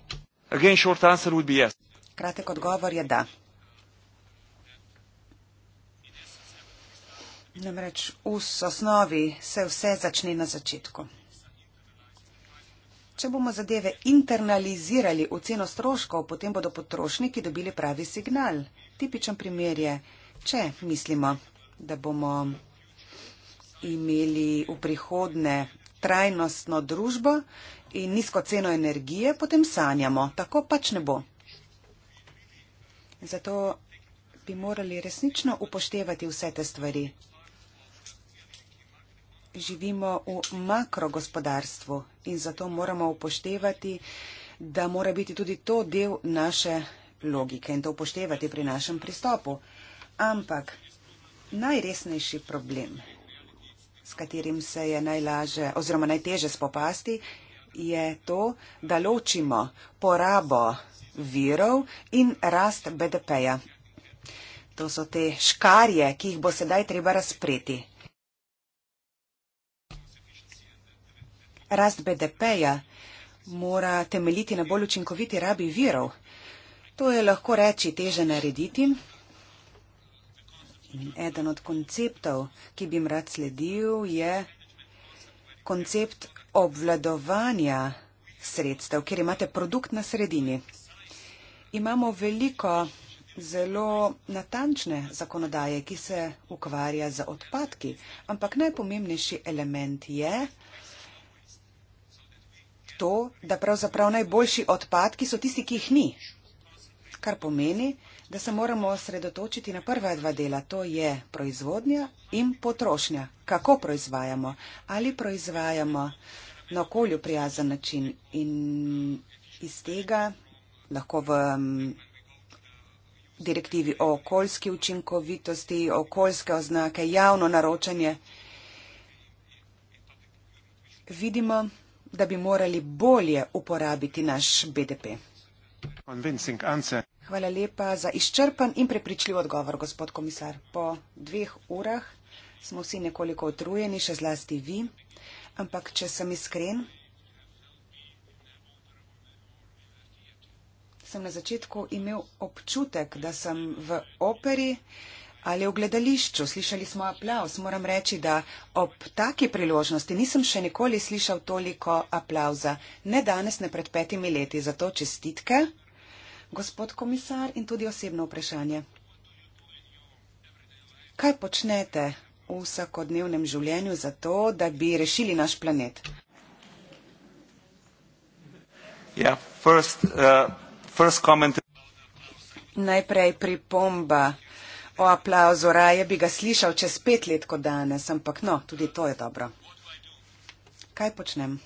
Again, yes. Kratek odgovor je da. Namreč v osnovi se vse začne na začetku. Če bomo zadeve internalizirali v ceno stroškov, potem bodo potrošniki dobili pravi signal. Tipičen primer je, če mislimo, da bomo imeli v prihodne trajnostno družbo in nizko ceno energije, potem sanjamo. Tako pač ne bo. Zato bi morali resnično upoštevati vse te stvari živimo v makrogospodarstvu in zato moramo upoštevati, da mora biti tudi to del naše logike in to upoštevati pri našem pristopu. Ampak najresnejši problem, s katerim se je najlaže oziroma najteže spopasti, je to, da ločimo porabo virov in rast BDP-ja. To so te škarje, ki jih bo sedaj treba razpreti. rast BDP-ja mora temeljiti na bolj učinkoviti rabi virov. To je lahko reči teže narediti. In eden od konceptov, ki bi jim rad sledil, je koncept obvladovanja sredstev, kjer imate produkt na sredini. Imamo veliko zelo natančne zakonodaje, ki se ukvarja z odpadki, ampak najpomembnejši element je, to, da pravzaprav najboljši odpadki so tisti, ki jih ni. Kar pomeni, da se moramo osredotočiti na prva dva dela, to je proizvodnja in potrošnja. Kako proizvajamo? Ali proizvajamo na okolju prijazen način in iz tega lahko v direktivi o okoljski učinkovitosti, okoljske oznake, javno naročanje. Vidimo, da bi morali bolje uporabiti naš BDP. Hvala lepa za izčrpan in prepričljiv odgovor, gospod komisar. Po dveh urah smo vsi nekoliko otrujeni, še zlasti vi, ampak če sem iskren, sem na začetku imel občutek, da sem v operi, ali v gledališču. Slišali smo aplaus. Moram reči, da ob taki priložnosti nisem še nikoli slišal toliko aplauza. Ne danes, ne pred petimi leti. Zato čestitke, gospod komisar, in tudi osebno vprašanje. Kaj počnete v vsakodnevnem življenju za to, da bi rešili naš planet? Yeah, ja, first, uh, first Najprej pripomba o aplauzu. Raje bi ga slišal čez pet let kot danes, ampak no, tudi to je dobro. Kaj počnem?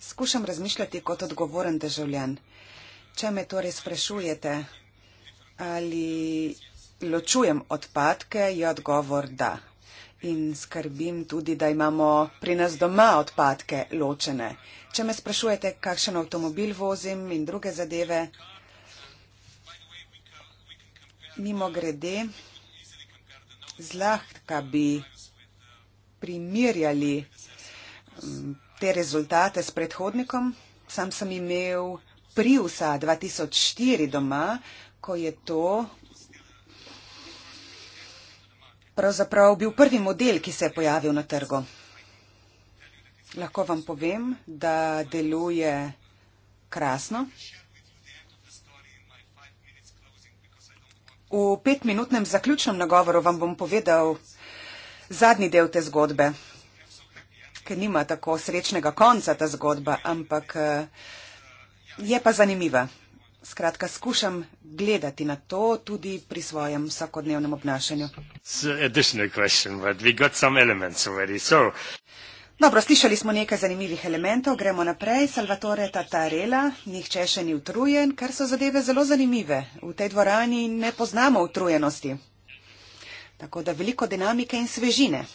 Skušam razmišljati kot odgovoren državljan. Če me torej sprašujete, ali ločujem odpadke, je odgovor da in skrbim tudi, da imamo pri nas doma odpadke ločene. Če me sprašujete, kakšen avtomobil vozim in druge zadeve, mimo grede, zlahka bi primirjali mm, te rezultate s predhodnikom. Sam sem imel Priusa 2004 doma, ko je to pravzaprav bil prvi model, ki se je pojavil na trgu. Lahko vam povem, da deluje krasno. V petminutnem zaključnem nagovoru vam bom povedal zadnji del te zgodbe, ki nima tako srečnega konca ta zgodba, ampak eh, je pa zanimiva. Skratka, skušam gledati na to tudi pri svojem vsakodnevnem obnašanju. Dobro, slišali smo nekaj zanimivih elementov, gremo naprej. Salvatore Tatarela, nihče še ni utrujen, kar so zadeve zelo zanimive. V tej dvorani ne poznamo utrujenosti. Tako da veliko dinamike in svežine.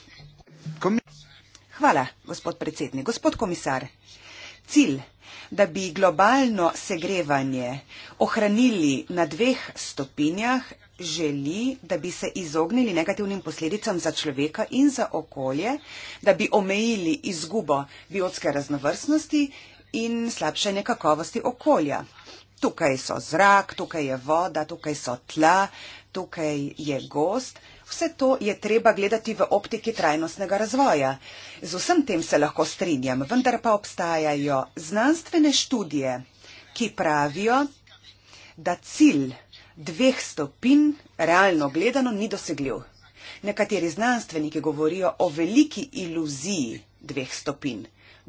Hvala, gospod predsednik. Gospod komisar, cilj, da bi globalno segrevanje ohranili na dveh stopinjah, želi, da bi se izognili negativnim posledicam za človeka in za okolje, da bi omejili izgubo biotske raznovrstnosti in slabšanje kakovosti okolja. Tukaj so zrak, tukaj je voda, tukaj so tla, tukaj je gost. Vse to je treba gledati v optiki trajnostnega razvoja. Z vsem tem se lahko strinjam, vendar pa obstajajo znanstvene študije, ki pravijo, da cilj dveh stopin realno gledano ni dosegljiv. Nekateri znanstveniki govorijo o veliki iluziji dveh stopin.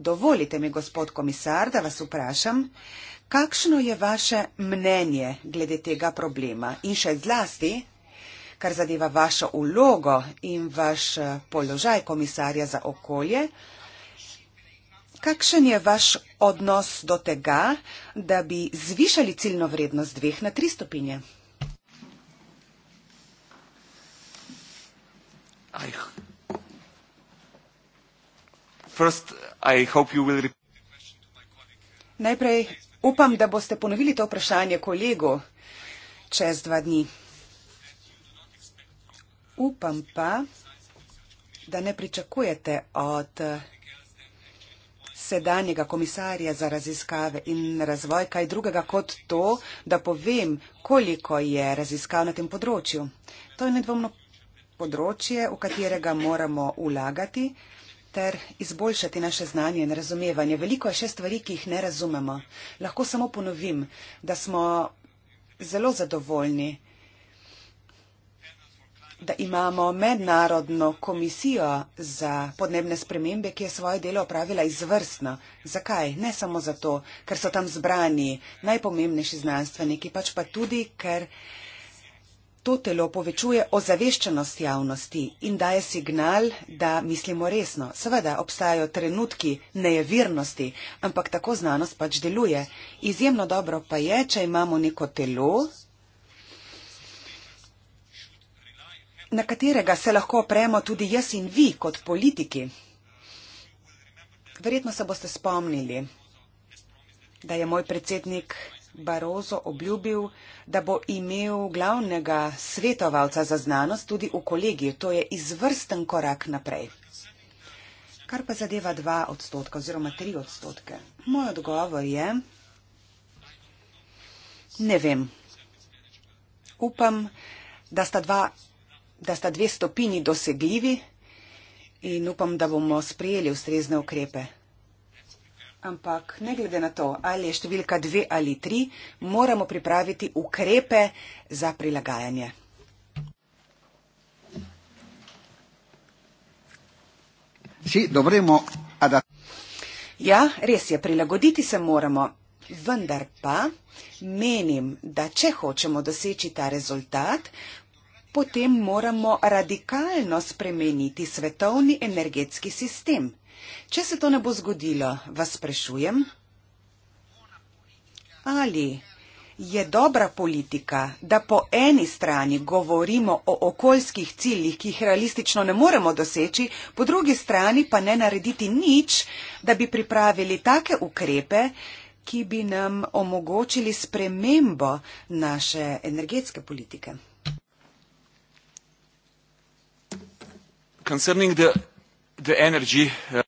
Dovolite mi, gospod komisar, da vas vprašam, kakšno je vaše mnenje glede tega problema in še zlasti, kar zadeva vašo ulogo in vaš eh, položaj komisarja za okolje. Kakšen je vaš odnos do tega, da bi zvišali ciljno vrednost dveh na tri stopinje? First, Najprej upam, da boste ponovili to vprašanje kolegu čez dva dni upam pa, da ne pričakujete od sedanjega komisarja za raziskave in razvoj kaj drugega kot to, da povem, koliko je raziskav na tem področju. To je nedvomno področje, v katerega moramo ulagati ter izboljšati naše znanje in razumevanje. Veliko je še stvari, ki jih ne razumemo. Lahko samo ponovim, da smo zelo zadovoljni da imamo mednarodno komisijo za podnebne spremembe, ki je svoje delo opravila izvrstno. Zakaj? Ne samo zato, ker so tam zbrani najpomembnejši znanstveniki, pač pa tudi, ker to telo povečuje ozaveščenost javnosti in daje signal, da mislimo resno. Seveda obstajajo trenutki nejevirnosti, ampak tako znanost pač deluje. Izjemno dobro pa je, če imamo neko telo, na katerega se lahko opremo tudi jaz in vi kot politiki. Verjetno se boste spomnili, da je moj predsednik Barozo obljubil, da bo imel glavnega svetovalca za znanost tudi v kolegiju. To je izvrsten korak naprej. Kar pa zadeva dva odstotka oziroma tri odstotke. Moj odgovor je, ne vem. Upam, da sta dva da sta dve stopini dosegljivi in upam, da bomo sprejeli ustrezne ukrepe. Ampak ne glede na to, ali je številka dve ali tri, moramo pripraviti ukrepe za prilagajanje. Ja, res je, prilagoditi se moramo. Vendar pa menim, da če hočemo doseči ta rezultat, potem moramo radikalno spremeniti svetovni energetski sistem. Če se to ne bo zgodilo, vas sprašujem, ali je dobra politika, da po eni strani govorimo o okoljskih ciljih, ki jih realistično ne moremo doseči, po drugi strani pa ne narediti nič, da bi pripravili take ukrepe, ki bi nam omogočili spremembo naše energetske politike. concerning the, the energy. Uh,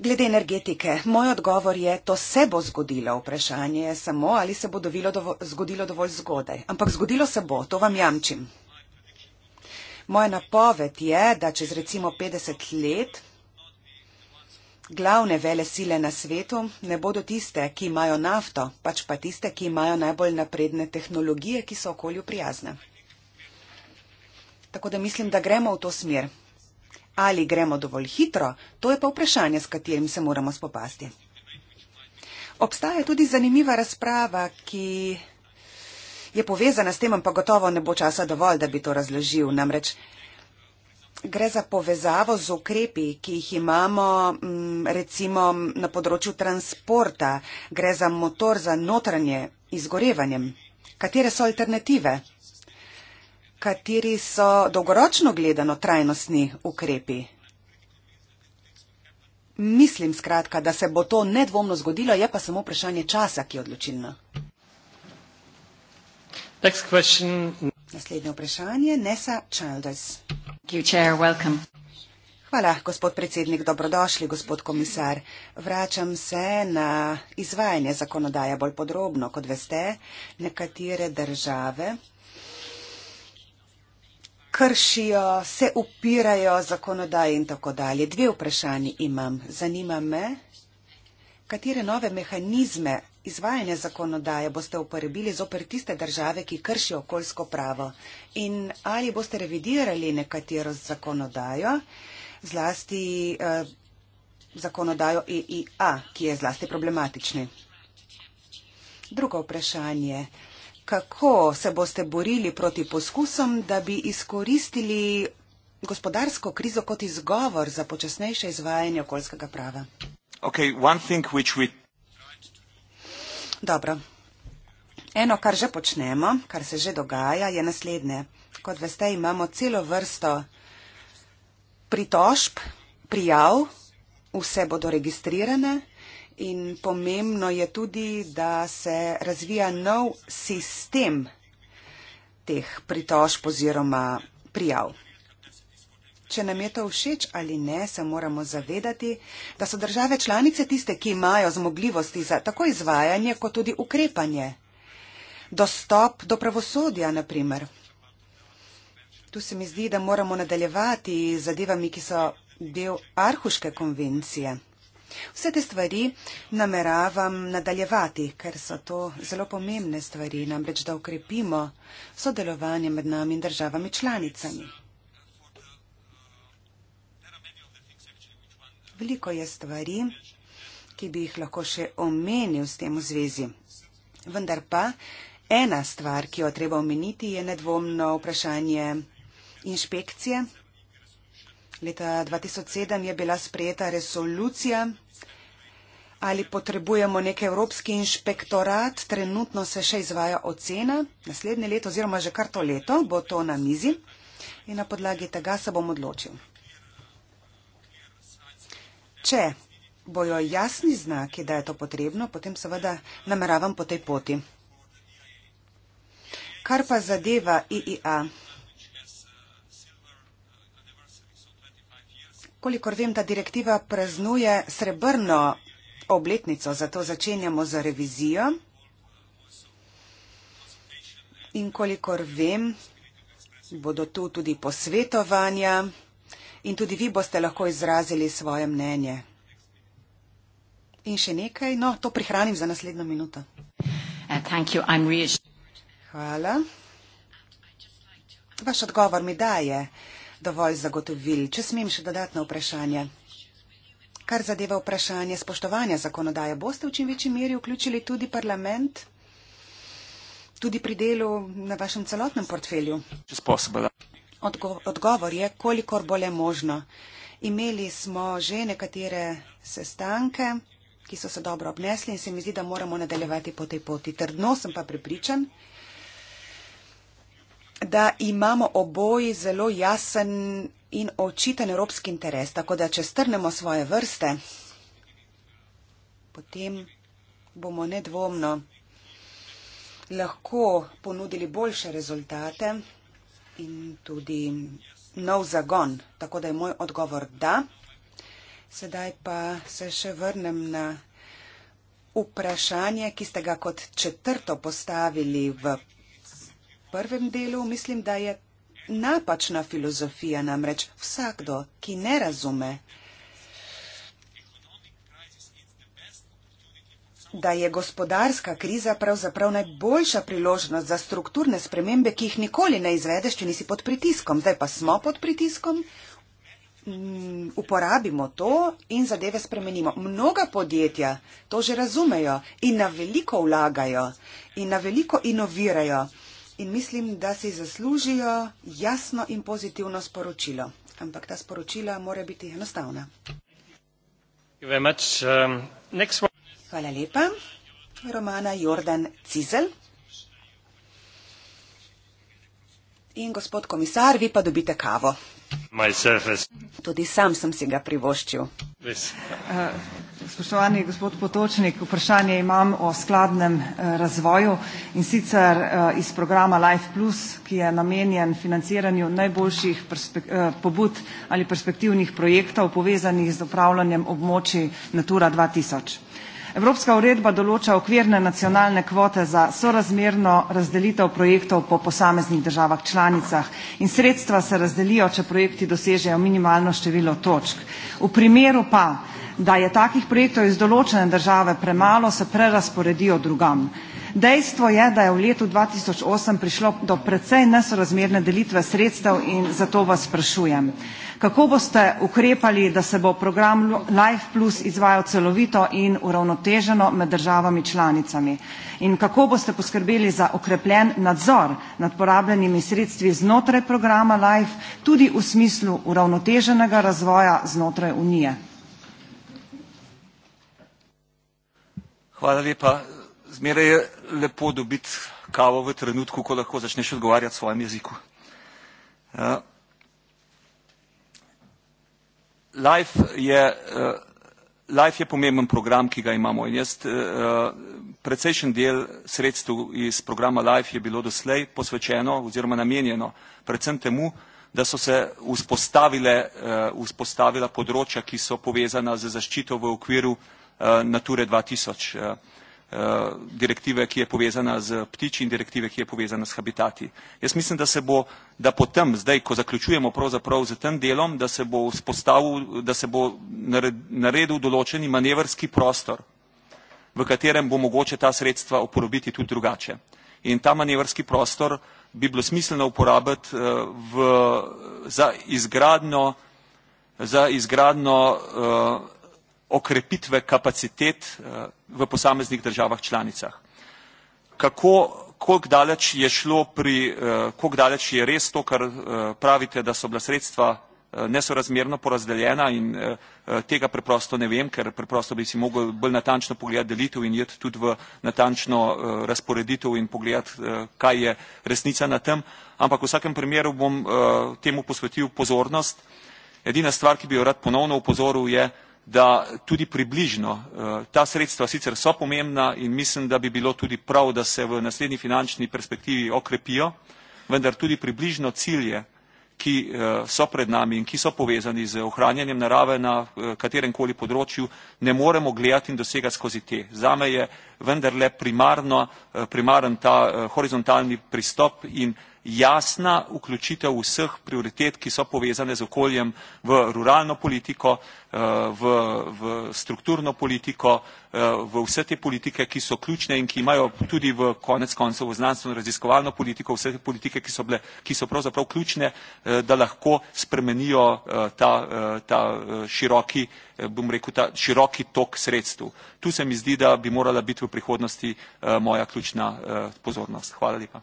Glede energetike, moj odgovor je, to se bo zgodilo. Vprašanje je samo, ali se bo dovo, zgodilo dovolj zgodaj. Ampak zgodilo se bo, to vam jamčim. Moja napoved je, da čez recimo 50 let glavne vele sile na svetu ne bodo tiste, ki imajo nafto, pač pa tiste, ki imajo najbolj napredne tehnologije, ki so okolju prijazne. Tako da mislim, da gremo v to smer. Ali gremo dovolj hitro, to je pa vprašanje, s katerim se moramo spopasti. Obstaja tudi zanimiva razprava, ki je povezana s tem, ampak gotovo ne bo časa dovolj, da bi to razložil. Namreč gre za povezavo z ukrepi, ki jih imamo mm, recimo na področju transporta. Gre za motor za notranje izgorevanjem. Katere so alternative? kateri so dolgoročno gledano trajnostni ukrepi. Mislim skratka, da se bo to nedvomno zgodilo, je pa samo vprašanje časa, ki je odločilno. Naslednje vprašanje, Nessa Childers. Chair, Hvala, gospod predsednik, dobrodošli, gospod komisar. Vračam se na izvajanje zakonodaje bolj podrobno, kot veste, nekatere države kršijo, se upirajo zakonodaji in tako dalje. Dve vprašanji imam. Zanima me, katere nove mehanizme izvajanja zakonodaje boste uporabili zoper tiste države, ki kršijo okoljsko pravo in ali boste revidirali nekatero zakonodajo, zlasti eh, zakonodajo EIA, ki je zlasti problematični. Drugo vprašanje. Eh, kako se boste borili proti poskusom, da bi izkoristili gospodarsko krizo kot izgovor za počasnejše izvajanje okoljskega prava. Okay, one thing which we... Dobro. Eno, kar že počnemo, kar se že dogaja, je naslednje. Kot veste, imamo celo vrsto pritožb, prijav, vse bodo registrirane in pomembno je tudi, da se razvija nov sistem teh pritožb oziroma prijav. Če nam je to všeč ali ne, se moramo zavedati, da so države članice tiste, ki imajo zmogljivosti za tako izvajanje kot tudi ukrepanje. Dostop do pravosodja, na primer. Tu se mi zdi, da moramo nadaljevati z zadevami, ki so del Arhuške konvencije. Vse te stvari nameravam nadaljevati, ker so to zelo pomembne stvari, namreč da ukrepimo sodelovanje med nami in državami članicami. Veliko je stvari, ki bi jih lahko še omenil s tem v zvezi. Vendar pa ena stvar, ki jo treba omeniti, je nedvomno vprašanje inšpekcije Leta 2007 je bila sprejeta resolucija, ali potrebujemo nek evropski inšpektorat. Trenutno se še izvaja ocena. Naslednje leto oziroma že kar to leto bo to na mizi in na podlagi tega se bom odločil. Če bojo jasni znaki, da je to potrebno, potem seveda nameravam po tej poti. Kar pa zadeva IIA. Kolikor vem, ta direktiva praznuje srebrno obletnico, zato začenjamo z revizijo. In kolikor vem, bodo tu tudi posvetovanja in tudi vi boste lahko izrazili svoje mnenje. In še nekaj, no, to prihranim za naslednjo minuto. Uh, Hvala. Vaš odgovor mi daje dovolj zagotovili. Če smem še dodatno vprašanje. Kar zadeva vprašanje spoštovanja zakonodaje, boste v čim večji meri vključili tudi parlament, tudi pri delu na vašem celotnem portfelju? Odgo odgovor je, kolikor bo le možno. Imeli smo že nekatere sestanke, ki so se dobro obnesli in se mi zdi, da moramo nadaljevati po tej poti. Trdno sem pa pripričan, da imamo oboji zelo jasen in očiten evropski interes. Tako da, če strnemo svoje vrste, potem bomo nedvomno lahko ponudili boljše rezultate in tudi nov zagon. Tako da je moj odgovor da. Sedaj pa se še vrnem na vprašanje, ki ste ga kot četrto postavili v prvem delu mislim, da je napačna filozofija namreč vsakdo, ki ne razume, da je gospodarska kriza pravzaprav najboljša priložnost za strukturne spremembe, ki jih nikoli ne izvedeš, če nisi pod pritiskom. Zdaj pa smo pod pritiskom, mm, uporabimo to in zadeve spremenimo. Mnoga podjetja to že razumejo in na veliko vlagajo in na veliko inovirajo in mislim, da si zaslužijo jasno in pozitivno sporočilo. Ampak ta sporočila mora biti enostavna. Um, Hvala lepa. Romana Jordan Cizel. In gospod komisar, vi pa dobite kavo. Tudi sam sem si ga privoščil. Uh, Spoštovani gospod Potočnik, vprašanje imam o skladnem eh, razvoju in sicer eh, iz programa Life Plus, ki je namenjen financiranju najboljših eh, pobud ali perspektivnih projektov, povezanih z upravljanjem območij Natura 2000. Evropska uredba določa okvirne nacionalne kvote za sorazmerno razdelitev projektov po posameznih državah članicah in sredstva se razdelijo, če projekti dosežejo minimalno število točk. V primeru pa, da je takih projektov iz določene države premalo, se prerasporedijo drugam. Dejstvo je, da je v letu 2008 prišlo do precej nesorazmerne delitve sredstev in zato vas sprašujem. Kako boste ukrepali, da se bo program Life Plus izvajal celovito in uravnoteženo med državami članicami? In kako boste poskrbeli za okrepljen nadzor nad porabljenimi sredstvi znotraj programa Life, tudi v smislu uravnoteženega razvoja znotraj Unije? Hvala lepa. Zmeraj je lepo dobiti kavo v trenutku, ko lahko začneš odgovarjati svojem jeziku. Uh, life je, uh, life je pomemben program, ki ga imamo in jaz uh, precejšen del sredstev iz programa Life je bilo doslej posvečeno oziroma namenjeno predvsem temu, da so se uh, vzpostavila področja, ki so povezana z zaščito v okviru uh, Eh, Nature 2000 eh, eh, direktive, ki je povezana z ptiči in direktive, ki je povezana s habitati. Jaz mislim, da se bo, da potem, zdaj, ko zaključujemo pravzaprav z tem delom, da se bo spostavil, da se bo naredil določeni manevrski prostor, v katerem bo mogoče ta sredstva uporabiti tudi drugače. In ta manevrski prostor bi bilo smiselno uporabiti v, za izgradno, za izgradno uh, okrepitve kapacitet eh, v posameznih državah članicah. Kako, koliko daleč je šlo pri, eh, koliko daleč je res to, kar eh, pravite, da so bila sredstva nesorazmerno porazdeljena in tega preprosto ne vem, ker preprosto bi si mogel bolj natančno pogledati delitev in jeti tudi v natančno razporeditev in pogledati, kaj je resnica na tem. Ampak v vsakem primeru bom temu posvetil pozornost. Edina stvar, ki bi jo rad ponovno upozoril, je, da tudi približno eh, ta sredstva sicer so pomembna in mislim da bi bilo tudi prav da se v naslednji finančni perspektivi okrepijo vendar tudi približno cilje ki eh, so pred nami in ki so povezani z ohranjanjem narave na eh, kateremkoli področju ne moremo gledati in dosegati skozi te zame je vendarle primarno primaren ta horizontalni pristop in jasna vključitev vseh prioritet, ki so povezane z okoljem v ruralno politiko, eh, v, v strukturno politiko, eh, v vse te politike, ki so ključne in ki imajo tudi v konec koncev v znanstveno raziskovalno politiko, vse te politike, ki so, bile, ki so pravzaprav ključne, eh, da lahko spremenijo ta, ta široki, bom rekel, ta široki tok sredstv. Tu se mi zdi, da bi morala biti v prihodnosti moja ključna pozornost. Hvala lepa.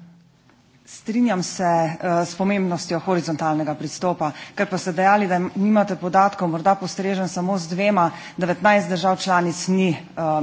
Strinjam se eh, s pomembnostjo horizontalnega pristopa. Ker pa ste dejali, da nimate podatkov, morda postrežem samo z dvema, 19 držav članic ni eh,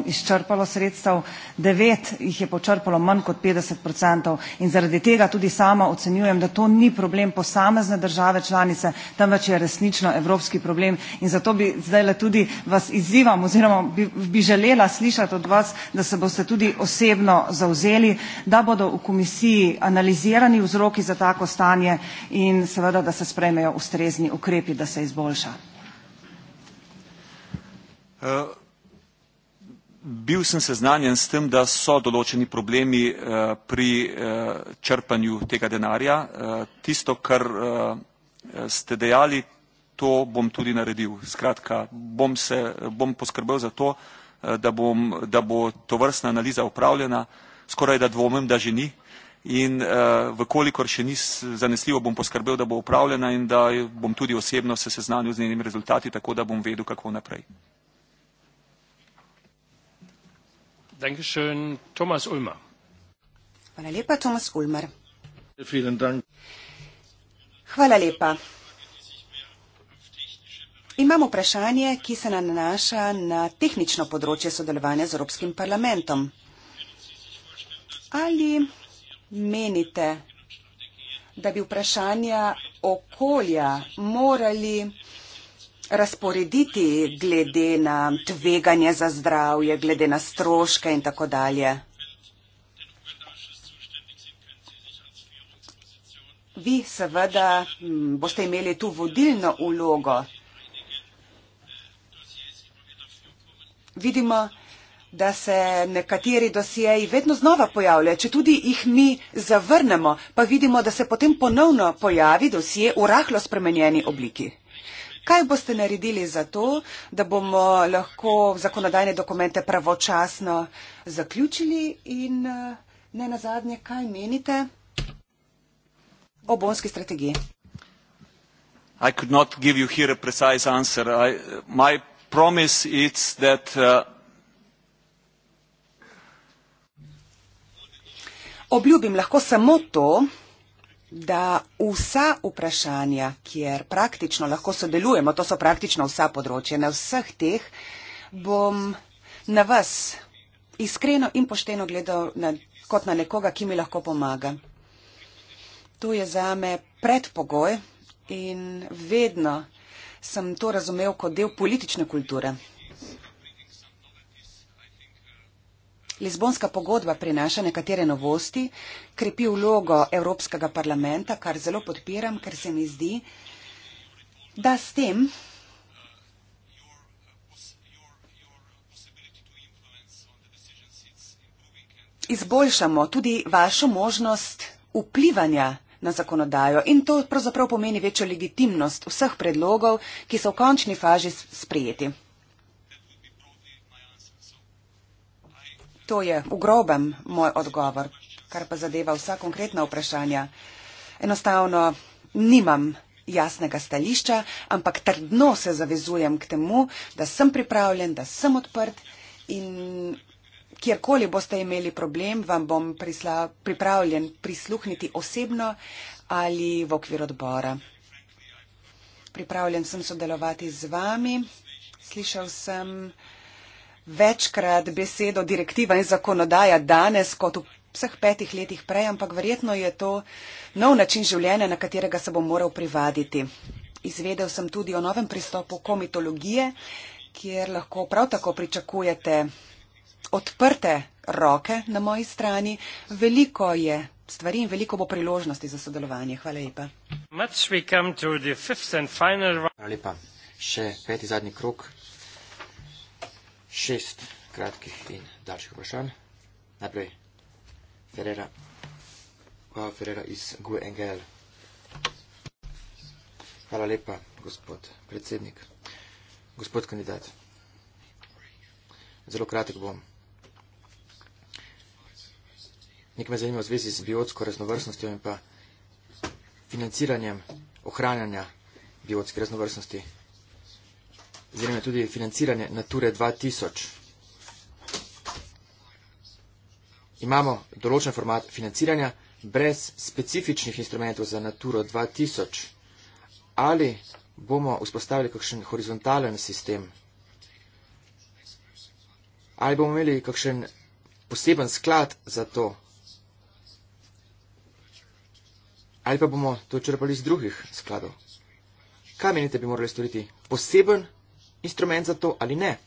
izčrpalo sredstev, devet jih je počrpalo manj kot 50 odstotkov in zaradi tega tudi sama ocenjujem, da to ni problem posamezne države članice, temveč je resnično evropski problem in zato bi zdaj le tudi vas izzivam oziroma bi, bi želela slišati od vas, da se boste tudi osebno zauzeli, da bodo v komisiji analizirali kombinirani vzroki za tako stanje in seveda, da se sprejmejo ustrezni ukrepi, da se izboljša. Eh, bil sem seznanjen s tem, da so določeni problemi eh, pri eh, črpanju tega denarja. Tisto, kar ste dejali, to bom tudi naredil. Skratka, bom, se, bom poskrbel za to, da, bom, da bo tovrstna analiza upravljena. Skoraj da dvomim, da že ni in uh, eh, vkolikor še ni zanesljivo, bom poskrbel, da bo upravljena in da bom tudi osebno se seznanil z njenimi rezultati, tako da bom vedel, kako naprej. Dankeschön, Thomas Ulmer. Hvala lepa, Thomas Ulmer. Hvala lepa. Imamo vprašanje, ki se nanaša na tehnično področje sodelovanja z Evropskim parlamentom. Ali menite, da bi vprašanja okolja morali razporediti glede na tveganje za zdravje, glede na stroške in tako dalje? Vi seveda hm, boste imeli tu vodilno ulogo. Vidimo, da se nekateri dosijeji vedno znova pojavljajo, če tudi jih mi zavrnemo, pa vidimo, da se potem ponovno pojavi dosije v rahlo spremenjeni obliki. Kaj boste naredili za to, da bomo lahko zakonodajne dokumente pravočasno zaključili in eh, ne nazadnje, kaj menite o bonski strategiji? I could not give you here a precise answer. I, my promise is that uh, Obljubim lahko samo to, da vsa vprašanja, kjer praktično lahko sodelujemo, to so praktično vsa področja, na vseh teh bom na vas iskreno in pošteno gledal na, kot na nekoga, ki mi lahko pomaga. To je za me predpogoj in vedno sem to razumel kot del politične kulture. Lizbonska pogodba prinaša nekatere novosti, krepi vlogo Evropskega parlamenta, kar zelo podpiram, ker se mi zdi, da s tem izboljšamo tudi vašo možnost vplivanja na zakonodajo in to pravzaprav pomeni večjo legitimnost vseh predlogov, ki so v končni fazi sprejeti. To je v grobem moj odgovor, kar pa zadeva vsa konkretna vprašanja. Enostavno nimam jasnega stališča, ampak trdno se zavezujem k temu, da sem pripravljen, da sem odprt in kjerkoli boste imeli problem, vam bom prisla, pripravljen prisluhniti osebno ali v okvir odbora. Pripravljen sem sodelovati z vami. Slišal sem večkrat besedo direktiva in zakonodaja danes kot v vseh petih letih prej, ampak verjetno je to nov način življenja, na katerega se bom moral privaditi. Izvedel sem tudi o novem pristopu komitologije, kjer lahko prav tako pričakujete odprte roke na moji strani. Veliko je stvari in veliko bo priložnosti za sodelovanje. Hvala lepa. Hvala lepa. Še peti zadnji krok šest kratkih in daljših vprašanj. Najprej Ferrera, pa Ferrera iz Gue Engel. Hvala lepa, gospod predsednik. Gospod kandidat, zelo kratek bom. Nekaj me zanima v zvezi z biotsko raznovrstnostjo in pa financiranjem ohranjanja biotske raznovrstnosti oziroma tudi financiranje Nature 2000. Imamo določen format financiranja brez specifičnih instrumentov za Naturo 2000. Ali bomo vzpostavili kakšen horizontalen sistem? Ali bomo imeli kakšen poseben sklad za to? Ali pa bomo to črpali iz drugih skladov? Kaj menite, bi morali storiti? Poseben instrument za to ali ne.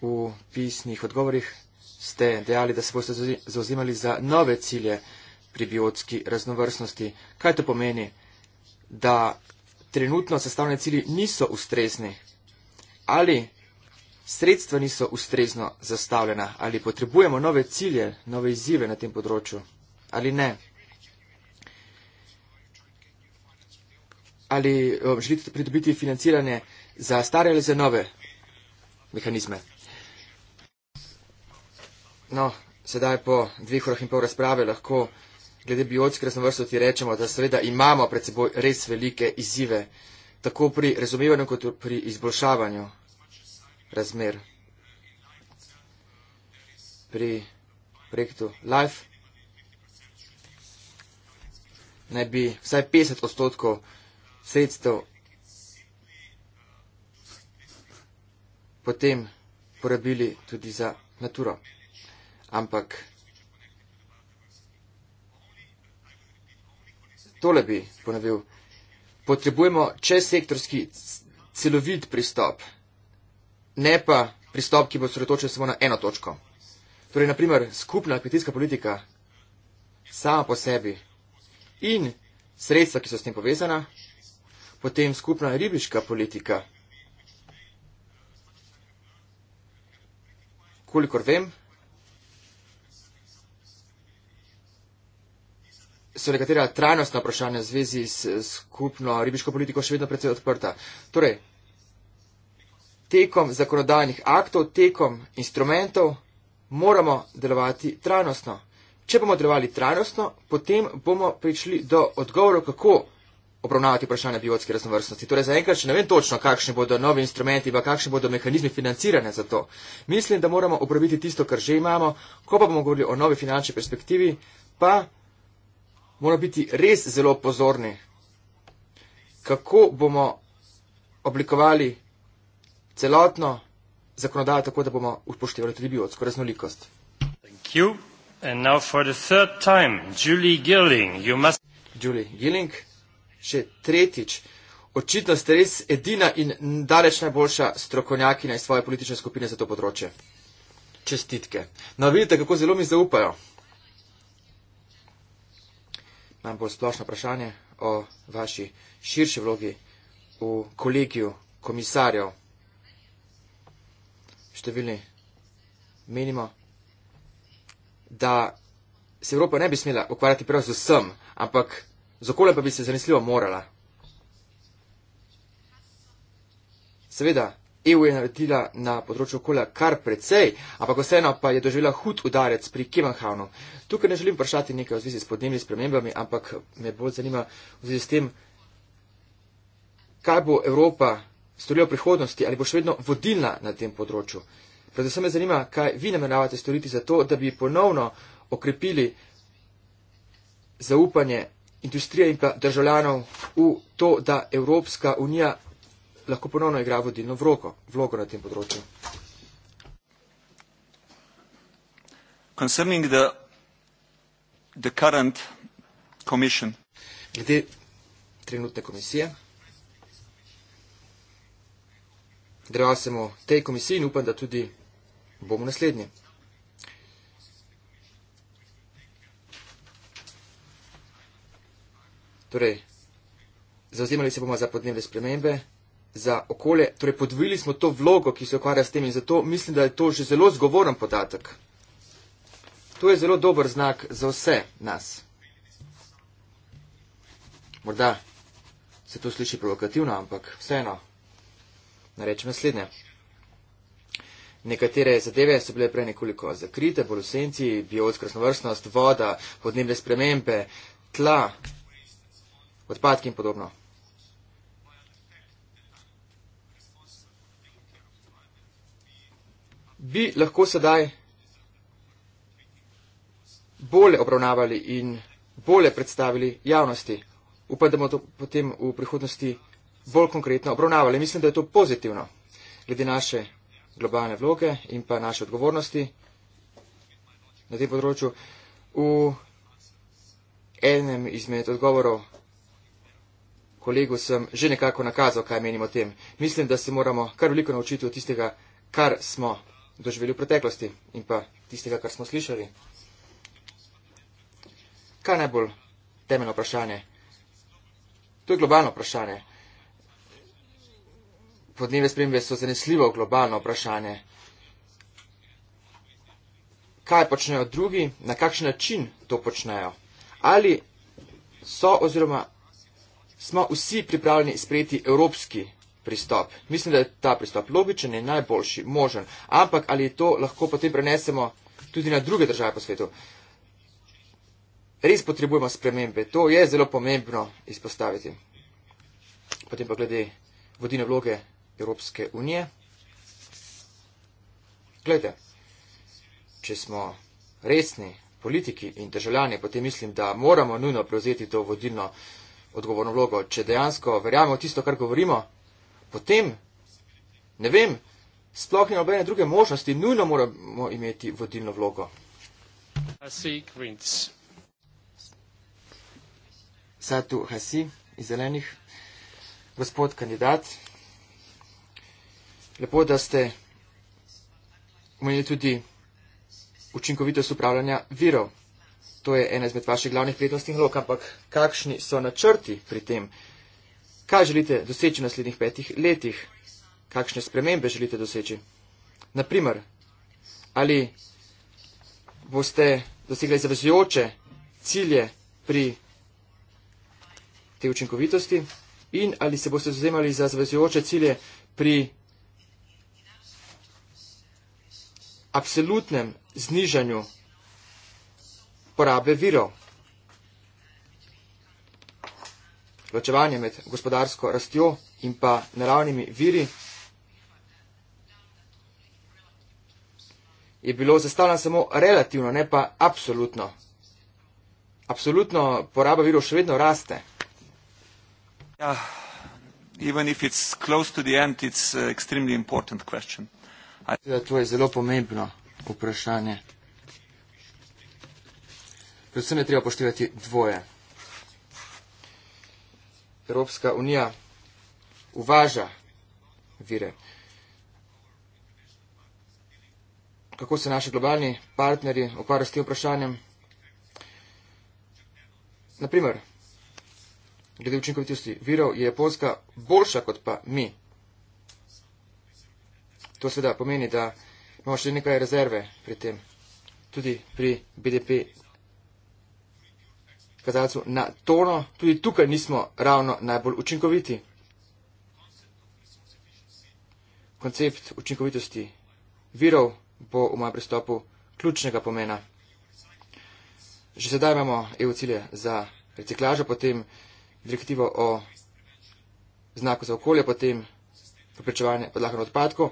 V pisnih odgovorih ste dejali, da se boste zauzimali za nove cilje pri biotski raznovrstnosti. Kaj to pomeni? Da trenutno sestavljene cilji niso ustrezni ali sredstva niso ustrezno zastavljena ali potrebujemo nove cilje, nove izzive na tem področju ali ne. ali um, želite pridobiti financiranje za stare ali za nove mehanizme. No, sedaj po dveh urah in pol razprave lahko glede biotske raznovrstnosti rečemo, da seveda imamo pred seboj res velike izzive, tako pri razumevanju kot pri izboljšavanju razmer. Pri projektu Life naj bi vsaj 50 odstotkov sredstev, potem porabili tudi za naturo. Ampak tole bi ponovil. Potrebujemo česektorski celovit pristop, ne pa pristop, ki bo sredotočen samo na eno točko. Torej, naprimer, skupna kmetijska politika sama po sebi in sredstva, ki so s tem povezana, potem skupna ribiška politika. Kolikor vem, so nekatera trajnostna vprašanja v zvezi s skupno ribiško politiko še vedno predvsej odprta. Torej, tekom zakonodajnih aktov, tekom instrumentov moramo delovati trajnostno. Če bomo delovali trajnostno, potem bomo prišli do odgovorov, kako obravnavati vprašanje biotske raznovrstnosti. Torej, zaenkrat še ne vem točno, kakšni bodo novi instrumenti, pa kakšni bodo mehanizmi financiranja za to. Mislim, da moramo uporabiti tisto, kar že imamo, ko pa bomo govorili o novi finančni perspektivi, pa moramo biti res zelo pozorni, kako bomo oblikovali celotno zakonodajo, tako da bomo upoštevali tudi biotsko raznolikost. Julie Gilling, že tretjič. Očitno ste res edina in daleč najboljša strokovnjakinja iz svoje politične skupine za to področje. Čestitke. No, vidite, kako zelo mi zaupajo. Imam bolj splošno vprašanje o vaši širši vlogi v kolegiju komisarjev. Številni menimo, da se Evropa ne bi smela ukvarjati prav z vsem, ampak Za kole pa bi se zanesljivo morala. Seveda, EU je naredila na področju okolja kar precej, ampak vseeno pa je doživela hud udarec pri Kemenhavnu. Tukaj ne želim vprašati nekaj v zvezi s podnebnimi spremembami, ampak me bolj zanima v zvezi s tem, kaj bo Evropa storila v prihodnosti ali bo še vedno vodilna na tem področju. Predvsem me zanima, kaj vi nameravate storiti za to, da bi ponovno okrepili zaupanje industrije in pa državljanov v to, da Evropska unija lahko ponovno igra vodilno vloko, vlogo na tem področju. Concerning the, the current commission. Glede trenutne komisije. Dreval sem o tej komisiji in upam, da tudi bomo naslednji. Torej, zauzemali se bomo za podnebne spremembe, za okolje, torej podvili smo to vlogo, ki se ukvarja s tem in zato mislim, da je to že zelo zgovoren podatek. To je zelo dober znak za vse nas. Morda se to sliši provokativno, ampak vseeno narečem naslednje. Nekatere zadeve so bile prej nekoliko zakrite, bolj v senci, biotska raznovrstnost, voda, podnebne spremembe, tla, odpadki in podobno. Bi lahko sedaj bolje obravnavali in bolje predstavili javnosti. Upam, da bomo to potem v prihodnosti bolj konkretno obravnavali. Mislim, da je to pozitivno glede naše globalne vloge in pa naše odgovornosti na tem področju. V enem izmed odgovorov kolegu sem že nekako nakazal, kaj menimo o tem. Mislim, da se moramo kar veliko naučiti od tistega, kar smo doživeli v preteklosti in pa tistega, kar smo slišali. Kaj je najbolj temeljno vprašanje? To je globalno vprašanje. Podnebne spremembe so zanesljivo globalno vprašanje. Kaj počnejo drugi, na kakšen način to počnejo? Ali so oziroma smo vsi pripravljeni sprejeti evropski pristop. Mislim, da je ta pristop logičen in najboljši možen. Ampak ali to lahko potem prenesemo tudi na druge države po svetu? Res potrebujemo spremembe. To je zelo pomembno izpostaviti. Potem pa glede vodine vloge Evropske unije. Glede, če smo resni politiki in državljani, potem mislim, da moramo nujno prevzeti to vodilno vlogo odgovorno vlogo, če dejansko verjamemo tisto, kar govorimo, potem, ne vem, sploh ni nobene druge možnosti, nujno moramo imeti vodilno vlogo. Satu Hasi iz Zelenih, gospod kandidat, lepo, da ste omenili tudi učinkovitost upravljanja virov to je ena izmed vaših glavnih prednostnih vlog, ampak kakšni so načrti pri tem? Kaj želite doseči v naslednjih petih letih? Kakšne spremembe želite doseči? Naprimer, ali boste dosegli zavezujoče cilje pri tej učinkovitosti in ali se boste zauzemali za zavezujoče cilje pri absolutnem znižanju porabe virov. Ločevanje med gospodarsko rastjo in pa naravnimi viri je bilo zastavljeno samo relativno, ne pa absolutno. Absolutno poraba virov še vedno raste. Ja, even if it's close to the end, it's uh, extremely important question. I... To je zelo pomembno vprašanje predvsem je treba poštevati dvoje. Evropska unija uvaža vire. Kako se naši globalni partnerji ukvarjajo s tem vprašanjem? Naprimer, glede učinkovitosti virov je Japonska boljša kot pa mi. To seveda pomeni, da imamo še nekaj rezerve pri tem, tudi pri BDP kazalcu na tono, tudi tukaj nismo ravno najbolj učinkoviti. Koncept učinkovitosti virov bo v mojem pristopu ključnega pomena. Že sedaj imamo EU cilje za reciklažo, potem direktivo o znaku za okolje, potem preprečevanje odlahanja odpadkov,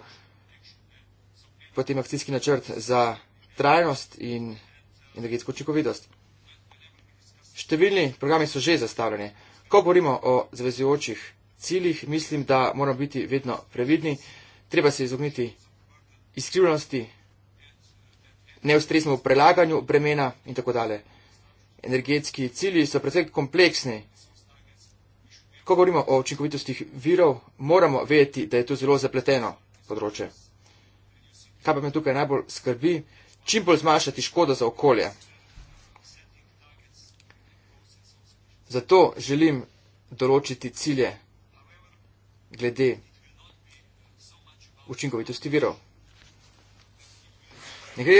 potem akcijski načrt za trajnost in energetsko učinkovitost. Številni programi so že zastavljeni. Ko govorimo o zvezujočih ciljih, mislim, da moramo biti vedno previdni, treba se izogniti iskrivnosti, neustreznemu prelaganju bremena in tako dalje. Energetski cilji so predvsej kompleksni. Ko govorimo o učinkovitostih virov, moramo vedeti, da je to zelo zapleteno področje. Kaj pa me tukaj najbolj skrbi, čim bolj zmanjšati škodo za okolje. Zato želim določiti cilje glede učinkovitosti virov. Ne gre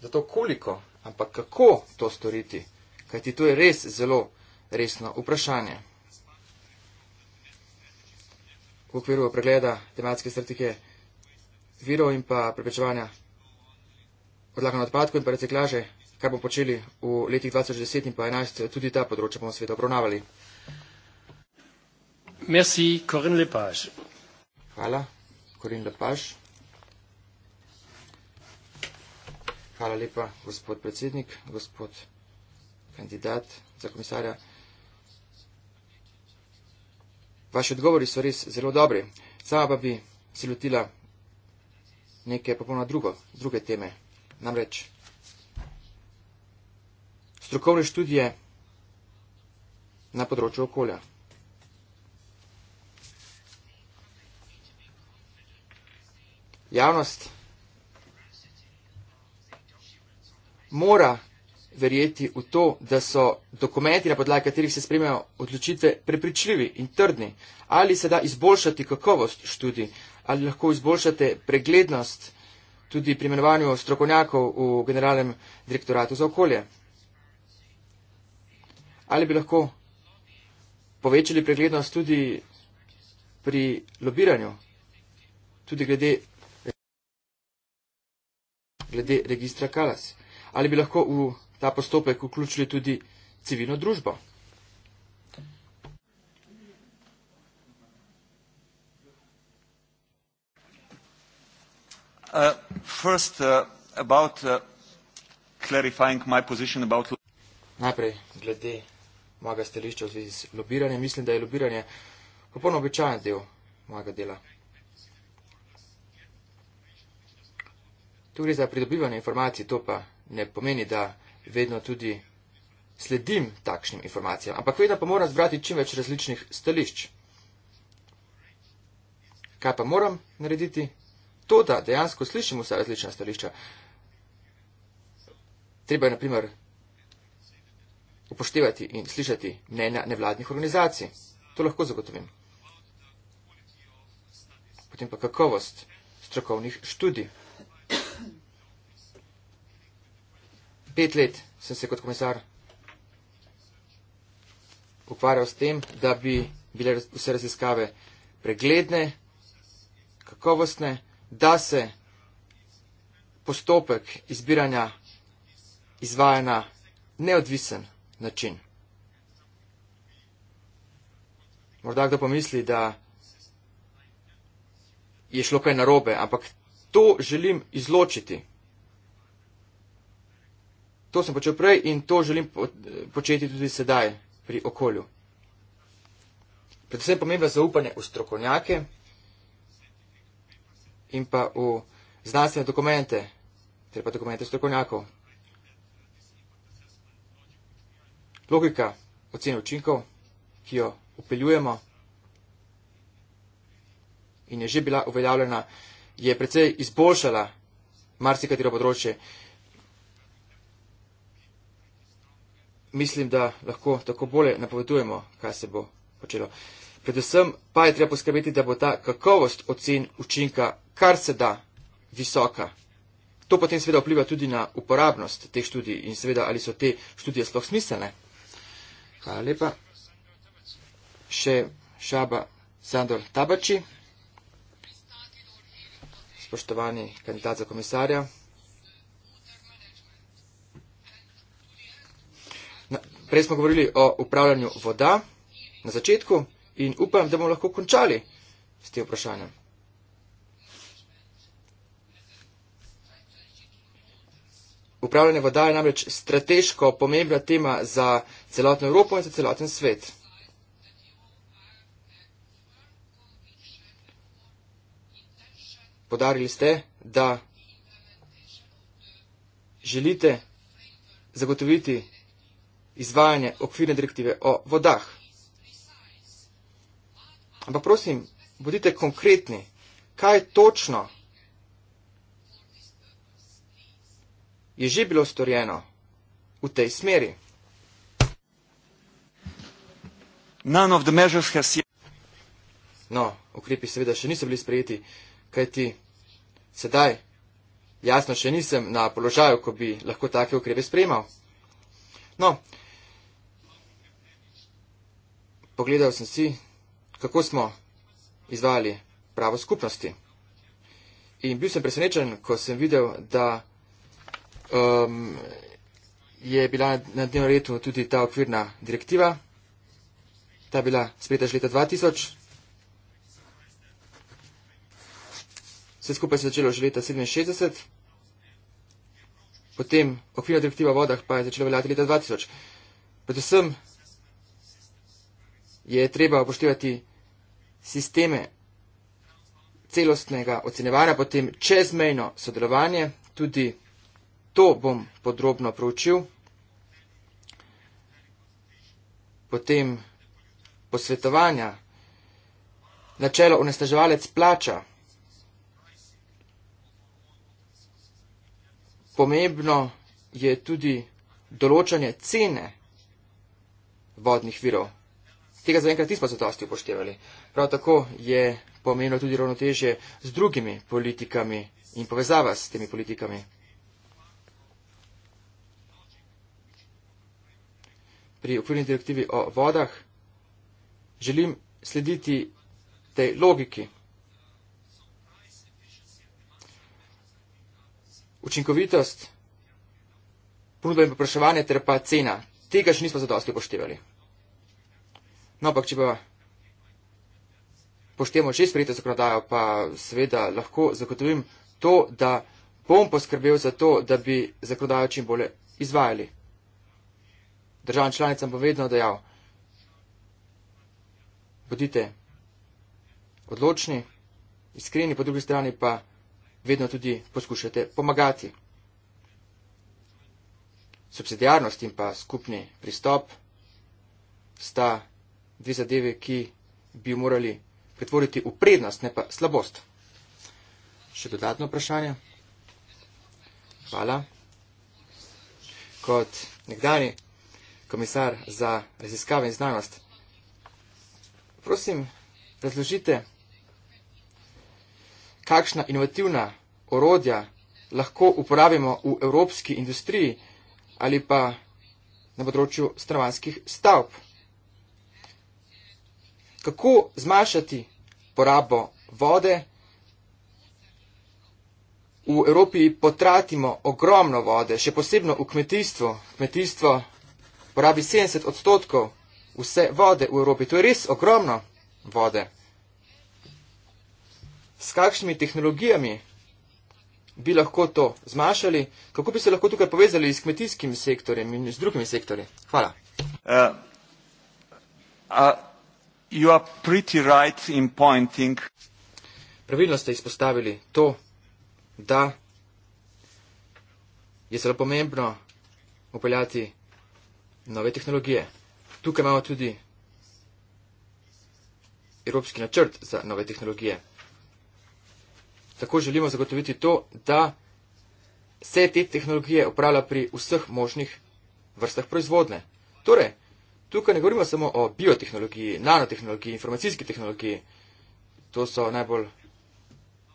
za to, koliko, ampak kako to storiti, kajti to je res zelo resno vprašanje. V okviru pregleda tematske strategije virov in pa preprečevanja odlaganja odpadkov in pa reciklaže kaj bomo počeli v letih 2010 in 2011, tudi ta področja bomo sveda obravnavali. Merci, Corinne Lepage. Hvala, Corinne Lepage. Hvala lepa, gospod predsednik, gospod kandidat za komisarja. Vaši odgovori so res zelo dobri. Sama pa bi se lotila neke popolnoma druge teme. Namreč strokovne študije na področju okolja. Javnost mora verjeti v to, da so dokumenti, na podlagi katerih se spremljajo odločitve, prepričljivi in trdni. Ali se da izboljšati kakovost študij, ali lahko izboljšate preglednost tudi pri imenovanju strokovnjakov v generalnem direktoratu za okolje ali bi lahko povečali preglednost tudi pri lobiranju, tudi glede, glede registra Kalas. Ali bi lahko v ta postopek vključili tudi civilno družbo. Uh, first, uh, about, uh, my about... Najprej glede mojega stališča v zvezi z lobiranjem. Mislim, da je lobiranje popolno običajen del mojega dela. Tu gre za pridobivanje informacij, to pa ne pomeni, da vedno tudi sledim takšnim informacijam, ampak vedno pa moram zbrati čim več različnih stališč. Kaj pa moram narediti? To, da dejansko slišim vsa različna stališča. Treba je, na primer, upoštevati in slišati mnenja nevladnih organizacij. To lahko zagotovim. Potem pa kakovost strokovnih študij. Pet let sem se kot komisar ukvarjal s tem, da bi bile vse raziskave pregledne, kakovostne, da se postopek izbiranja izvaja na neodvisen način. Morda kdo pomisli, da je šlo kaj narobe, ampak to želim izločiti. To sem počel prej in to želim početi tudi sedaj pri okolju. Predvsem pomembno zaupanje v strokovnjake in pa v znanstvene dokumente, ter pa dokumente strokovnjakov. logika ocene učinkov, ki jo upeljujemo in je že bila uveljavljena, je precej izboljšala marsikatero področje. Mislim, da lahko tako bolje napovedujemo, kaj se bo počelo. Predvsem pa je treba poskrbeti, da bo ta kakovost ocen učinka kar se da visoka. To potem seveda vpliva tudi na uporabnost teh študij in seveda ali so te študije sploh smiselne. Hvala lepa. Še Šaba Sandor Tabači. Spoštovani kandidat za komisarja. Prej smo govorili o upravljanju voda na začetku in upam, da bomo lahko končali s tem vprašanjem. Upravljanje voda je namreč strateško pomembna tema za celotno Evropo in za celoten svet. Podarili ste, da želite zagotoviti izvajanje okvirne direktive o vodah. Ampak prosim, bodite konkretni, kaj točno je že bilo storjeno v tej smeri. No, ukrepi seveda še niso bili sprejeti, kajti sedaj jasno še nisem na položaju, ko bi lahko take ukrepe sprejemal. No, pogledal sem si, kako smo izvajali pravo skupnosti. In bil sem presenečen, ko sem videl, da um, je bila na dnevnem redu tudi ta okvirna direktiva. Ta je bila sprejeta že leta 2000. Vse skupaj se je začelo že leta 67. Potem okvirna direktiva o vodah pa je začela veljati leta 2000. Predvsem je treba upoštevati sisteme celostnega ocenevanja, potem čezmejno sodelovanje, tudi To bom podrobno proučil. Potem posvetovanja, načelo onesnaževalec plača. Pomembno je tudi določanje cene vodnih virov. Tega zaenkrat nismo se dosti upoštevali. Prav tako je pomembno tudi ravnotežje z drugimi politikami in povezava s temi politikami. pri okvirni direktivi o vodah, želim slediti tej logiki. Učinkovitost, ponudba in popraševanje ter pa cena, tega še nismo zadosti upoštevali. No, ampak če pa poštemo še sprejeto zakonodajo, pa seveda lahko zagotovim to, da bom poskrbel za to, da bi zakonodajo čim bolje izvajali državam članicam bo vedno dejal, bodite odločni, iskreni, po drugi strani pa vedno tudi poskušajte pomagati. Subsidijarnost in pa skupni pristop sta dve zadeve, ki bi morali pretvoriti v prednost, ne pa slabost. Še dodatno vprašanje. Hvala. Kot nekdani komisar za raziskave in znanost. Prosim, razložite, kakšna inovativna orodja lahko uporabimo v evropski industriji ali pa na področju stravanskih stavb. Kako zmanjšati porabo vode? V Evropi potratimo ogromno vode, še posebno v kmetijstvo. Kmetijstvo porabi 70 odstotkov vse vode v Evropi. To je res ogromno vode. S kakšnimi tehnologijami bi lahko to zmašali? Kako bi se lahko tukaj povezali s kmetijskim sektorjem in s drugimi sektorji? Hvala. Uh, uh, right pointing... Pravilno ste izpostavili to, da je zelo pomembno upeljati nove tehnologije. Tukaj imamo tudi evropski načrt za nove tehnologije. Tako želimo zagotoviti to, da se te tehnologije upravlja pri vseh možnih vrstah proizvodne. Torej, tukaj ne govorimo samo o biotehnologiji, nanotehnologiji, informacijski tehnologiji. To so najbolj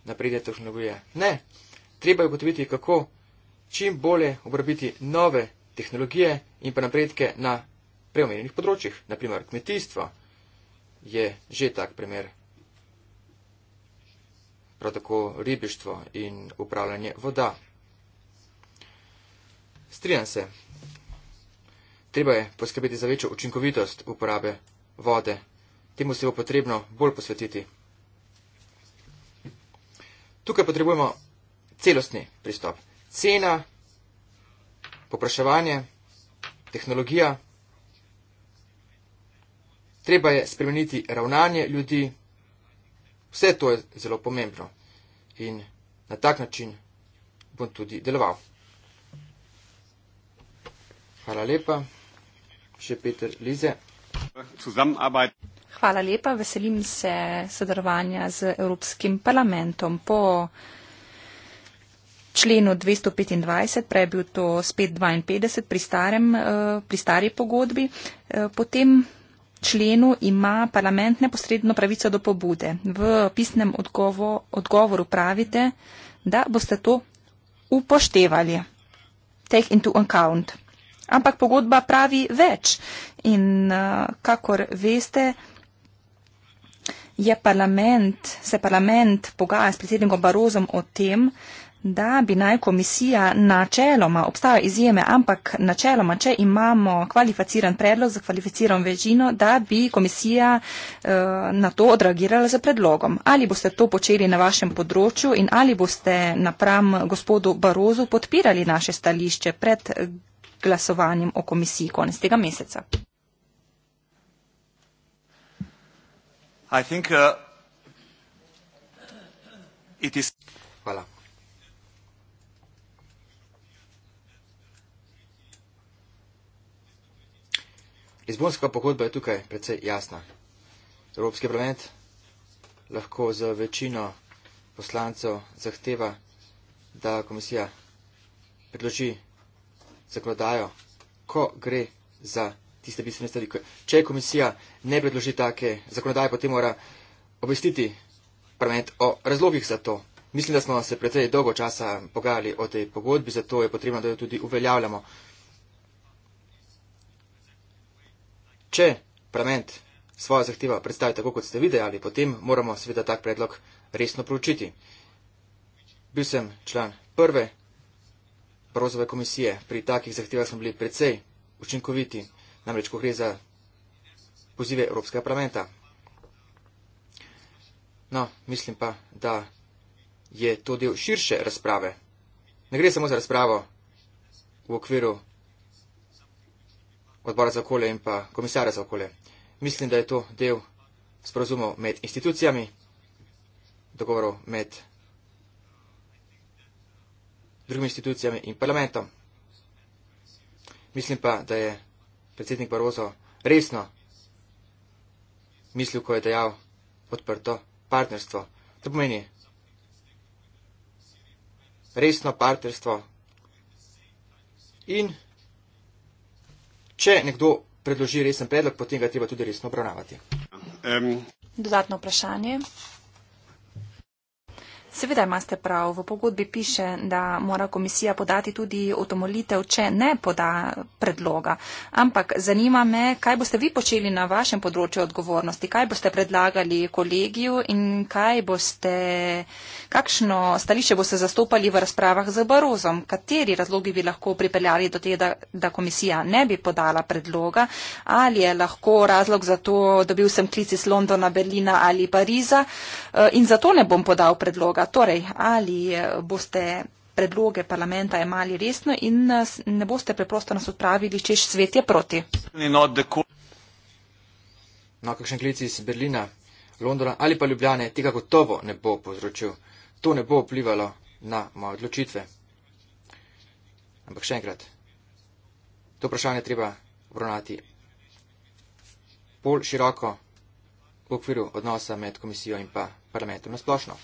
napredne tehnologije. Ne, treba je ugotoviti, kako čim bolje obrobiti nove tehnologije tehnologije in pa napredke na preomenjenih področjih. Naprimer, kmetijstvo je že tak primer. Prav tako ribištvo in upravljanje voda. Strijam se. Treba je poskrbeti za večjo učinkovitost uporabe vode. Temu se bo potrebno bolj posvetiti. Tukaj potrebujemo celostni pristop. Cena Popraševanje, tehnologija. Treba je spremeniti ravnanje ljudi. Vse to je zelo pomembno in na tak način bom tudi deloval. Hvala lepa. Še Peter Lize. Hvala lepa. Veselim se sodelovanja z Evropskim parlamentom. Po členu 225, prej je bil to spet 52 pri, starem, eh, pri stari pogodbi, eh, potem členu ima parlament neposredno pravico do pobude. V pisnem odgovor, odgovoru pravite, da boste to upoštevali. Take into account. Ampak pogodba pravi več. In eh, kakor veste, je parlament, se parlament pogaja s predsednikom Barozom o tem, da bi naj komisija načeloma, obstajajo izjeme, ampak načeloma, če imamo kvalificiran predlog za kvalificiran večino, da bi komisija eh, na to odreagirala z predlogom. Ali boste to počeli na vašem področju in ali boste napram gospodu Barozu podpirali naše stališče pred eh, glasovanjem o komisiji konec tega meseca? Uh, Hvala. Lizbonska pogodba je tukaj precej jasna. Evropski parlament lahko z večino poslancev zahteva, da komisija predloži zakonodajo, ko gre za zakonodajo tiste bistvene stvari. Če komisija ne predloži take zakonodaje, potem mora obvestiti parlament o razlogih za to. Mislim, da smo se precej dolgo časa pogajali o tej pogodbi, zato je potrebno, da jo tudi uveljavljamo. Če parlament svojo zahtevo predstavi tako, kot ste videli, potem moramo seveda tak predlog resno proučiti. Bil sem član prve Brozove komisije. Pri takih zahtevah smo bili precej učinkoviti. Namreč, ko gre za pozive Evropskega parlamenta. No, mislim pa, da je to del širše razprave. Ne gre samo za razpravo v okviru odbora za okolje in pa komisarja za okolje. Mislim, da je to del sporozumov med institucijami, dogovorov med drugimi institucijami in parlamentom. Mislim pa, da je predsednik Barozo, resno mislil, ko je dejal odprto partnerstvo. To pomeni resno partnerstvo. In če nekdo predloži resen predlog, potem ga treba tudi resno obravnavati. Um. Dodatno vprašanje. Seveda imate prav, v pogodbi piše, da mora komisija podati tudi otomolitev, če ne poda predloga. Ampak zanima me, kaj boste vi počeli na vašem področju odgovornosti, kaj boste predlagali kolegiju in boste, kakšno stališče boste zastopali v razpravah z Barozom, kateri razlogi bi lahko pripeljali do tega, da komisija ne bi podala predloga, ali je lahko razlog za to, da bil sem klic iz Londona, Berlina ali Pariza eh, in zato ne bom podal predloga. Torej, ali eh, boste predloge parlamenta jemali resno in eh, ne boste preprosto nas odpravili, češ svet je proti. No, kakšen klic iz Berlina, Londona ali pa Ljubljane tega gotovo ne bo povzročil. To ne bo vplivalo na moje odločitve. Ampak še enkrat, to vprašanje treba obravnati pol široko v okviru odnosa med komisijo in pa parlamentom na splošno.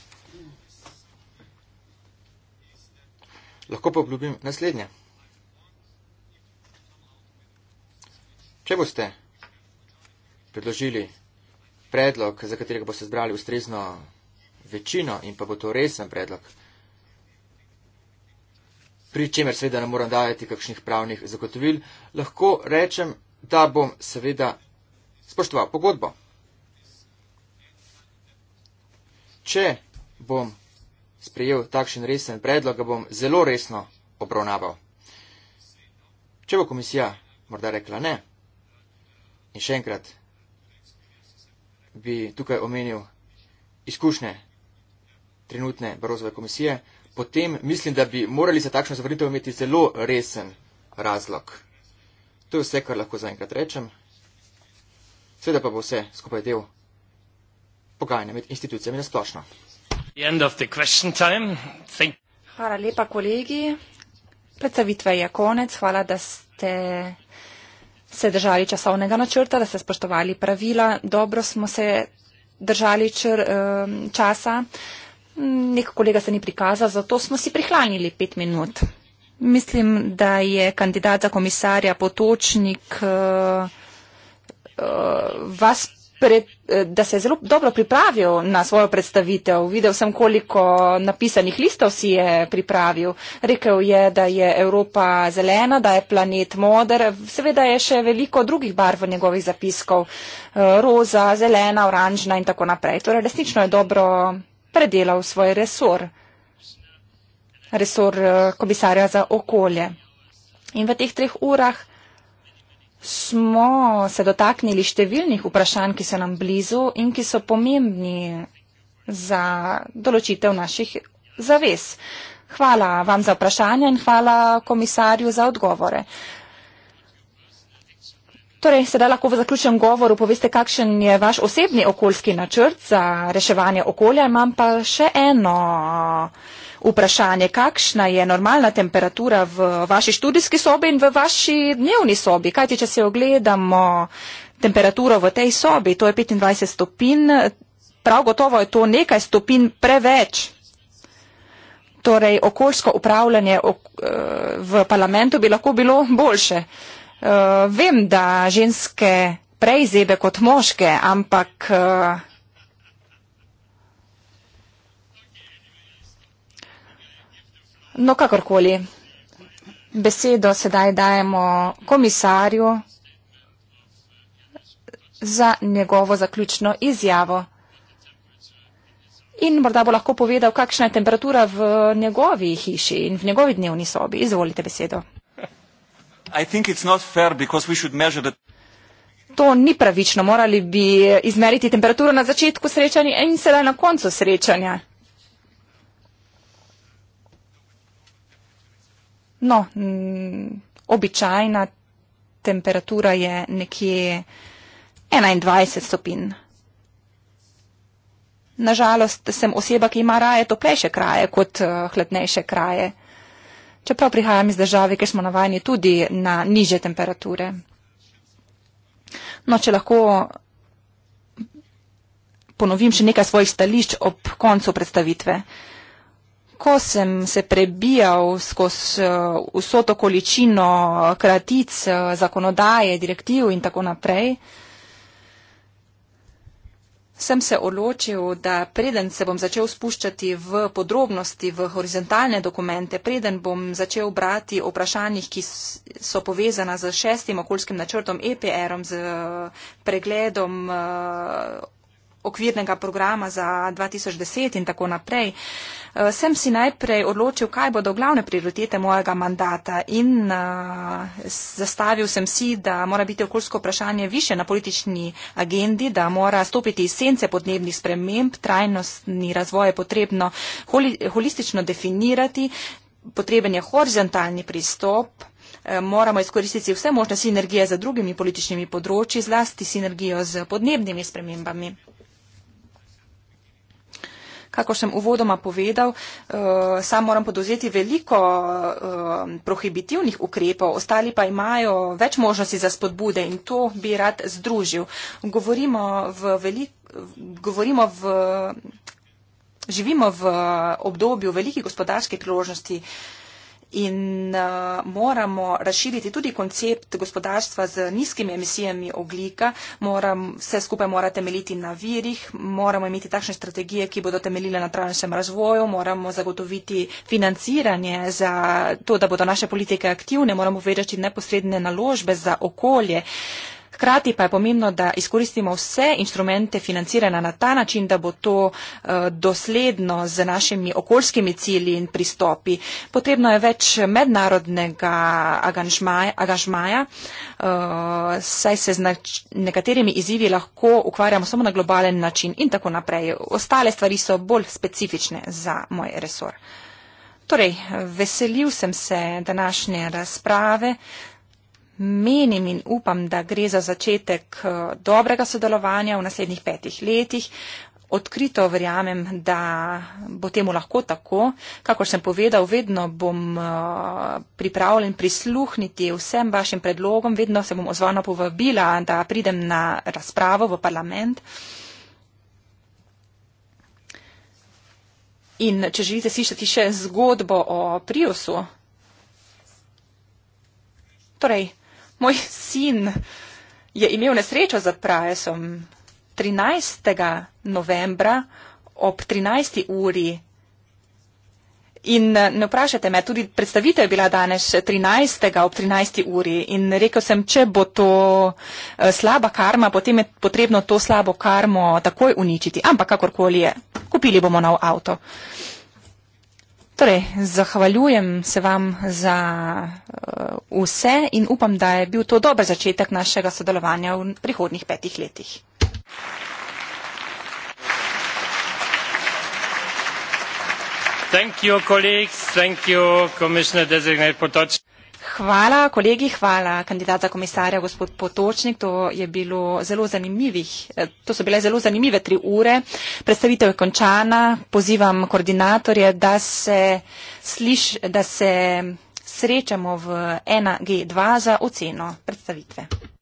Lahko pa obljubim naslednje. Če boste predložili predlog, za katerega boste zbrali ustrezno večino in pa bo to resen predlog, pri čemer seveda ne moram dajati kakšnih pravnih zagotovil, lahko rečem, da bom seveda spoštoval pogodbo. Če bom sprejel takšen resen predlog, ga bom zelo resno obravnaval. Če bo komisija morda rekla ne, in še enkrat bi tukaj omenil izkušnje trenutne Barozove komisije, potem mislim, da bi morali za takšno zavrnitev imeti zelo resen razlog. To je vse, kar lahko zaenkrat rečem. Seveda pa bo vse skupaj del pogajanja med institucijami na splošno. Hvala lepa, kolegi. Predstavitve je konec. Hvala, da ste se držali časovnega načrta, da ste spoštovali pravila. Dobro smo se držali čr, um, časa. Nek kolega se ni prikazal, zato smo si prihlanili pet minut. Mislim, da je kandidat za komisarja Potočnik uh, uh, vas pre, eh, da se je zelo dobro pripravil na svojo predstavitev. Videl sem, koliko napisanih listov si je pripravil. Rekel je, da je Evropa zelena, da je planet moder. Seveda je še veliko drugih barv v njegovih zapiskov. Eh, roza, zelena, oranžna in tako naprej. Torej, resnično je dobro predelal svoj resor. Resor eh, komisarja za okolje. In v teh treh urah smo se dotaknili številnih vprašanj, ki so nam blizu in ki so pomembni za določitev naših zavez. Hvala vam za vprašanje in hvala komisarju za odgovore. Torej, sedaj lahko v zaključnem govoru poveste, kakšen je vaš osebni okoljski načrt za reševanje okolja. Imam pa še eno vprašanje, kakšna je normalna temperatura v vaši študijski sobi in v vaši dnevni sobi. Kaj ti, če se ogledamo temperaturo v tej sobi, to je 25 stopinj, prav gotovo je to nekaj stopinj preveč. Torej, okoljsko upravljanje eh, v parlamentu bi lahko bilo boljše. Eh, vem, da ženske prej zebe kot moške, ampak eh, No, kakorkoli. Besedo sedaj dajemo komisarju za njegovo zaključno izjavo. In morda bo lahko povedal, kakšna je temperatura v njegovi hiši in v njegovi dnevni sobi. Izvolite besedo. To ni pravično. Morali bi izmeriti temperaturo na začetku srečanja in sedaj na koncu srečanja. No, mm, običajna temperatura je nekje 21 stopinj. Nažalost sem oseba, ki ima raje toplejše kraje kot eh, hladnejše kraje. Čeprav prihajam iz države, kjer smo navajeni tudi na niže temperature. No, če lahko ponovim še nekaj svojih stališč ob koncu predstavitve ko sem se prebijal skozi eh, vso to količino kratic, eh, zakonodaje, direktiv in tako naprej, sem se odločil, da preden se bom začel spuščati v podrobnosti, v horizontalne dokumente, preden bom začel brati o vprašanjih, ki so povezana z šestim okoljskim načrtom EPR-om, z eh, pregledom okvirnega programa za 2010 in tako naprej, eh, sem si najprej odločil, kaj bodo glavne prioritete mojega mandata in eh, zastavil sem si, da mora biti okoljsko vprašanje više na politični agendi, da mora stopiti iz sence podnebnih sprememb, trajnostni razvoj je potrebno holistično definirati, potreben je horizontalni pristop. Eh, moramo izkoristiti vse možne sinergije z drugimi političnimi področji, zlasti sinergijo z podnebnimi spremembami kako sem uvodoma povedal, eh, sam moram podozeti veliko eh, prohibitivnih ukrepov, ostali pa imajo več možnosti za spodbude in to bi rad združil. Govorimo v veliko, govorimo v. Živimo v obdobju velike gospodarske priložnosti in uh, moramo razširiti tudi koncept gospodarstva z nizkimi emisijami oglika. Moram, vse skupaj mora temeljiti na virih, moramo imeti takšne strategije, ki bodo temeljile na trajnostnem razvoju, moramo zagotoviti financiranje za to, da bodo naše politike aktivne, moramo vedeti neposredne naložbe za okolje. Uh, Hkrati pa je pomembno, da izkoristimo vse instrumente financiranja na ta način, da bo to eh, dosledno z našimi okoljskimi cilji in pristopi. Potrebno je več mednarodnega agažmaja, eh, saj se z nekaterimi izzivi lahko ukvarjamo samo na globalen način in tako naprej. Ostale stvari so bolj specifične za moj resor. Torej, veselil sem se današnje razprave menim in upam, da gre za začetek eh, dobrega sodelovanja v naslednjih petih letih. Odkrito verjamem, da bo temu lahko tako. Kako sem povedal, vedno bom eh, pripravljen prisluhniti vsem vašim predlogom, vedno se bom ozvana povabila, da pridem na razpravo v parlament. In če želite slišati še zgodbo o Priusu, torej Moj sin je imel nesrečo za prajesom 13. novembra ob 13. uri. In eh, ne vprašajte me, tudi predstavitev je bila danes 13. ob 13. uri in rekel sem, če bo to eh, slaba karma, potem je potrebno to slabo karmo takoj uničiti. Ampak kakorkoli je, kupili bomo nov avto. Uh, Torej, zahvaljujem se vam za uh, vse in upam, da je bil to dober začetek našega sodelovanja v prihodnih petih letih. Thank you, colleagues. Thank you, Commissioner Designate Potočnik. Hvala, kolegi, hvala kandidata komisarja, gospod Potočnik. To, je bilo zelo eh, to so bile zelo zanimive tri ure. Predstavitev je končana. Pozivam koordinatorje, da se, sliš, da se srečamo v 1G2 za oceno predstavitve.